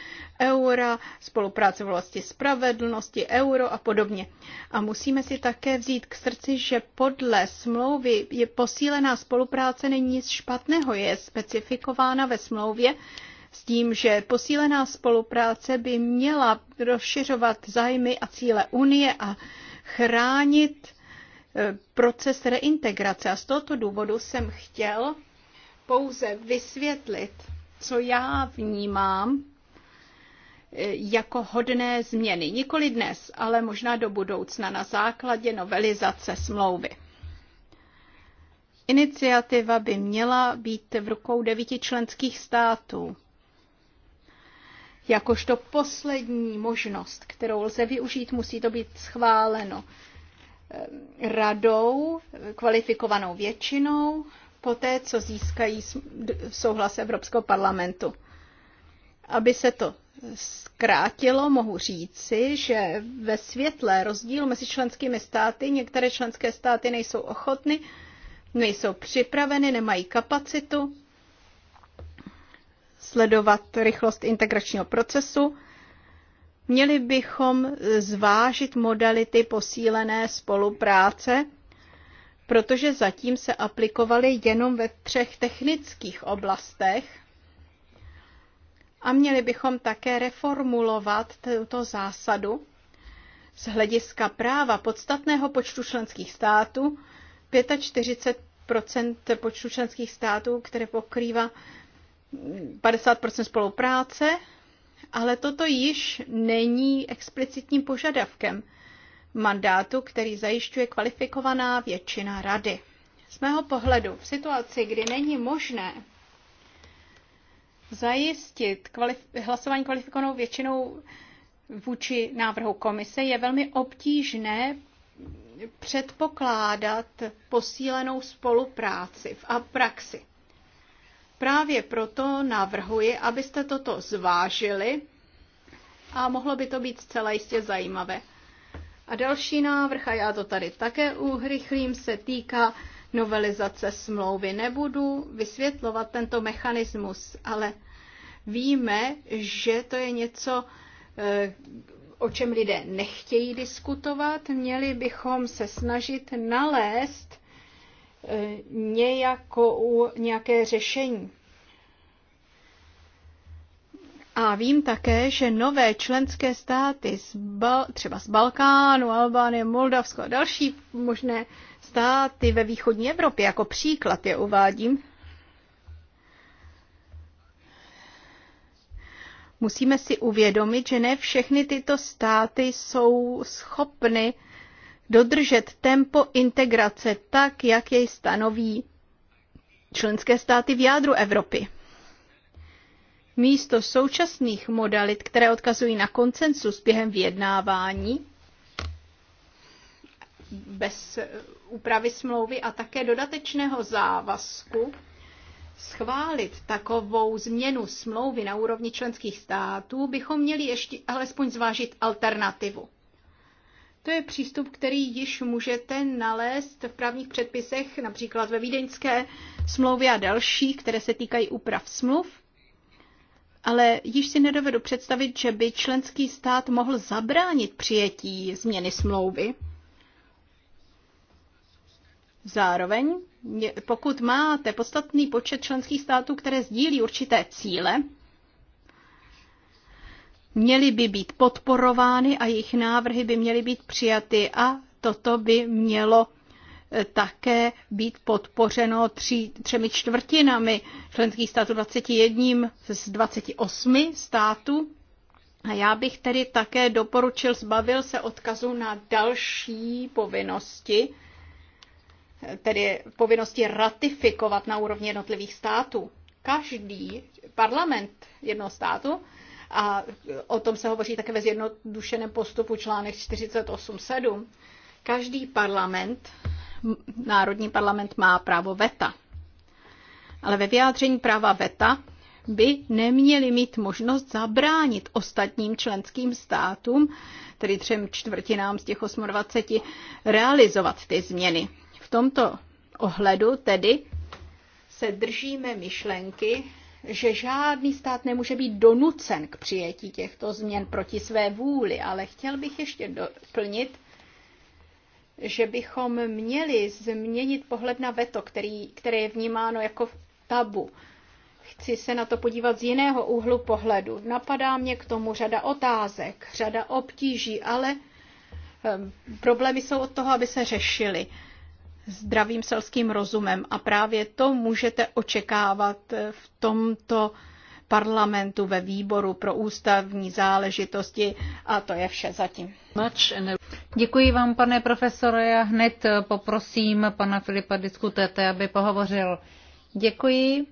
eura, spolupráce v oblasti spravedlnosti, euro a podobně. A musíme si také vzít k srdci, že podle smlouvy je posílená spolupráce není nic špatného, je specifikována ve smlouvě, s tím, že posílená spolupráce by měla rozšiřovat zájmy a cíle Unie a chránit E, proces reintegrace. A z tohoto důvodu jsem chtěl pouze vysvětlit, co já vnímám e, jako hodné změny. Nikoli dnes, ale možná do budoucna na základě novelizace smlouvy. Iniciativa by měla být v rukou devíti členských států. Jakožto poslední možnost, kterou lze využít, musí to být schváleno Eh, radou kvalifikovanou většinou poté, co získají souhlas Evropského parlamentu. Aby se to zkrátilo, mohu říci, že ve světle rozdíl mezi členskými státy některé členské státy nejsou ochotny, nejsou připraveny, nemají kapacitu sledovat rychlost integračního procesu Měli bychom eh, zvážit modality posílené spolupráce, protože zatím se aplikovaly jenom ve třech technických oblastech. A měli bychom také reformulovat tuto zásadu z hlediska práva podstatného počtu členských států, 45 počtu členských států, které pokrývá 50 spolupráce, ale toto již není explicitním požadavkem mandátu, který zajišťuje kvalifikovaná většina rady. Z mého pohledu, v situaci, kdy není možné zajistit kvalif- hlasování kvalifikovanou většinou vůči návrhu komise, je velmi obtížné předpokládat posílenou spolupráci a praxi. Právě proto navrhuji, abyste toto zvážili a mohlo by to být zcela jistě zajímavé. A další návrh, a já to tady také uhrychlím, se týká novelizace smlouvy. Nebudu vysvětlovat tento mechanismus, ale víme, že to je něco, eh, o čem lidé nechtějí diskutovat. Měli bychom se snažit nalézt nějakou, nějaké řešení. A vím také, že nové členské státy, z Bal- třeba z Balkánu, Albánie, Moldavsko a další možné státy ve východní Evropě, jako příklad je uvádím, musíme si uvědomit, že ne všechny tyto státy jsou schopny dodržet tempo integrace tak, jak jej stanoví členské státy v jádru Evropy. Místo současných modalit, které odkazují na koncensus během vyjednávání, bez úpravy smlouvy a také dodatečného závazku schválit takovou změnu smlouvy na úrovni členských států, bychom měli ještě alespoň zvážit alternativu. To je přístup, který již můžete nalézt v právních předpisech, například ve Vídeňské smlouvě a další, které se týkají úprav smluv. Ale již si nedovedu představit, že by členský stát mohl zabránit přijetí změny smlouvy. Zároveň, pokud máte podstatný počet členských států, které sdílí určité cíle, měly by být podporovány a jejich návrhy by měly být přijaty a toto by mělo eh, také být podpořeno tři, třemi čtvrtinami členských států 21 z 28 států. A já bych tedy také doporučil, zbavil se odkazu na další povinnosti, eh, tedy povinnosti ratifikovat na úrovni jednotlivých států. Každý parlament jednoho státu a o tom se hovoří také ve zjednodušeném postupu článek 48.7. Každý parlament, národní parlament má právo veta. Ale ve vyjádření práva veta by neměli mít možnost zabránit ostatním členským státům, tedy třem čtvrtinám z těch 28, realizovat ty změny. V tomto ohledu tedy se držíme myšlenky, že žádný stát nemůže být donucen k přijetí těchto změn proti své vůli, ale chtěl bych ještě doplnit, že bychom měli změnit pohled na veto, který, které je vnímáno jako tabu. Chci se na to podívat z jiného úhlu pohledu. Napadá mě k tomu řada otázek, řada obtíží, ale ehm, problémy jsou od toho, aby se řešily zdravým selským rozumem. A právě to můžete očekávat v tomto parlamentu ve výboru pro ústavní záležitosti. A to je vše zatím. Děkuji vám, pane profesore. Já hned poprosím pana Filipa diskutujete, aby pohovořil. Děkuji.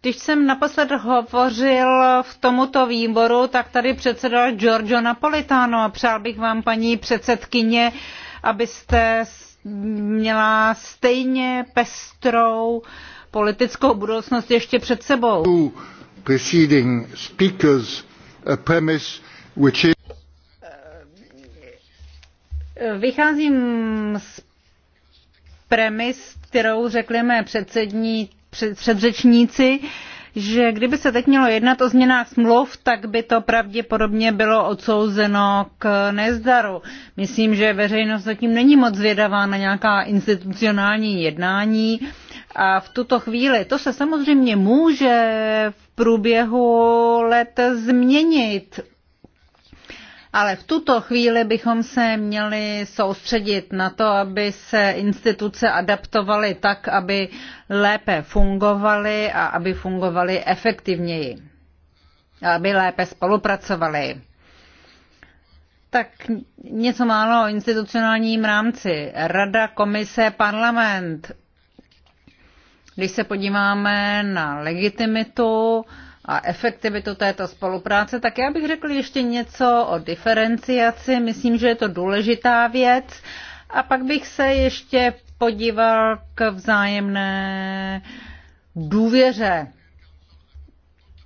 Když jsem naposled hovořil v tomuto výboru, tak tady předsedal Giorgio Napolitano a přál bych vám, paní předsedkyně, abyste měla stejně pestrou politickou budoucnost ještě před sebou. Vycházím z premis, kterou řekli mé před, předřečníci, že kdyby se teď mělo jednat o změnách smluv, tak by to pravděpodobně bylo odsouzeno k nezdaru. Myslím, že veřejnost zatím není moc zvědavá na nějaká institucionální jednání. A v tuto chvíli to se samozřejmě může v průběhu let změnit ale v tuto chvíli bychom se měli soustředit na to, aby se instituce adaptovaly tak, aby lépe fungovaly a aby fungovaly efektivněji. Aby lépe spolupracovaly. Tak něco málo o institucionálním rámci. Rada, komise, parlament. Když se podíváme na legitimitu, a efektivitu této spolupráce, tak já bych řekl ještě něco o diferenciaci. Myslím, že je to důležitá věc. A pak bych se ještě podíval k vzájemné důvěře.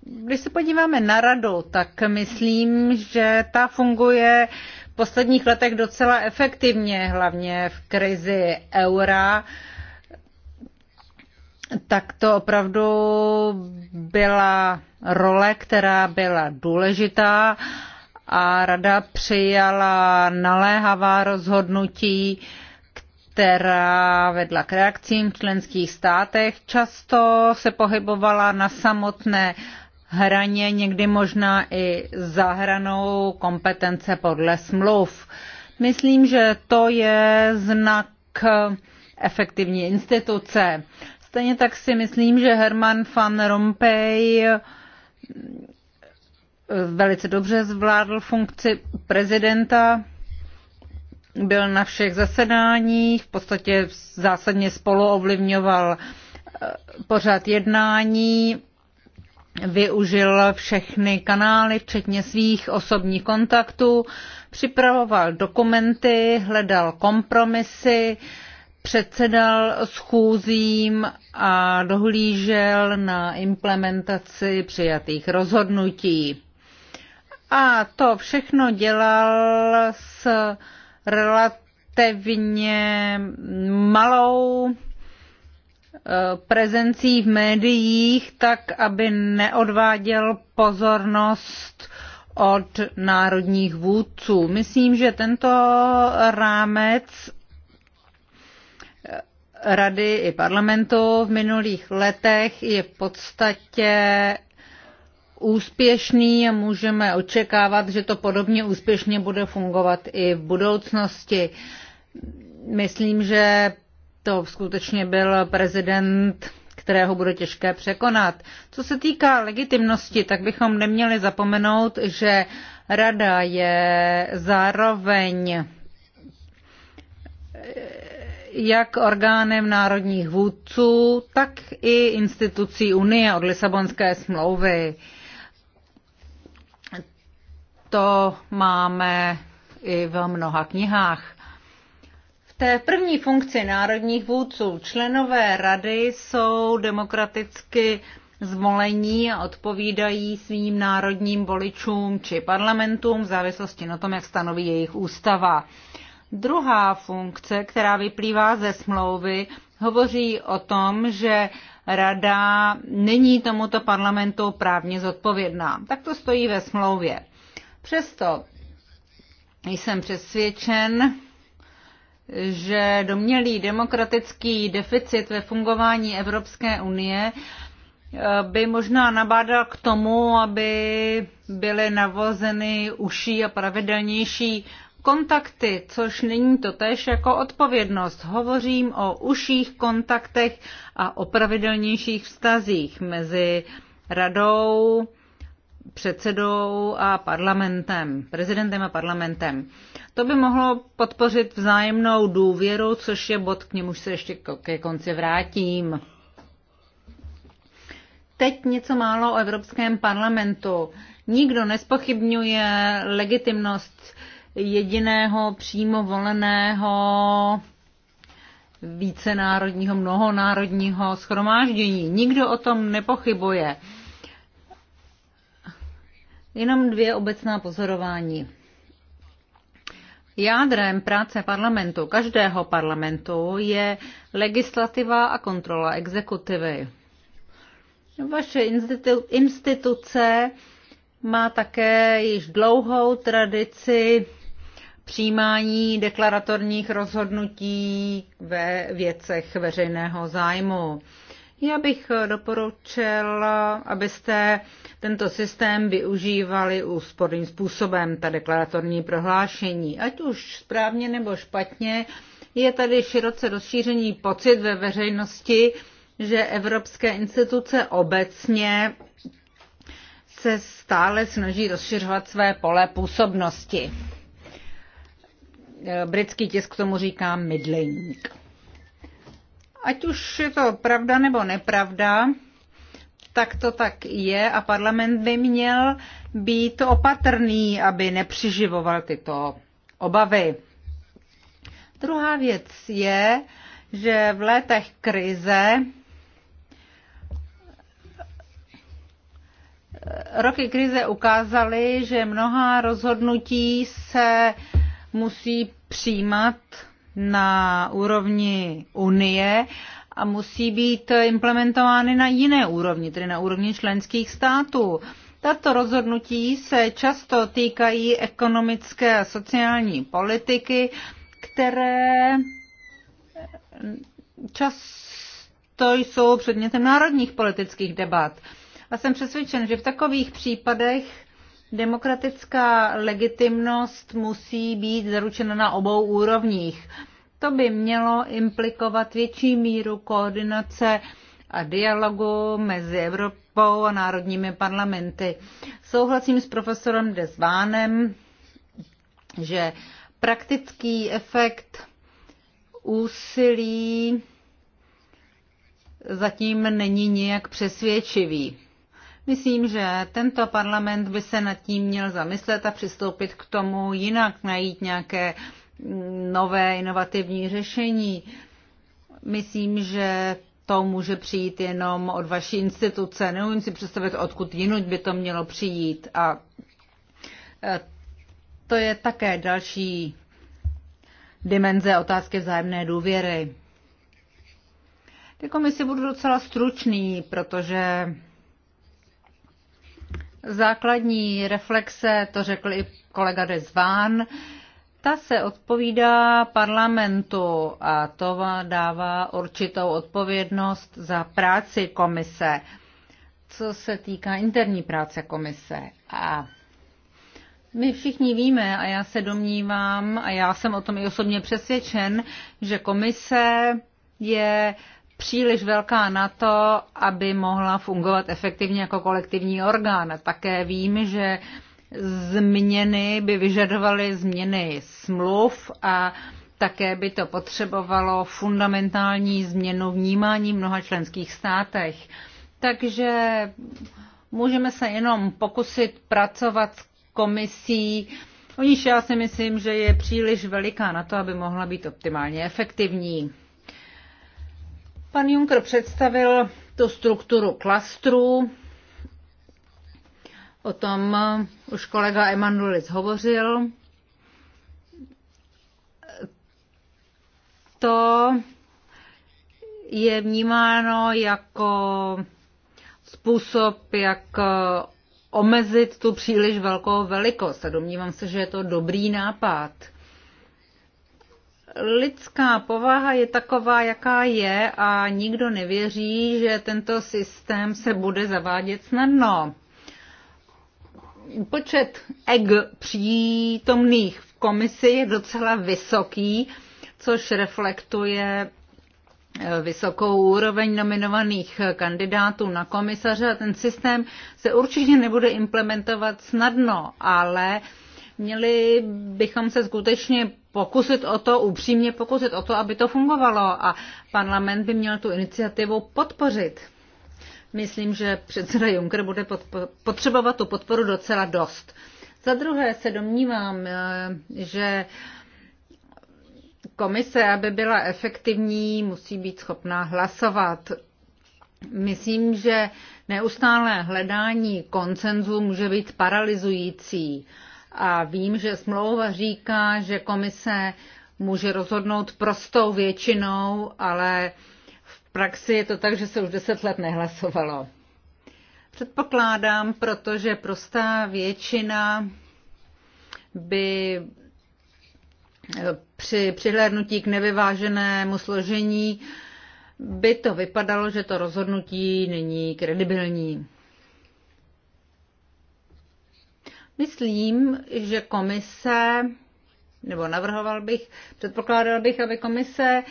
Když se podíváme na radu, tak myslím, že ta funguje v posledních letech docela efektivně, hlavně v krizi eura tak to opravdu byla role, která byla důležitá a rada přijala naléhavá rozhodnutí, která vedla k reakcím v členských státech. Často se pohybovala na samotné hraně, někdy možná i za hranou kompetence podle smluv. Myslím, že to je znak efektivní instituce. Stejně tak si myslím, že Herman van Rompuy eh, velice dobře zvládl funkci prezidenta, byl na všech zasedáních, v podstatě zásadně spolu ovlivňoval eh, pořád jednání, využil všechny kanály, včetně svých osobních kontaktů, připravoval dokumenty, hledal kompromisy, uh, předsedal schůzím a dohlížel na implementaci přijatých rozhodnutí. A to všechno dělal s relativně malou eh, prezencí v médiích, tak aby neodváděl pozornost od národních vůdců. Myslím, že tento rámec rady i parlamentu v minulých letech je v podstatě úspěšný a můžeme očekávat, že to podobně úspěšně bude fungovat i v budoucnosti. Myslím, že to skutečně byl prezident, kterého bude těžké překonat. Co se týká legitimnosti, tak bychom neměli zapomenout, že rada je zároveň jak orgánem národních vůdců, tak i institucí Unie od Lisabonské smlouvy. To máme i v mnoha knihách. V té první funkci národních vůdců členové rady jsou demokraticky zvolení a odpovídají svým národním voličům či parlamentům v závislosti na tom, jak stanoví jejich ústava. Druhá funkce, která vyplývá ze smlouvy, hovoří o tom, že rada není tomuto parlamentu právně zodpovědná. Tak to stojí ve smlouvě. Přesto jsem přesvědčen, že domělý demokratický deficit ve fungování Evropské unie eh, by možná nabádal k tomu, aby byly navozeny užší a pravidelnější kontakty, což není to tež jako odpovědnost. Hovořím o užších kontaktech a o pravidelnějších vztazích mezi radou, předsedou a parlamentem, prezidentem a parlamentem. To by mohlo podpořit vzájemnou důvěru, což je bod, k němuž se ještě ke konci vrátím. Teď něco málo o Evropském parlamentu. Nikdo nespochybňuje legitimnost jediného přímo voleného vícenárodního, mnohonárodního schromáždění. Nikdo o tom nepochybuje. Jenom dvě obecná pozorování. Jádrem práce parlamentu, každého parlamentu, je legislativa a kontrola exekutivy. Vaše instituce má také již dlouhou tradici přijímání deklaratorních rozhodnutí ve věcech veřejného zájmu. Já bych doporučil, abyste tento systém využívali úsporným způsobem, ta deklaratorní prohlášení. Ať už správně nebo špatně, je tady široce rozšířený pocit ve veřejnosti, že evropské instituce obecně se stále snaží rozšiřovat své pole působnosti britský tisk tomu říká mydleník. Ať už je to pravda nebo nepravda, tak to tak je a parlament by měl být opatrný, aby nepřiživoval tyto obavy. Druhá věc je, že v letech krize roky krize ukázaly, že mnoha rozhodnutí se uh, musí přijímat na úrovni Unie a musí být implementovány na jiné úrovni, tedy na úrovni členských států. Tato rozhodnutí se často týkají ekonomické a sociální politiky, které často jsou předmětem národních politických debat. A jsem přesvědčen, že v takových případech Demokratická legitimnost musí být zaručena na obou úrovních. To by mělo implikovat větší míru koordinace a dialogu mezi Evropou a národními parlamenty. Souhlasím s profesorem Dezvánem, že praktický efekt úsilí zatím není nijak přesvědčivý. Myslím, že tento parlament by se nad tím měl zamyslet a přistoupit k tomu jinak, najít nějaké mm, nové inovativní řešení. Myslím, že to může přijít jenom od vaší instituce. Neumím si představit, odkud jinud by to mělo přijít. A e, to je také další dimenze otázky vzájemné důvěry. Ty si budu docela stručný, protože Základní reflexe, to řekl i kolega Dezván, ta se odpovídá parlamentu a to dává určitou odpovědnost za práci komise, co se týká interní práce komise. A my všichni víme a já se domnívám a já jsem o tom i osobně přesvědčen, že komise je příliš velká na to, aby mohla fungovat efektivně jako kolektivní orgán. Také vím, že změny by vyžadovaly změny smluv a také by to potřebovalo fundamentální změnu vnímání v mnoha členských státech. Takže můžeme se jenom pokusit pracovat s komisí, o níž já si myslím, že je příliš veliká na to, aby mohla být optimálně efektivní. Pan Juncker představil tu strukturu klastrů, o tom už kolega Emanuelis hovořil. To je vnímáno jako způsob, jak omezit tu příliš velkou velikost. A domnívám se, že je to dobrý nápad lidská povaha je taková, jaká je a nikdo nevěří, že tento systém se bude zavádět snadno. Počet EG přítomných v komisi je docela vysoký, což reflektuje eh, vysokou úroveň nominovaných kandidátů na komisaře a ten systém se určitě nebude implementovat snadno, ale měli bychom se skutečně pokusit o to, upřímně pokusit o to, aby to fungovalo a parlament by měl tu iniciativu podpořit. Myslím, že předseda Juncker bude potřebovat tu podporu docela dost. Za druhé se domnívám, eh, že komise, aby byla efektivní, musí být schopná hlasovat. Myslím, že neustálé hledání koncenzu může být paralizující. Uh, a vím, že smlouva říká, že komise může rozhodnout prostou většinou, ale v praxi je to tak, že se už deset let nehlasovalo. Předpokládám, protože prostá většina by eh, při přihlédnutí k nevyváženému složení by to vypadalo, že to rozhodnutí není kredibilní. Myslím, že komise, nebo navrhoval bych, předpokládal bych, aby komise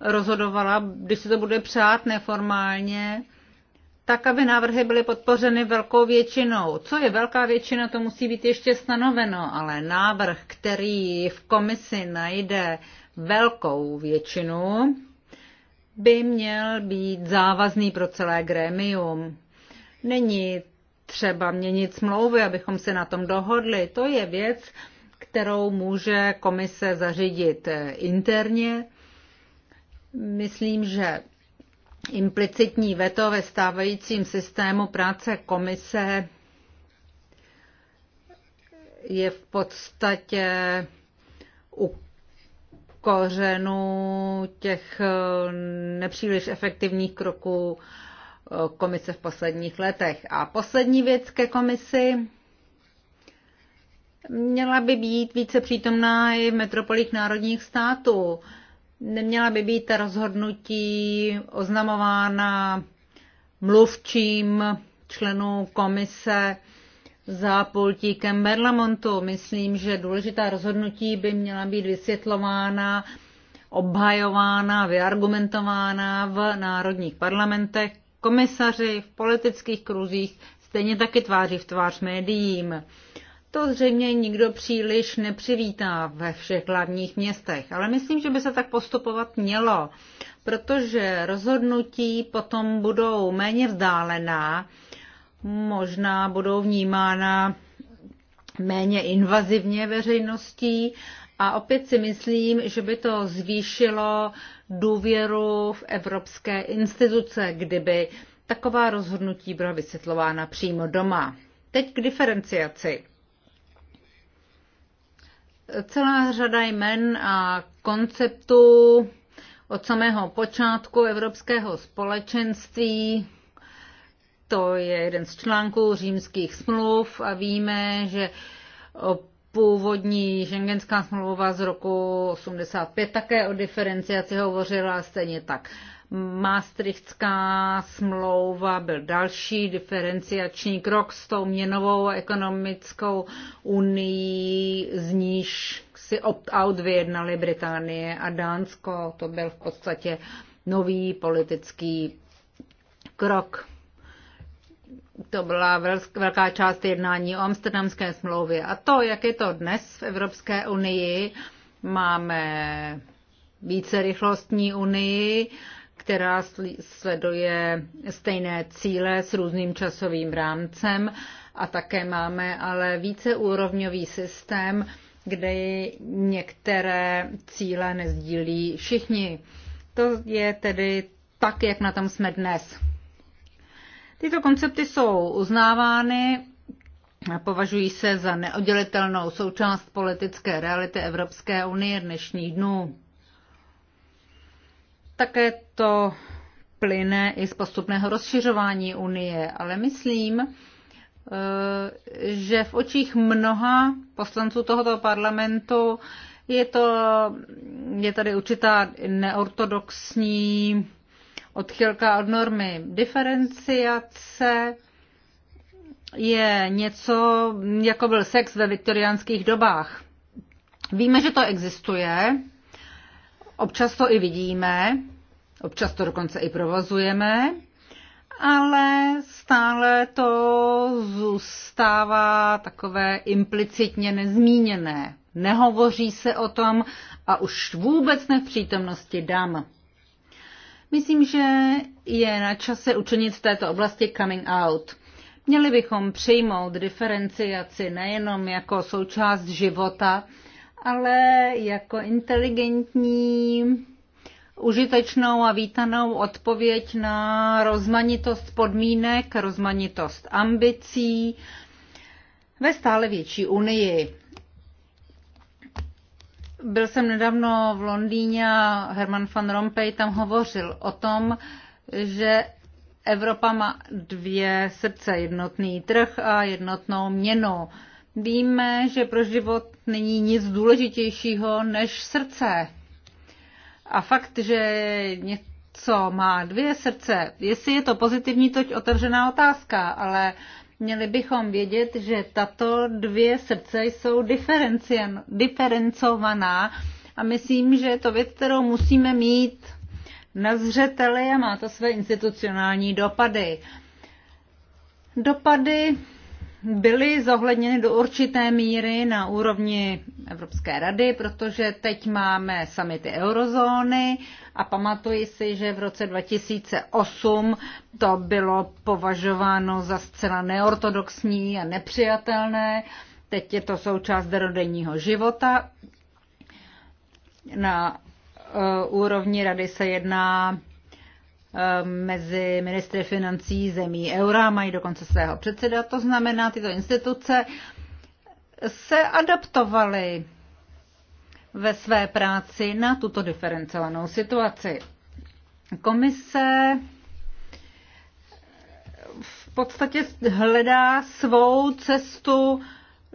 rozhodovala, když se to bude přát neformálně, tak, aby návrhy byly podpořeny velkou většinou. Co je velká většina, to musí být ještě stanoveno, ale návrh, který v komisi najde velkou většinu, by měl být závazný pro celé grémium. Není třeba měnit smlouvy, abychom se na tom dohodli. To je věc, kterou může komise zařídit eh, interně. Myslím, že implicitní veto ve stávajícím systému práce komise je v podstatě u kořenu těch eh, nepříliš efektivních kroků komise v posledních letech. A poslední věc ke komisi. Měla by být více přítomná i v metropolích národních států. Neměla by být ta rozhodnutí oznamována mluvčím členů komise za pultíkem Berlamontu. Myslím, že důležitá rozhodnutí by měla být vysvětlována, obhajována, vyargumentována v národních parlamentech, komisaři, v politických kruzích, stejně taky tváří v tvář médiím. To zřejmě nikdo příliš nepřivítá ve všech hlavních městech, ale myslím, že by se tak postupovat mělo, protože rozhodnutí potom budou méně vzdálená, možná budou vnímána méně invazivně veřejností a opět si myslím, že by to zvýšilo důvěru v evropské instituce, kdyby taková rozhodnutí byla vysvětlována přímo doma. Teď k diferenciaci. Celá řada jmen a konceptů od samého počátku Evropského společenství to je jeden z článků římských smluv a víme, že původní šengenská smlouva z roku 85 také o diferenciaci hovořila, stejně tak Maastrichtská smlouva byl další diferenciační krok s tou měnovou ekonomickou unii, z níž si opt-out vyjednali Británie a Dánsko. To byl v podstatě nový politický krok to byla velká část jednání o amsterdamské smlouvě. A to, jak je to dnes v Evropské unii, máme více rychlostní unii, která sleduje stejné cíle s různým časovým rámcem a také máme ale více úrovňový systém, kde některé cíle nezdílí všichni. To je tedy tak, jak na tom jsme dnes. Tyto koncepty jsou uznávány a považují se za neoddělitelnou součást politické reality Evropské unie dnešní dnů. Také to plyne i z postupného rozšiřování Unie, ale myslím, eh, že v očích mnoha poslanců tohoto parlamentu je, to, je tady určitá neortodoxní odchylka od normy. Diferenciace je něco, jako byl sex ve viktoriánských dobách. Víme, že to existuje, občas to i vidíme, občas to dokonce i provozujeme, ale stále to zůstává takové implicitně nezmíněné. Nehovoří se o tom a už vůbec ne v přítomnosti dám. Myslím, že je na čase učinit v této oblasti coming out. Měli bychom přijmout diferenciaci nejenom jako součást života, ale jako inteligentní, užitečnou a vítanou odpověď na rozmanitost podmínek, rozmanitost ambicí ve stále větší unii. Byl jsem nedávno v Londýně a Herman van Rompuy tam hovořil o tom, že Evropa má dvě srdce, jednotný trh a jednotnou měnu. Víme, že pro život není nic důležitějšího než srdce. A fakt, že něco má dvě srdce, jestli je to pozitivní, toť otevřená otázka, ale Měli bychom vědět, že tato dvě srdce jsou diferencovaná a myslím, že je to věc, kterou musíme mít na zřeteli a má to své institucionální dopady. Dopady byly zohledněny do určité míry na úrovni Evropské rady, protože teď máme samity eurozóny, a pamatuji si, že v roce 2008 to bylo považováno za zcela neortodoxní a nepřijatelné. Teď je to součást denního života. Na eh, úrovni rady se jedná eh, mezi ministry financí zemí eura, mají dokonce svého předseda, to znamená, tyto instituce se adaptovaly ve své práci na tuto diferencovanou situaci. Komise v podstatě hledá svou cestu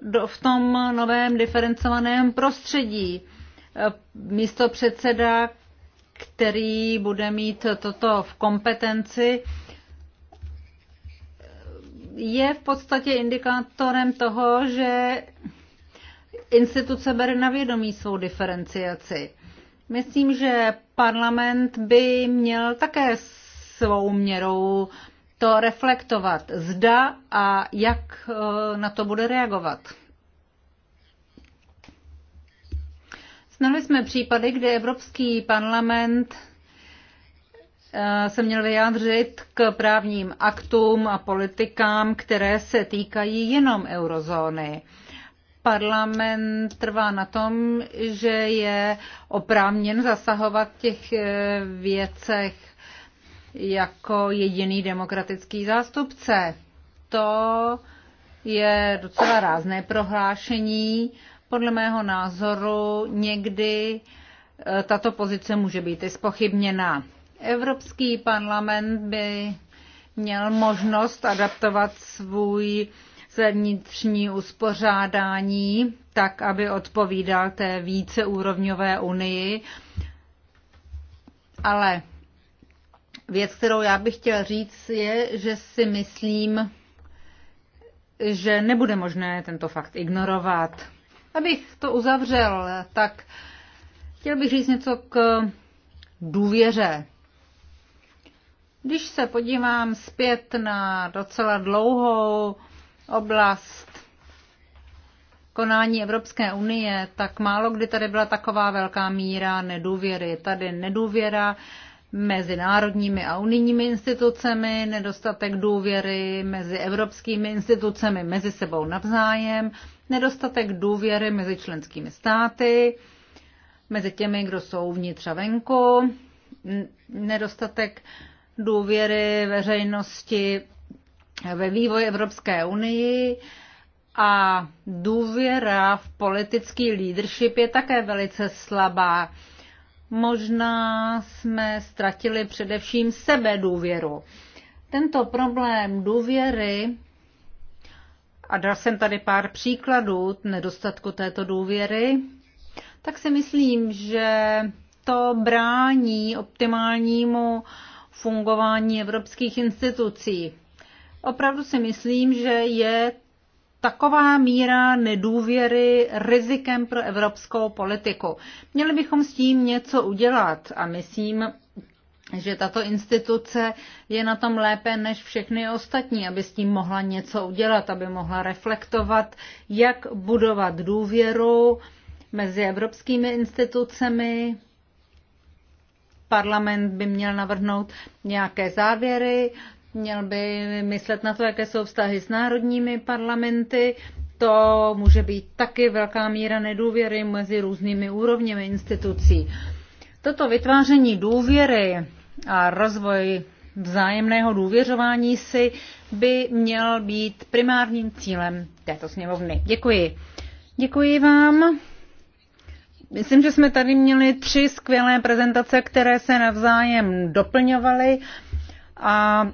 do, v tom novém diferencovaném prostředí. Místo předseda, který bude mít toto v kompetenci, je v podstatě indikátorem toho, že instituce bere na vědomí svou diferenciaci. Myslím, že parlament by měl také svou měrou to reflektovat. Zda a jak eh, na to bude reagovat. Znali jsme případy, kdy Evropský parlament eh, se měl vyjádřit k právním aktům a politikám, které se týkají jenom eurozóny parlament trvá na tom, že je oprávněn zasahovat v těch eh, věcech jako jediný demokratický zástupce. To je docela rázné prohlášení. Podle mého názoru někdy eh, tato pozice může být i spochybněna. Evropský parlament by měl možnost adaptovat svůj se vnitřní uspořádání, tak aby odpovídal té víceúrovňové unii. Ale věc, kterou já bych chtěl říct, je, že si myslím, že nebude možné tento fakt ignorovat. Abych to uzavřel, tak chtěl bych říct něco k důvěře. Když se podívám zpět na docela dlouhou oblast konání Evropské unie, tak málo kdy tady byla taková velká míra nedůvěry. Tady nedůvěra mezi národními a unijními institucemi, nedostatek důvěry mezi evropskými institucemi, mezi sebou navzájem, nedostatek důvěry mezi členskými státy, mezi těmi, kdo jsou vnitř a venku, nedostatek důvěry veřejnosti ve vývoji Evropské unii a důvěra v politický leadership je také velice slabá. Možná jsme ztratili především sebe důvěru. Tento problém důvěry, a dal jsem tady pár příkladů nedostatku této důvěry, tak si myslím, že to brání optimálnímu fungování evropských institucí opravdu si myslím, že je taková míra nedůvěry rizikem pro evropskou politiku. Měli bychom s tím něco udělat a myslím, že tato instituce je na tom lépe než všechny ostatní, aby s tím mohla něco udělat, aby mohla reflektovat, jak budovat důvěru mezi evropskými institucemi. Parlament by měl navrhnout nějaké závěry, Měl by myslet na to, jaké jsou vztahy s národními parlamenty. To může být taky velká míra nedůvěry mezi různými úrovněmi institucí. Toto vytváření důvěry a rozvoj vzájemného důvěřování si by měl být primárním cílem této sněmovny. Děkuji. Děkuji vám. Myslím, že jsme tady měli tři skvělé prezentace, které se navzájem doplňovaly a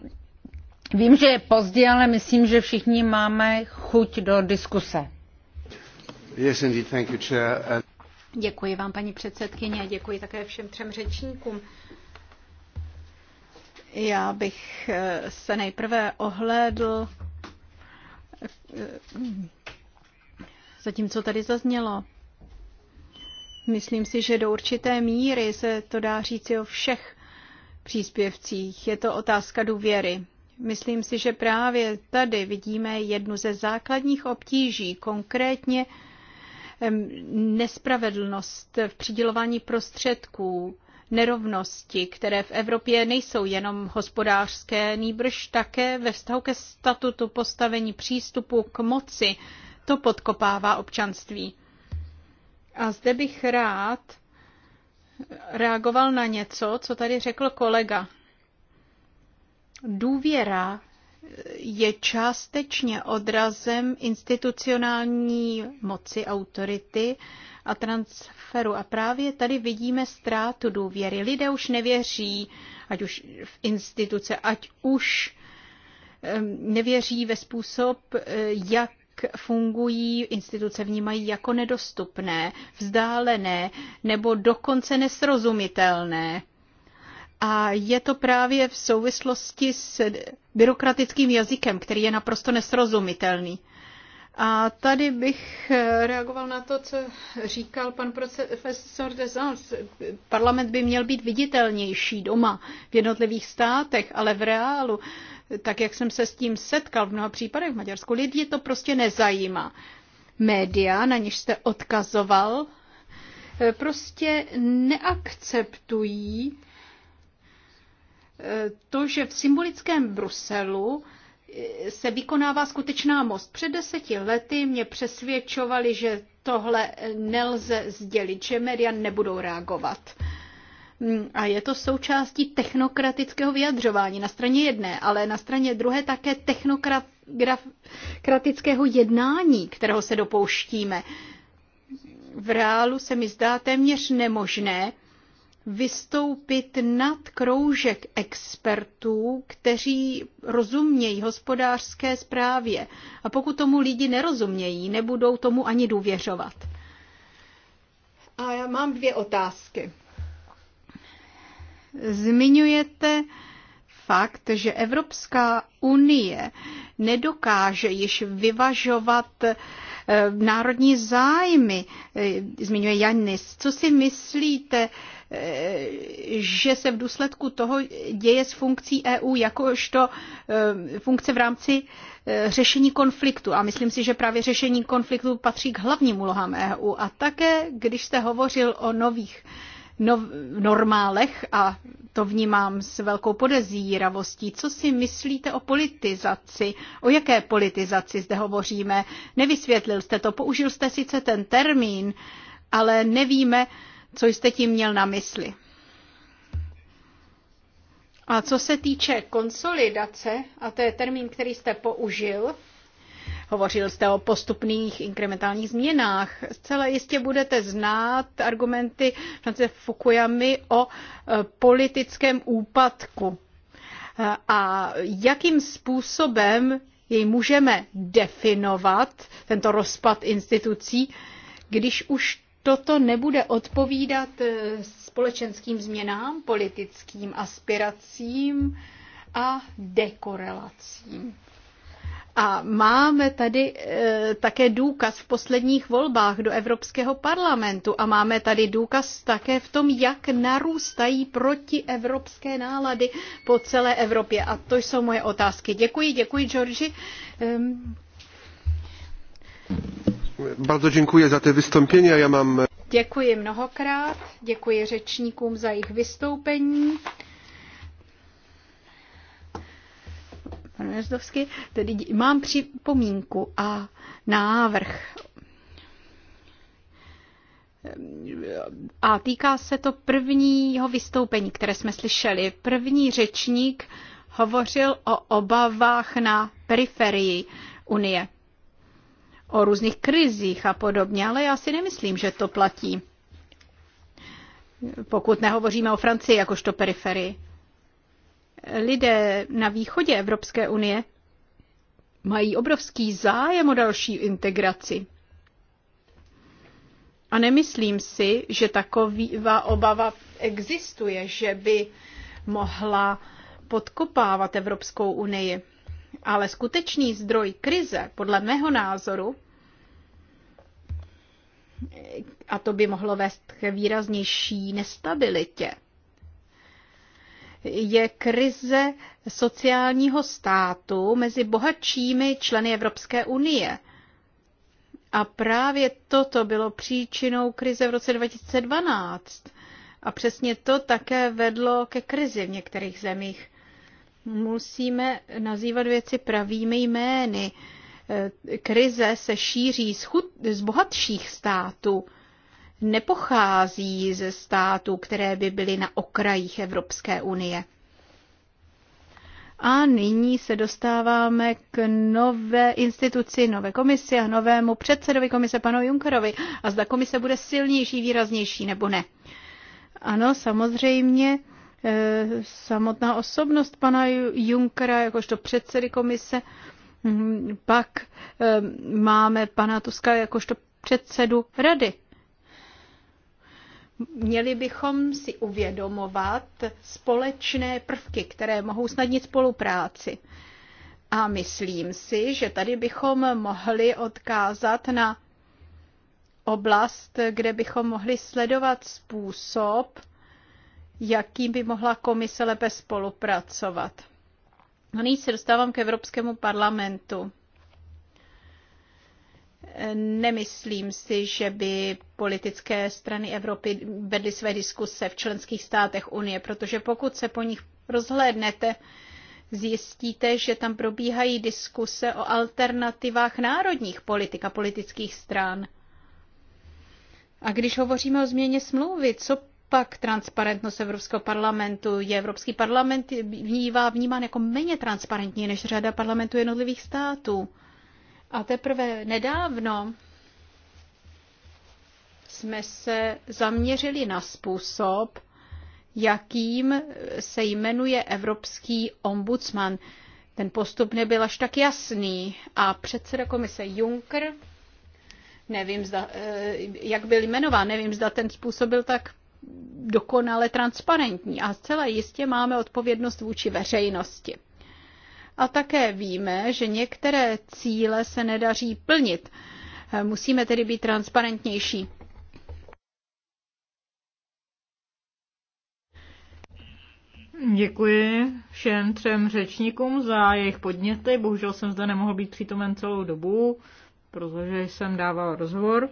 Vím, že je pozdě, ale myslím, že všichni máme chuť do diskuse. Yes, indeed, thank you, chair. Děkuji vám, paní předsedkyně, a děkuji také všem třem řečníkům. Já bych eh, se nejprve ohlédl eh, za tím, co tady zaznělo. Myslím si, že do určité míry se to dá říci o všech příspěvcích. Je to otázka důvěry. Myslím si, že právě tady vidíme jednu ze základních obtíží, konkrétně nespravedlnost v přidělování prostředků, nerovnosti, které v Evropě nejsou jenom hospodářské, nýbrž také ve vztahu ke statutu postavení přístupu k moci. To podkopává občanství. A zde bych rád reagoval na něco, co tady řekl kolega důvěra je částečně odrazem institucionální moci autority a transferu. A právě tady vidíme ztrátu důvěry. Lidé už nevěří, ať už v instituce, ať už nevěří ve způsob, eh, jak fungují, instituce vnímají jako nedostupné, vzdálené nebo dokonce nesrozumitelné. A je to právě v souvislosti s byrokratickým jazykem, který je naprosto nesrozumitelný. A tady bych eh, reagoval na to, co říkal pan profesor Desans. Parlament by měl být viditelnější doma v jednotlivých státech, ale v reálu, tak jak jsem se s tím setkal v mnoha případech v Maďarsku, lidi to prostě nezajímá. Média, na něž jste odkazoval, eh, prostě neakceptují Eh, to, že v symbolickém Bruselu eh, se vykonává skutečná most. Před deseti lety mě přesvědčovali, že tohle eh, nelze sdělit, že média nebudou reagovat. Mm, a je to součástí technokratického vyjadřování na straně jedné, ale na straně druhé také technokratického jednání, kterého se dopouštíme. V reálu se mi zdá téměř nemožné vystoupit nad kroužek expertů, kteří rozumějí hospodářské zprávě. A pokud tomu lidi nerozumějí, nebudou tomu ani důvěřovat. A já mám dvě otázky. Zmiňujete fakt, že Evropská unie nedokáže již vyvažovat eh, národní zájmy, eh, zmiňuje Janis. Co si myslíte, Eh, že se v důsledku toho děje s funkcí EU jakožto eh, funkce v rámci eh, řešení konfliktu. A myslím si, že právě řešení konfliktu patří k hlavním úlohám EU. A také, když jste hovořil o nových nov, normálech, a to vnímám s velkou podezíravostí, co si myslíte o politizaci? O jaké politizaci zde hovoříme? Nevysvětlil jste to, použil jste sice ten termín, ale nevíme, co jste tím měl na mysli? A co se týče konsolidace, a to je termín, který jste použil, hovořil jste o postupných inkrementálních změnách. Zcela jistě budete znát argumenty Francie Fukuyamy o e, politickém úpadku. E, a jakým způsobem jej můžeme definovat, tento rozpad institucí, když už toto nebude odpovídat eh, společenským změnám, politickým aspiracím a dekorelacím. A máme tady e, také důkaz v posledních volbách do Evropského parlamentu a máme tady důkaz také v tom, jak narůstají protievropské nálady po celé Evropě. A to jsou moje otázky. Děkuji, děkuji, Georgi. Ehm. Bardzo dziękuję za te wystąpienia. Já mám... Děkuji mnohokrát, děkuji řečníkům za jejich vystoupení. Pane Nezdovsky, tedy mám připomínku a návrh. A týká se to prvního vystoupení, které jsme slyšeli. První řečník hovořil o obavách na periferii Unie o různých krizích a podobně, ale já si nemyslím, že to platí. Pokud nehovoříme o Francii jakožto periferii. Lidé na východě Evropské unie mají obrovský zájem o další integraci. A nemyslím si, že taková obava existuje, že by mohla podkopávat Evropskou unii. Ale skutečný zdroj krize, podle mého názoru, a to by mohlo vést k výraznější nestabilitě. Je krize sociálního státu mezi bohatšími členy Evropské unie. A právě toto bylo příčinou krize v roce 2012. A přesně to také vedlo ke krizi v některých zemích. Musíme nazývat věci pravými jmény. Eh, krize se šíří z, chud, z bohatších států, nepochází ze států, které by byly na okrajích Evropské unie. A nyní se dostáváme k nové instituci, nové komisi a novému předsedovi komise, panu Junkerovi. A zda komise bude silnější, výraznější nebo ne. Ano, samozřejmě eh, samotná osobnost pana Junkera jakožto předsedy komise Mhm, pak ehm, máme pana Tuska jakožto předsedu rady. Měli bychom si uvědomovat společné prvky, které mohou snadnit spolupráci. A myslím si, že tady bychom mohli odkázat na oblast, kde bychom mohli sledovat způsob, jakým by mohla komise lépe spolupracovat. A no nyní se dostávám k Evropskému parlamentu. Nemyslím si, že by politické strany Evropy vedly své diskuse v členských státech Unie, protože pokud se po nich rozhlédnete, zjistíte, že tam probíhají diskuse o alternativách národních politik a politických stran. A když hovoříme o změně smlouvy, co naopak transparentnost Evropského parlamentu. Je Evropský parlament vnívá vnímán jako méně transparentní než řada parlamentů jednotlivých států. A teprve nedávno jsme se zaměřili na způsob, jakým se jmenuje Evropský ombudsman. Ten postup nebyl až tak jasný a předseda komise Juncker, nevím, zda, eh, jak byl jmenován, nevím, zda ten způsob byl tak dokonale transparentní a zcela jistě máme odpovědnost vůči veřejnosti. A také víme, že některé cíle se nedaří plnit. Musíme tedy být transparentnější. Děkuji všem třem řečníkům za jejich podněty. Bohužel jsem zde nemohl být přítomen celou dobu, protože jsem dával rozhovor.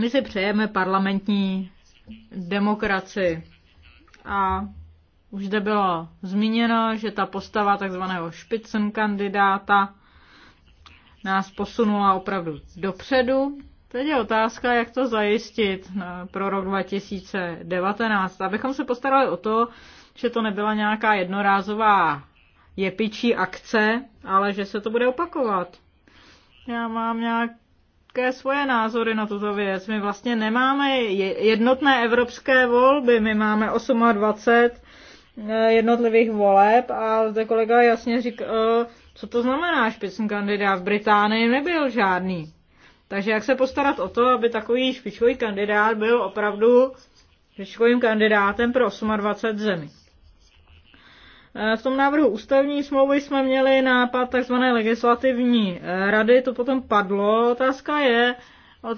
My si přejeme parlamentní demokracii. A už zde bylo zmíněno, že ta postava takzvaného špicen kandidáta nás posunula opravdu dopředu. Teď je otázka, jak to zajistit eh, pro rok 2019, abychom se postarali o to, že to nebyla nějaká jednorázová jepičí akce, ale že se to bude opakovat. Já mám nějak evropské svoje názory na tuto věc. My vlastně nemáme jednotné evropské volby, my máme 28 jednotlivých voleb a zde kolega jasně říkal, e, co to znamená špicn kandidát. V Británii nebyl žádný. Takže jak se postarat o to, aby takový špičkový kandidát byl opravdu špičkovým kandidátem pro 28 zemí. Eh, v tom návrhu ústavní smlouvy jsme měli nápad tzv. legislativní eh, rady, to potom padlo. Otázka je,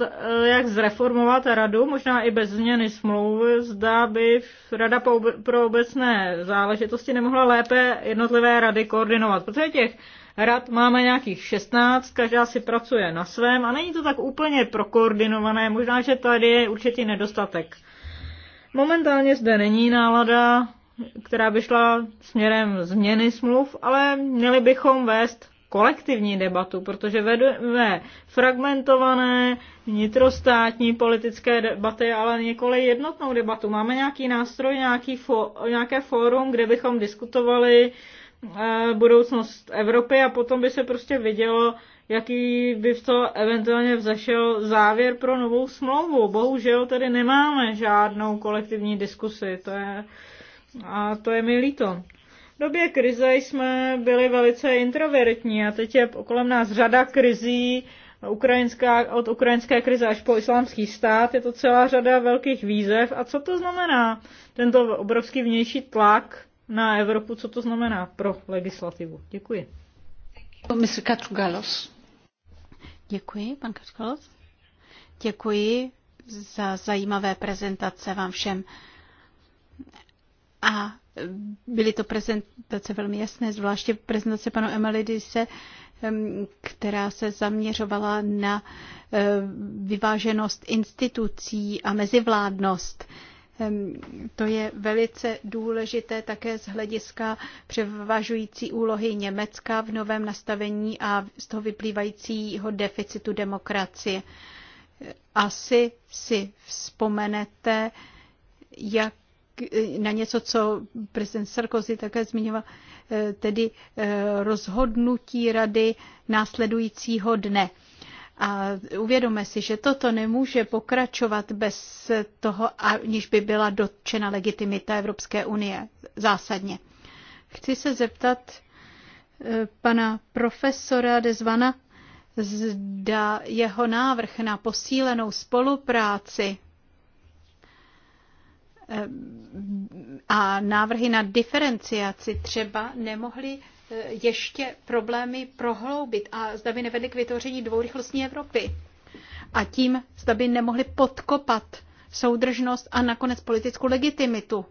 eh, jak zreformovat radu, možná i bez změny smlouvy, zda by rada pro obecné záležitosti nemohla lépe jednotlivé rady koordinovat, protože těch rad máme nějakých 16, každá si pracuje na svém a není to tak úplně prokoordinované, možná, že tady je určitý nedostatek. Momentálně zde není nálada která by šla směrem změny smluv, ale měli bychom vést kolektivní debatu, protože vedeme fragmentované vnitrostátní politické debaty, ale nikoli jednotnou debatu. Máme nějaký nástroj, nějaký fo, nějaké fórum, kde bychom diskutovali e, budoucnost Evropy a potom by se prostě vidělo, jaký by v to eventuálně vzešel závěr pro novou smlouvu. Bohužel tedy nemáme žádnou kolektivní diskusi. To je a to je mi líto. V době krize jsme byli velice introvertní a teď je kolem nás řada krizí, ukrajinská, od ukrajinské krize až po islámský stát, je to celá řada velkých výzev. A co to znamená, tento obrovský vnější tlak na Evropu, co to znamená pro legislativu? Děkuji. Děkuji, pan Katrugalos. Děkuji za zajímavé prezentace vám všem. A byly to prezentace velmi jasné, zvláště prezentace panu Emelidise, která se zaměřovala na eh, vyváženost institucí a mezivládnost. To je velice důležité také z hlediska převažující úlohy Německa v novém nastavení a z toho vyplývajícího deficitu demokracie. Asi si vzpomenete, jak E, na něco, co prezident Sarkozy také zmiňoval, e, tedy e, rozhodnutí rady následujícího dne. A uvědomme si, že toto nemůže pokračovat bez toho, aniž by byla dotčena legitimita Evropské unie zásadně. Chci se zeptat pana profesora Dezvana, zda jeho návrh na posílenou spolupráci Ehm, a návrhy na diferenciaci třeba nemohly eh, ještě problémy prohloubit a zda by nevedly k vytvoření dvourychlostní Evropy. A tím zda by nemohly podkopat soudržnost a nakonec politickou legitimitu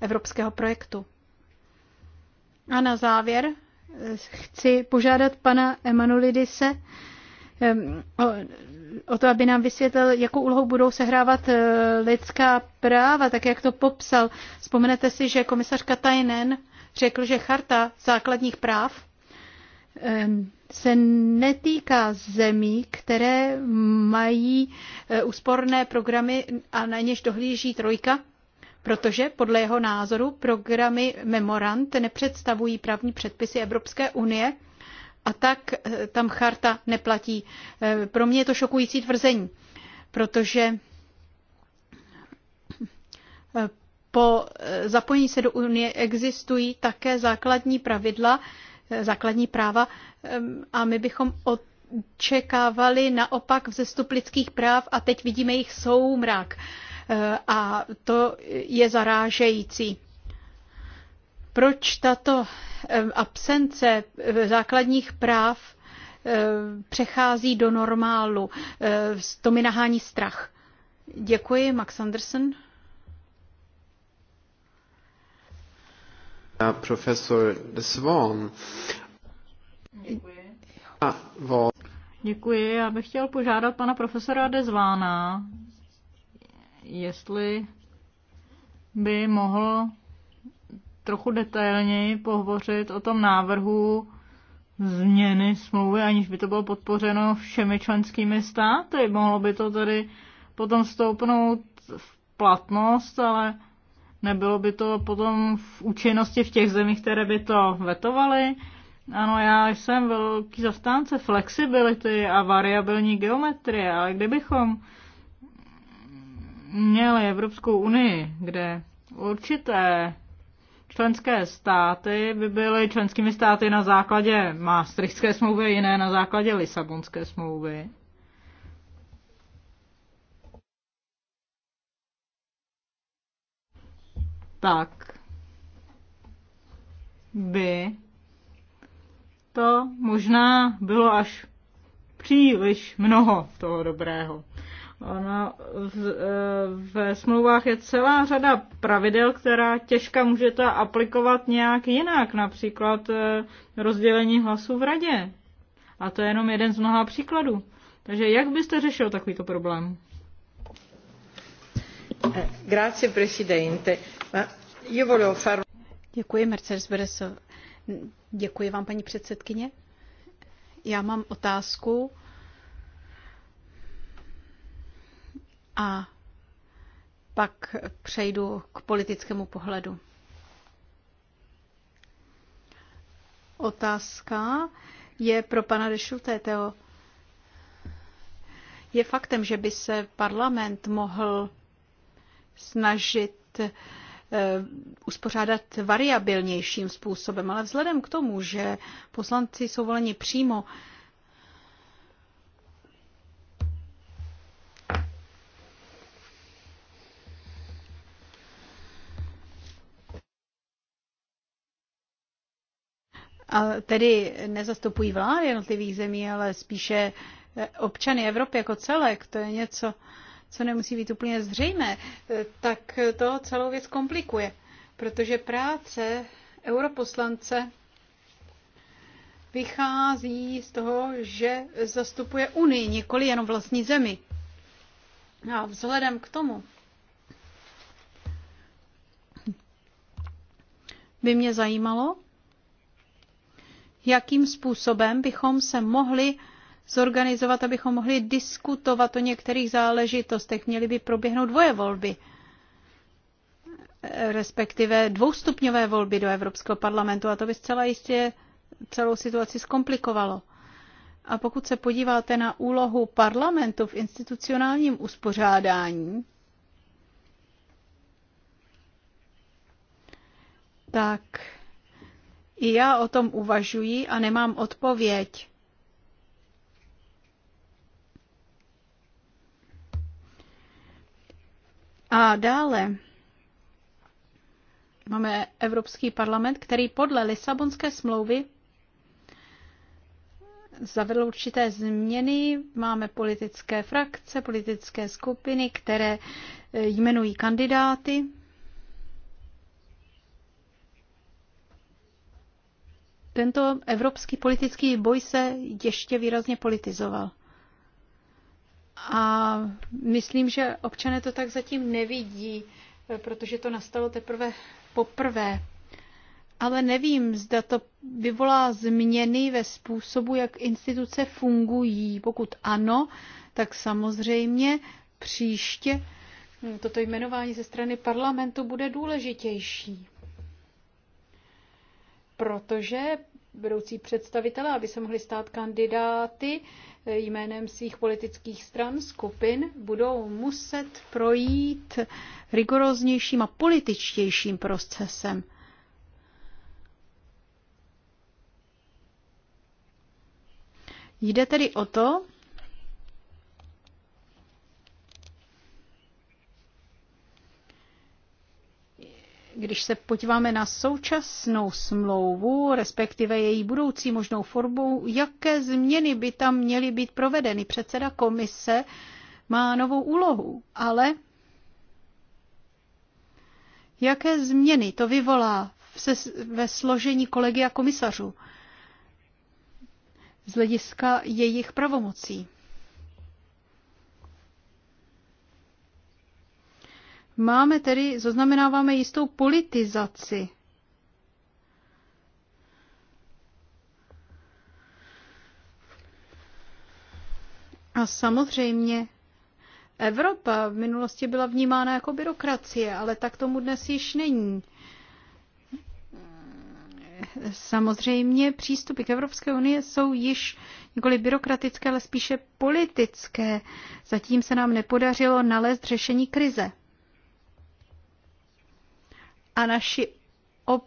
evropského projektu. A na závěr eh, chci požádat pana Emanuelidise, o to, aby nám vysvětlil, jakou úlohu budou sehrávat e, lidská práva, tak jak to popsal. Vzpomenete si, že komisař Katajnen řekl, že charta základních práv se netýká zemí, které mají e, úsporné programy a na něž dohlíží trojka, protože podle jeho názoru programy memorand nepředstavují právní předpisy Evropské unie, a tak eh, tam charta neplatí. Eh, pro mě je to šokující tvrzení, protože eh, po zapojení se do Unie existují také základní pravidla, základní práva a my bychom od očekávali naopak vzestup lidských práv a teď vidíme jich soumrak. A to je zarážející. Proč tato eh, absence eh, základních práv eh, přechází do normálu? To mi nahání strach. Děkuji, Max Anderson. Profesor Svon. Děkuji. Děkuji. Já bych chtěl požádat pana profesora Dezvána, jestli by mohl trochu detailněji pohovořit o tom návrhu změny smlouvy, aniž by to bylo podpořeno všemi členskými státy. Mohlo by to tedy potom stoupnout v platnost, ale nebylo by to potom v účinnosti v těch zemích, které by to vetovaly. Ano, já jsem velký zastánce flexibility a variabilní geometrie, ale kdybychom měli Evropskou unii, kde určité členské státy by byly členskými státy na základě Maastrichtské smlouvy, jiné na základě Lisabonské smlouvy. Tak by to možná bylo až příliš mnoho toho dobrého. Ona v, e, ve smlouvách je celá řada pravidel, která těžka můžete aplikovat nějak jinak, například e, rozdělení hlasů v radě. A to je jenom jeden z mnoha příkladů. Takže jak byste řešil takovýto problém? Eh, grazie, presidente. Io volevo far... Děkuji, Mercedes Bereso. Děkuji vám, paní předsedkyně. Já mám otázku A pak přejdu k politickému pohledu. Otázka je pro pana Dešutéteho. Je faktem, že by se parlament mohl snažit eh, uspořádat variabilnějším způsobem, ale vzhledem k tomu, že poslanci jsou voleni přímo, A tedy nezastupují vlády jednotlivých zemí, ale spíše eh, občany Evropy jako celek. To je něco, co nemusí být úplně zřejmé. Eh, tak to celou věc komplikuje, protože práce europoslance vychází z toho, že zastupuje Unii, nikoli jenom vlastní zemi. A vzhledem k tomu by mě zajímalo, jakým způsobem bychom se mohli zorganizovat, abychom mohli diskutovat o některých záležitostech. Měly by proběhnout dvoje volby, respektive dvoustupňové volby do Evropského parlamentu a to by zcela jistě celou situaci zkomplikovalo. A pokud se podíváte na úlohu parlamentu v institucionálním uspořádání, tak i já o tom uvažuji a nemám odpověď. A dále máme Evropský parlament, který podle Lisabonské smlouvy zavedl určité změny. Máme politické frakce, politické skupiny, které jmenují kandidáty Tento evropský politický boj se ještě výrazně politizoval. A myslím, že občané to tak zatím nevidí, protože to nastalo teprve poprvé. Ale nevím, zda to vyvolá změny ve způsobu, jak instituce fungují. Pokud ano, tak samozřejmě příště toto jmenování ze strany parlamentu bude důležitější protože budoucí představitelé, aby se mohli stát kandidáty jménem svých politických stran, skupin, budou muset projít rigoroznějším a političtějším procesem. Jde tedy o to, Když se podíváme na současnou smlouvu, respektive její budoucí možnou formu, jaké změny by tam měly být provedeny? Předseda komise má novou úlohu, ale jaké změny to vyvolá se, ve složení kolegy a komisařů z hlediska jejich pravomocí? Máme tedy, zaznamenáváme jistou politizaci. A samozřejmě Evropa v minulosti byla vnímána jako byrokracie, ale tak tomu dnes již není. Samozřejmě přístupy k Evropské unii jsou již nikoli byrokratické, ale spíše politické. Zatím se nám nepodařilo nalézt řešení krize a naši ob,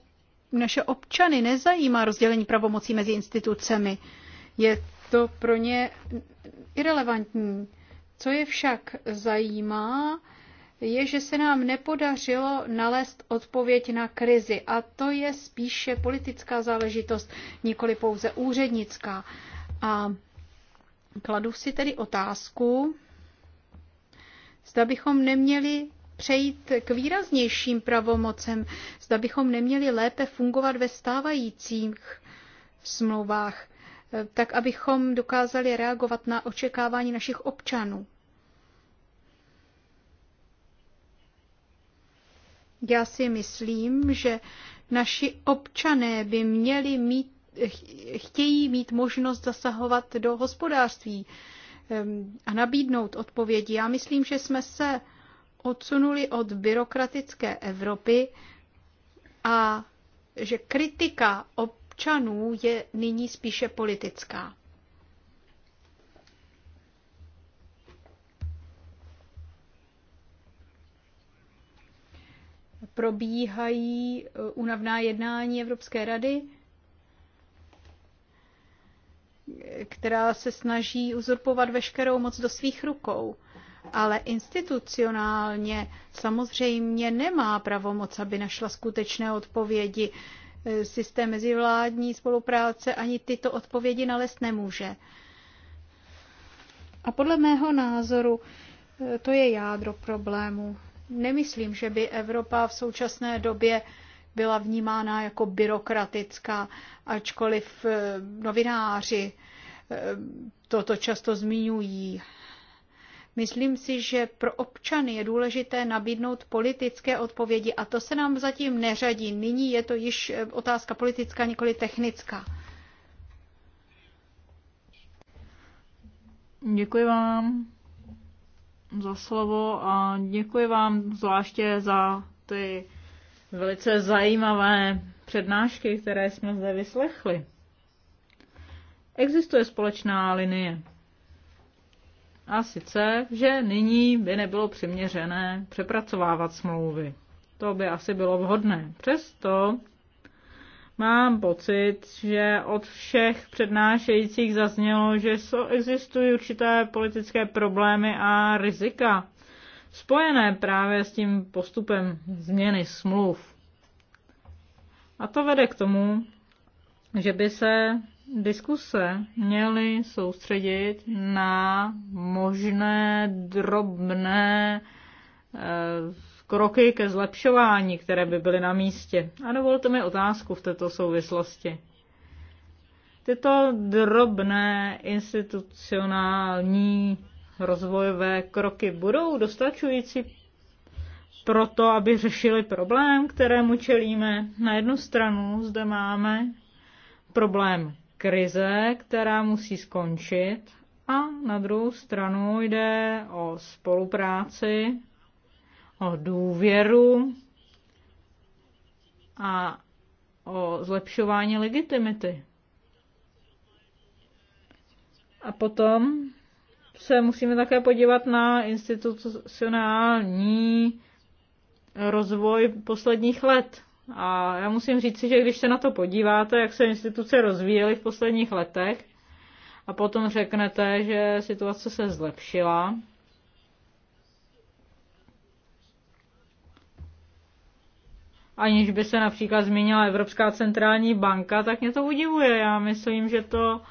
naše občany nezajímá rozdělení pravomocí mezi institucemi. Je to pro ně irrelevantní. Co je však zajímá, je, že se nám nepodařilo nalézt odpověď na krizi. A to je spíše politická záležitost, nikoli pouze úřednická. A kladu si tedy otázku, zda bychom neměli přejít k výraznějším pravomocem, zda bychom neměli lépe fungovat ve stávajících smlouvách, tak abychom dokázali reagovat na očekávání našich občanů. Já si myslím, že naši občané by měli mít, chtějí mít možnost zasahovat do hospodářství ehm, a nabídnout odpovědi. Já myslím, že jsme se odsunuli od byrokratické Evropy a že kritika občanů je nyní spíše politická. Probíhají uh, unavná jednání Evropské rady, která se snaží uzurpovat veškerou moc do svých rukou ale institucionálně samozřejmě nemá pravomoc, aby našla skutečné odpovědi. Systém mezivládní spolupráce ani tyto odpovědi nalézt nemůže. A podle mého názoru eh, to je jádro problému. Nemyslím, že by Evropa v současné době byla vnímána jako byrokratická, ačkoliv eh, novináři eh, toto často zmiňují. Myslím si, že pro občany je důležité nabídnout politické odpovědi a to se nám zatím neřadí. Nyní je to již eh, otázka politická, nikoli technická. Děkuji vám za slovo a děkuji vám zvláště za ty velice zajímavé přednášky, které jsme zde vyslechli. Existuje společná linie. A sice, že nyní by nebylo přiměřené přepracovávat smlouvy. To by asi bylo vhodné. Přesto mám pocit, že od všech přednášejících zaznělo, že existují určité politické problémy a rizika spojené právě s tím postupem změny smluv. A to vede k tomu, že by se diskuse měly soustředit na možné drobné eh, kroky ke zlepšování, které by byly na místě. A dovolte mi otázku v této souvislosti. Tyto drobné institucionální rozvojové kroky budou dostačující pro to, aby řešili problém, kterému čelíme. Na jednu stranu zde máme problém krize, která musí skončit, a na druhou stranu jde o spolupráci, o důvěru a o zlepšování legitimity. A potom se musíme také podívat na institucionální rozvoj posledních let. A já musím říct, že když se na to podíváte, jak se instituce rozvíjely v posledních letech, a potom řeknete, že situace se zlepšila, aniž by se například zmínila Evropská centrální banka, tak mě to udivuje. Já myslím, že to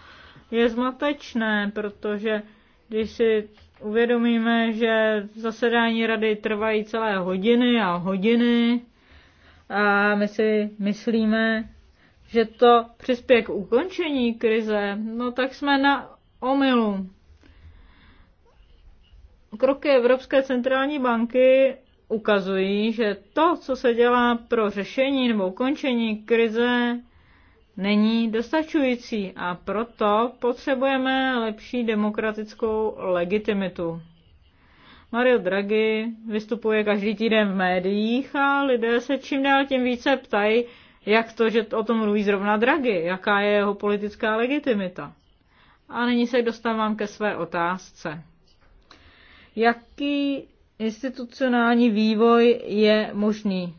je zmatečné, protože když si uvědomíme, že zasedání rady trvají celé hodiny a hodiny, a my si myslíme, že to přispěje k ukončení krize, no tak jsme na omylu. Kroky Evropské centrální banky ukazují, že to, co se dělá pro řešení nebo ukončení krize, není dostačující a proto potřebujeme lepší demokratickou legitimitu. Mario Draghi vystupuje každý týden v médiích a lidé se čím dál tím více ptají, jak to, že o tom mluví zrovna Draghi, jaká je jeho politická legitimita. A nyní se dostávám ke své otázce. Jaký institucionální vývoj je možný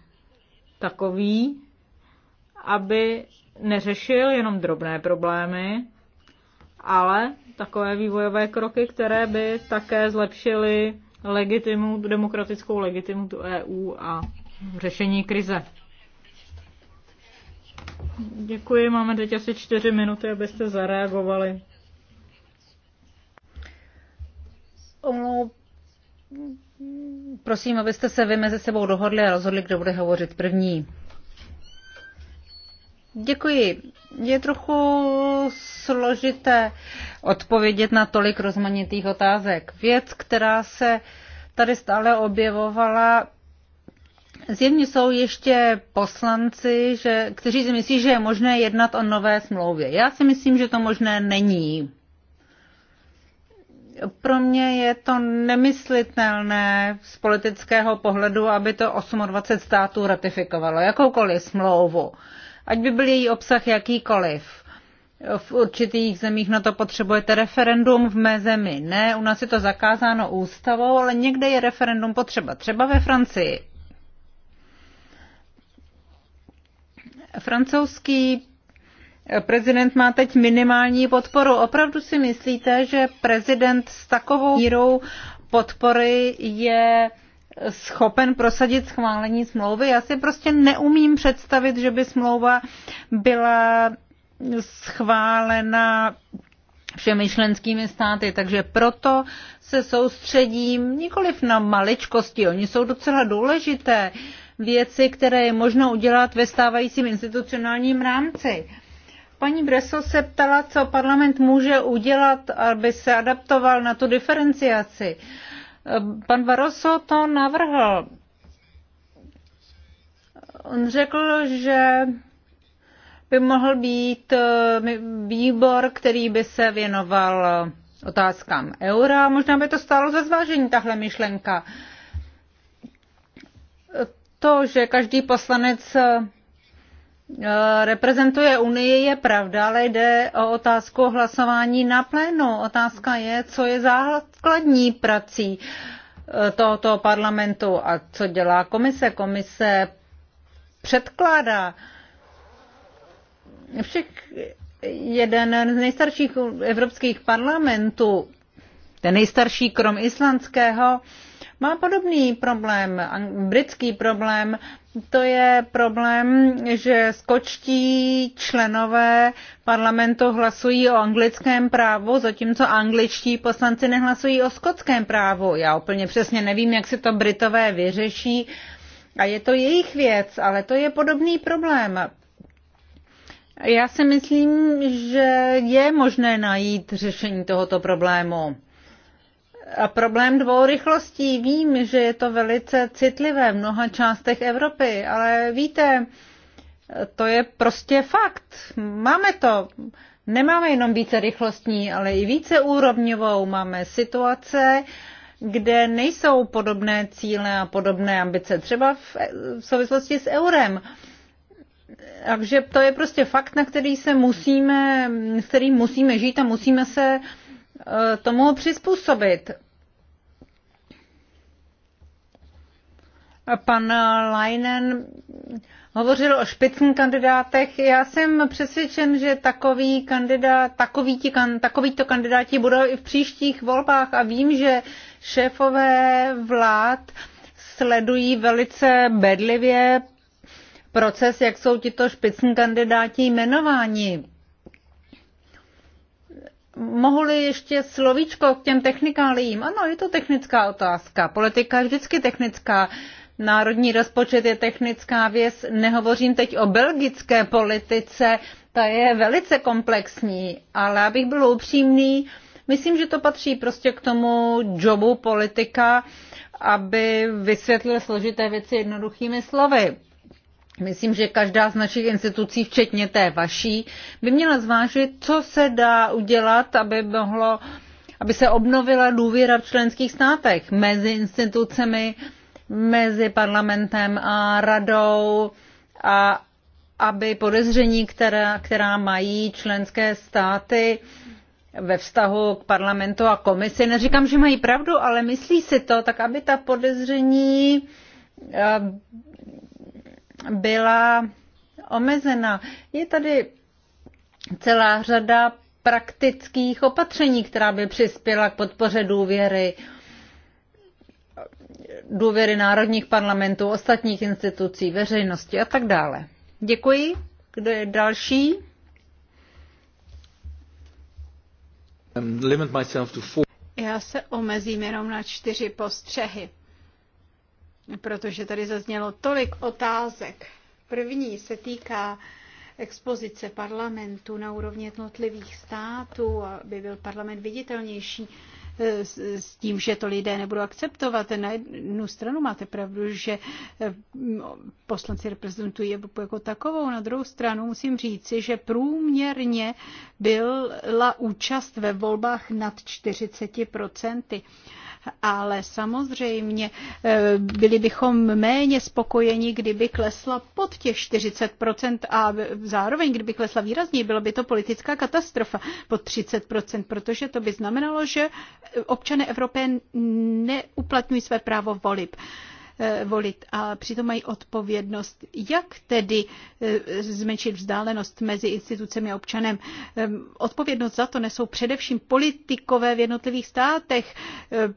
takový, aby neřešil jenom drobné problémy, ale takové vývojové kroky, které by také zlepšily legitimu, demokratickou legitimitu EU a řešení krize. Děkuji, máme teď asi čtyři minuty, abyste zareagovali. Ono, prosím, abyste se vy mezi sebou dohodli a rozhodli, kdo bude hovořit první. Děkuji. Je trochu složité odpovědět na tolik rozmanitých otázek. Věc, která se tady stále objevovala, zjevně jsou ještě poslanci, že, kteří si myslí, že je možné jednat o nové smlouvě. Já si myslím, že to možné není. Pro mě je to nemyslitelné z politického pohledu, aby to 28 států ratifikovalo jakoukoliv smlouvu ať by byl její obsah jakýkoliv. V určitých zemích na to potřebujete referendum, v mé zemi ne, u nás je to zakázáno ústavou, ale někde je referendum potřeba, třeba ve Francii. Francouzský prezident má teď minimální podporu. Opravdu si myslíte, že prezident s takovou mírou podpory je schopen prosadit schválení smlouvy. Já si prostě neumím představit, že by smlouva byla schválena všemi členskými státy, takže proto se soustředím nikoliv na maličkosti, oni jsou docela důležité věci, které je možno udělat ve stávajícím institucionálním rámci. Paní Breso se ptala, co parlament může udělat, aby se adaptoval na tu diferenciaci. Uh, Pan Barroso to navrhl. On řekl, že by mohl být eh, výbor, který by se věnoval eh, otázkám eura. Možná by to stálo za zvážení, tahle myšlenka. To, že každý poslanec eh, Eh, reprezentuje Unii, je pravda, ale jde o otázku hlasování na plénu. Otázka je, co je základní prací eh, tohoto parlamentu a co dělá komise. Komise předkládá všech jeden z nejstarších evropských parlamentů, ten nejstarší krom islandského, má podobný problém, britský problém, to je problém, že skočtí členové parlamentu hlasují o anglickém právu, zatímco angličtí poslanci nehlasují o skotském právu. Já úplně přesně nevím, jak si to Britové vyřeší a je to jejich věc, ale to je podobný problém. Já si myslím, že je možné najít řešení tohoto problému. A problém dvou rychlostí. Vím, že je to velice citlivé v mnoha částech Evropy, ale víte, to je prostě fakt. Máme to. Nemáme jenom více rychlostní, ale i více úrovňovou. Máme situace, kde nejsou podobné cíle a podobné ambice, třeba v, v souvislosti s eurem. Takže to je prostě fakt, na který se musíme, s kterým musíme žít a musíme se uh, Eh, tomu přizpůsobit. Pan Leinen hovořil o špicn kandidátech. Já jsem přesvědčen, že takový kandidát, takový ti, takovýto kandidáti budou i v příštích volbách a vím, že šéfové vlád sledují velice bedlivě proces, jak jsou tito špicn kandidáti jmenováni mohli ještě slovíčko k těm technikálím. Ano, je to technická otázka. Politika je vždycky technická. Národní rozpočet je technická věc. Nehovořím teď o belgické politice, ta je velice komplexní, ale abych byl upřímný, myslím, že to patří prostě k tomu jobu politika, aby vysvětlil složité věci jednoduchými slovy. Myslím, že každá z našich institucí, včetně té vaší, by měla zvážit, co se dá udělat, aby mohlo aby se obnovila důvěra v členských státech mezi institucemi, mezi parlamentem a radou a aby podezření, která, která mají členské státy ve vztahu k parlamentu a komisi, neříkám, že mají pravdu, ale myslí si to, tak aby ta podezření eh, byla omezena. Je tady celá řada praktických opatření, která by přispěla k podpoře důvěry důvěry národních parlamentů, ostatních institucí, veřejnosti a tak dále. Děkuji. Kdo je další? Um, Já se omezím jenom na čtyři postřehy protože tady zaznělo tolik otázek. První se týká expozice parlamentu na úrovni jednotlivých států, aby byl parlament viditelnější eh, s tím, že to lidé nebudou akceptovat. Na jednu stranu máte pravdu, že eh, poslanci reprezentují Evropu jako takovou, na druhou stranu musím říci, že průměrně byla účast ve volbách nad 40% ale samozřejmě eh, byli bychom méně spokojeni, kdyby klesla pod těch 40% a zároveň, kdyby klesla výrazněji, byla by to politická katastrofa pod 30%, protože to by znamenalo, že občané Evropy neuplatňují své právo volit eh, volit a přitom mají odpovědnost, jak tedy eh, zmenšit vzdálenost mezi institucemi a občanem. Ehm, odpovědnost za to nesou především politikové v jednotlivých státech, ehm,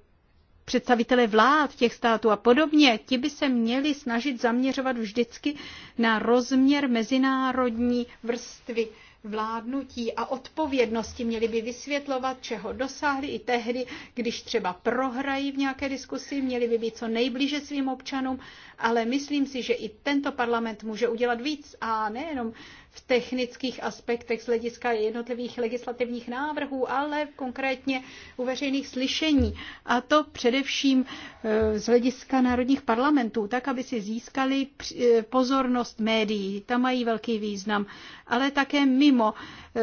Představitelé vlád těch států a podobně, ti by se měli snažit zaměřovat vždycky na rozměr mezinárodní vrstvy vládnutí a odpovědnosti měli by vysvětlovat, čeho dosáhli i tehdy, když třeba prohrají v nějaké diskusi, měli by být co nejblíže svým občanům ale myslím si, že i tento parlament může udělat víc a nejenom v technických aspektech z hlediska jednotlivých legislativních návrhů, ale konkrétně u veřejných slyšení. A to především e, z hlediska národních parlamentů, tak, aby si získali e, pozornost médií. Tam mají velký význam. Ale také mimo e,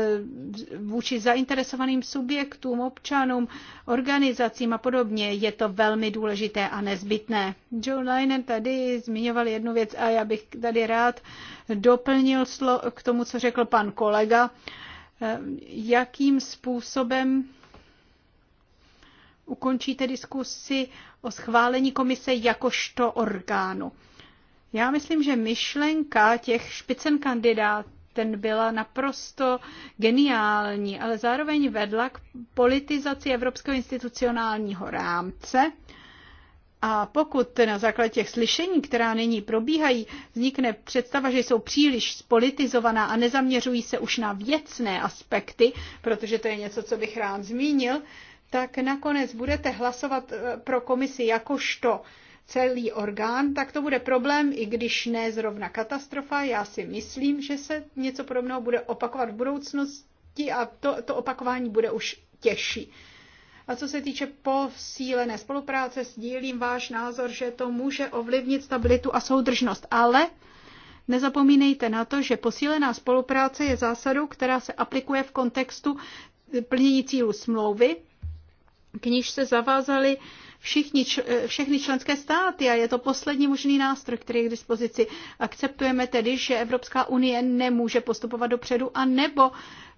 vůči zainteresovaným subjektům, občanům, organizacím a podobně je to velmi důležité a nezbytné. Joe Linen tady zmiňoval jednu věc a já bych tady rád doplnil slo k tomu, co řekl pan kolega, eh, jakým způsobem ukončíte diskusi o schválení komise jakožto orgánu. Já myslím, že myšlenka těch špicen kandidátů ten byla naprosto geniální, ale zároveň vedla k politizaci evropského institucionálního rámce a pokud na základě těch slyšení, která nyní probíhají, vznikne představa, že jsou příliš spolitizovaná a nezaměřují se už na věcné aspekty, protože to je něco, co bych rád zmínil, tak nakonec budete hlasovat eh, pro komisi jakožto celý orgán, tak to bude problém, i když ne zrovna katastrofa. Já si myslím, že se něco podobného bude opakovat v budoucnosti a to, to opakování bude už těžší. A co se týče posílené spolupráce, sdílím váš názor, že to může ovlivnit stabilitu a soudržnost. Ale nezapomínejte na to, že posílená spolupráce je zásadou, která se aplikuje v kontextu plnění cílů smlouvy, k níž se zavázali všichni, všechny členské státy a je to poslední možný nástroj, který je k dispozici. Akceptujeme tedy, že Evropská unie nemůže postupovat dopředu a nebo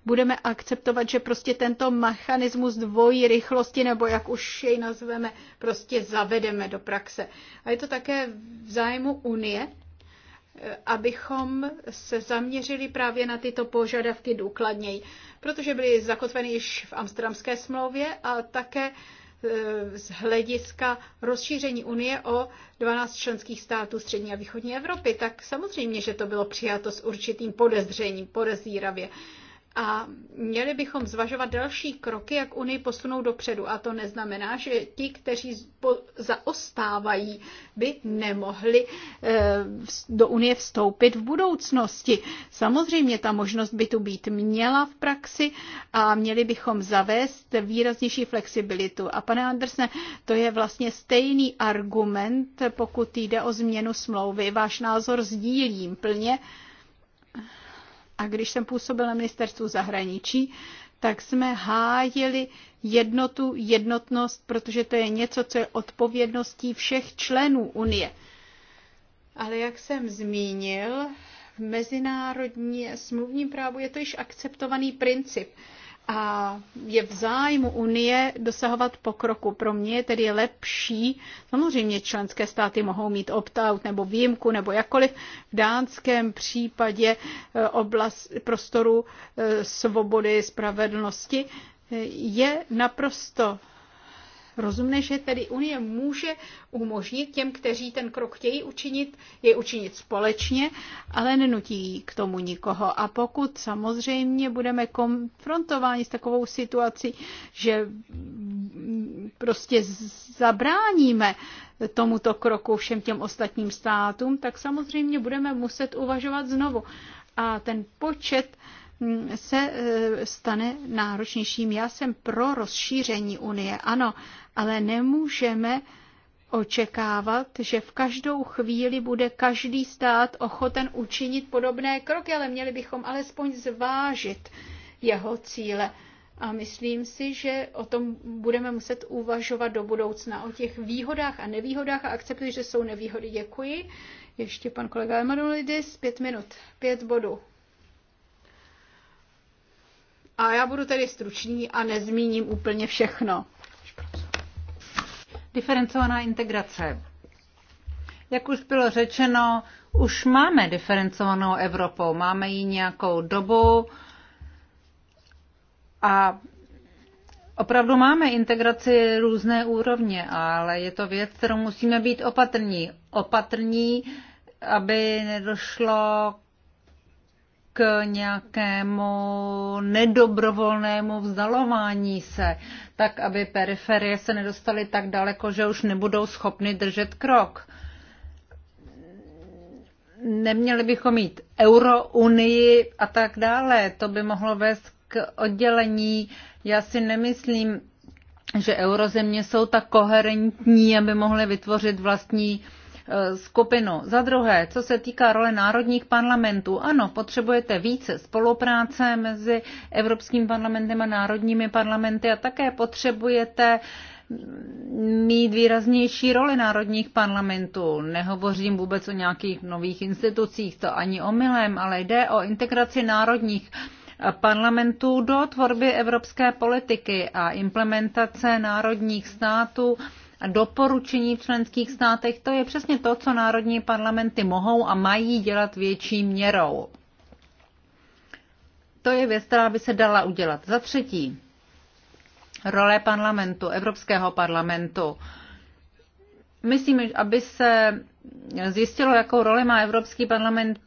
budeme akceptovat, že prostě tento mechanismus dvojí rychlosti, nebo jak už jej nazveme, prostě zavedeme do praxe. A je to také v zájmu Unie, abychom se zaměřili právě na tyto požadavky důkladněji, protože byly zakotveny již v Amsterdamské smlouvě a také e, z hlediska rozšíření Unie o 12 členských států střední a východní Evropy, tak samozřejmě, že to bylo přijato s určitým podezřením, podezíravě a měli bychom zvažovat další kroky, jak Unii posunout dopředu. A to neznamená, že ti, kteří zaostávají, by nemohli eh, do Unie vstoupit v budoucnosti. Samozřejmě ta možnost by tu být měla v praxi a měli bychom zavést výraznější flexibilitu. A pane Andersne, to je vlastně stejný argument, pokud jde o změnu smlouvy. Váš názor sdílím plně a když jsem působil na ministerstvu zahraničí, tak jsme hájili jednotu, jednotnost, protože to je něco, co je odpovědností všech členů Unie. Ale jak jsem zmínil, v mezinárodní smluvním právu je to již akceptovaný princip a je v zájmu Unie dosahovat pokroku. Pro mě je tedy lepší, samozřejmě členské státy mohou mít opt-out nebo výjimku nebo jakkoliv, v dánském případě eh, oblast prostoru eh, svobody, spravedlnosti eh, je naprosto rozumné, že tedy Unie může umožnit těm, kteří ten krok chtějí učinit, je učinit společně, ale nenutí k tomu nikoho. A pokud samozřejmě budeme konfrontováni s takovou situací, že prostě zabráníme tomuto kroku všem těm ostatním státům, tak samozřejmě budeme muset uvažovat znovu. A ten počet uh, se eh, stane náročnějším. Já jsem pro rozšíření Unie, ano, ale nemůžeme očekávat, že v každou chvíli bude každý stát ochoten učinit podobné kroky, ale měli bychom alespoň zvážit jeho cíle. A myslím si, že o tom budeme muset uvažovat do budoucna, o těch výhodách a nevýhodách a akceptuji, že jsou nevýhody. Děkuji. Ještě pan kolega Emanuelidis, pět minut, pět bodů. A já budu tedy stručný a nezmíním úplně všechno. Diferencovaná integrace. Jak už bylo řečeno, už máme diferencovanou Evropou, máme ji nějakou dobu a opravdu máme integraci různé úrovně, ale je to věc, kterou musíme být opatrní. Opatrní, aby nedošlo nějakému nedobrovolnému vzdalování se, tak aby periferie se nedostaly tak daleko, že už nebudou schopny držet krok. Neměli bychom mít eurounii a tak dále. To by mohlo vést k oddělení. Já si nemyslím, že eurozemě jsou tak koherentní, aby mohly vytvořit vlastní uh, skupinu. Za druhé, co se týká role národních parlamentů, ano, potřebujete více spolupráce mezi Evropským parlamentem a národními parlamenty a také potřebujete mít výraznější roli národních parlamentů. Nehovořím vůbec o nějakých nových institucích, to ani omylem, ale jde o integraci národních parlamentů do tvorby evropské politiky a implementace národních států a doporučení v členských státech, to je přesně to, co národní parlamenty mohou a mají dělat větší měrou. To je věc, která by se dala udělat. Za třetí, role parlamentu, Evropského parlamentu. Myslím, aby se zjistilo, jakou roli má Evropský parlament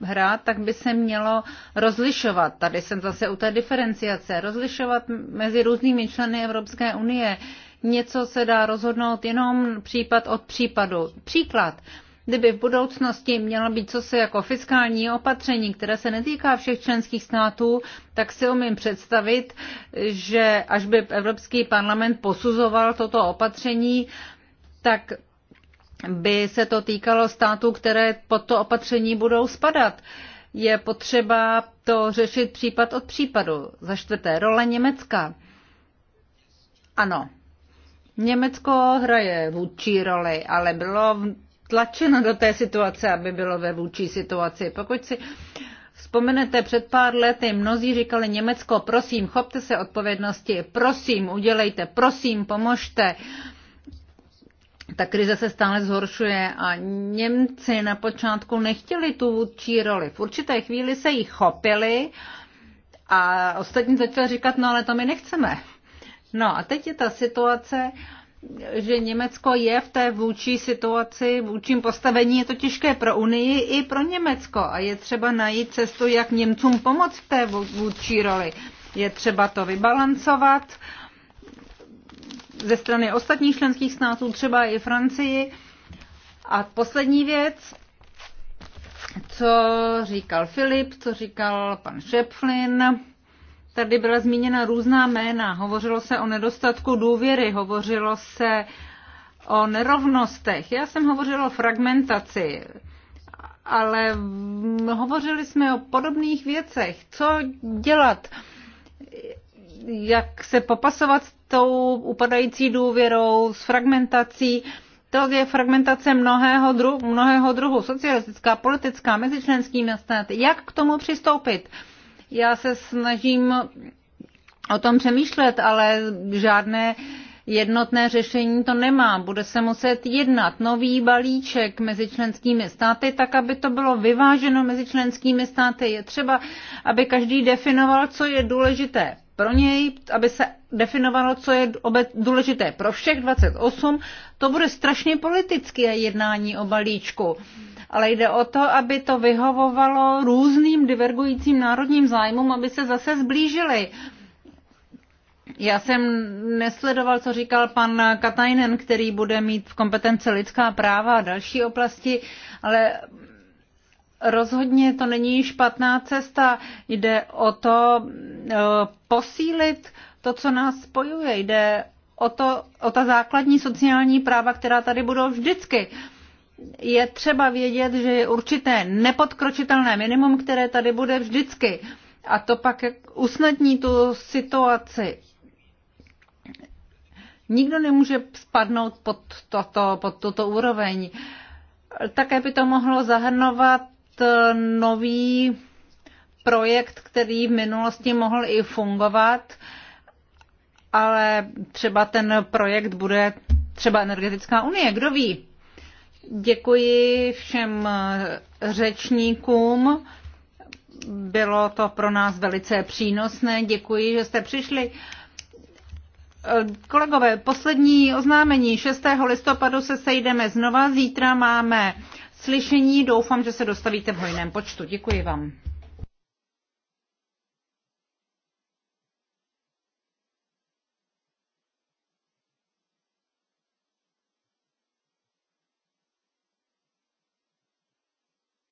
hrát, tak by se mělo rozlišovat. Tady jsem zase u té diferenciace. Rozlišovat mezi různými členy Evropské unie něco se dá rozhodnout jenom případ od případu. Příklad. Kdyby v budoucnosti mělo být co se jako fiskální opatření, které se netýká všech členských států, tak si umím představit, že až by Evropský parlament posuzoval toto opatření, tak by se to týkalo států, které pod to opatření budou spadat. Je potřeba to řešit případ od případu. Za čtvrté, role Německa. Ano, Německo hraje vůdčí roli, ale bylo tlačeno do té situace, aby bylo ve vůdčí situaci. Pokud si vzpomenete, před pár lety mnozí říkali Německo, prosím, chopte se odpovědnosti, prosím, udělejte, prosím, pomožte. Ta krize se stále zhoršuje a Němci na počátku nechtěli tu vůdčí roli. V určité chvíli se jí chopili a ostatní začali říkat, no ale to my nechceme. No a teď je ta situace, že Německo je v té vůči situaci, vůčím postavení, je to těžké pro Unii i pro Německo a je třeba najít cestu, jak Němcům pomoct v té vůči roli. Je třeba to vybalancovat ze strany ostatních členských států, třeba i Francii. A poslední věc, co říkal Filip, co říkal pan Šepflin, Tady byla zmíněna různá jména. Hovořilo se o nedostatku důvěry, hovořilo se o nerovnostech. Já jsem hovořila o fragmentaci, ale hovořili jsme o podobných věcech. Co dělat? Jak se popasovat s tou upadající důvěrou, s fragmentací? To je fragmentace mnohého, dru- mnohého druhu, socialistická, politická, mezičlenský, členskými Jak k tomu přistoupit? Já se snažím o tom přemýšlet, ale žádné jednotné řešení to nemá. Bude se muset jednat nový balíček mezi členskými státy, tak aby to bylo vyváženo mezi členskými státy. Je třeba, aby každý definoval, co je důležité pro něj, aby se definovalo, co je důležité pro všech 28. To bude strašně politické jednání o balíčku. Hmm ale jde o to, aby to vyhovovalo různým divergujícím národním zájmům, aby se zase zblížili. Já jsem nesledoval, co říkal pan Katajnen, který bude mít v kompetenci lidská práva a další oblasti, ale rozhodně to není špatná cesta. Jde o to e, posílit to, co nás spojuje. Jde o, to, o ta základní sociální práva, která tady budou vždycky je třeba vědět, že je určité nepodkročitelné minimum, které tady bude vždycky. A to pak usnadní tu situaci. Nikdo nemůže spadnout pod, toto, pod tuto úroveň. Také by to mohlo zahrnovat eh, nový projekt, který v minulosti mohl i fungovat, ale třeba ten projekt bude třeba energetická unie, kdo ví. Děkuji všem řečníkům. Bylo to pro nás velice přínosné. Děkuji, že jste přišli. Kolegové, poslední oznámení. 6. listopadu se sejdeme znova. Zítra máme slyšení. Doufám, že se dostavíte v hojném počtu. Děkuji vám.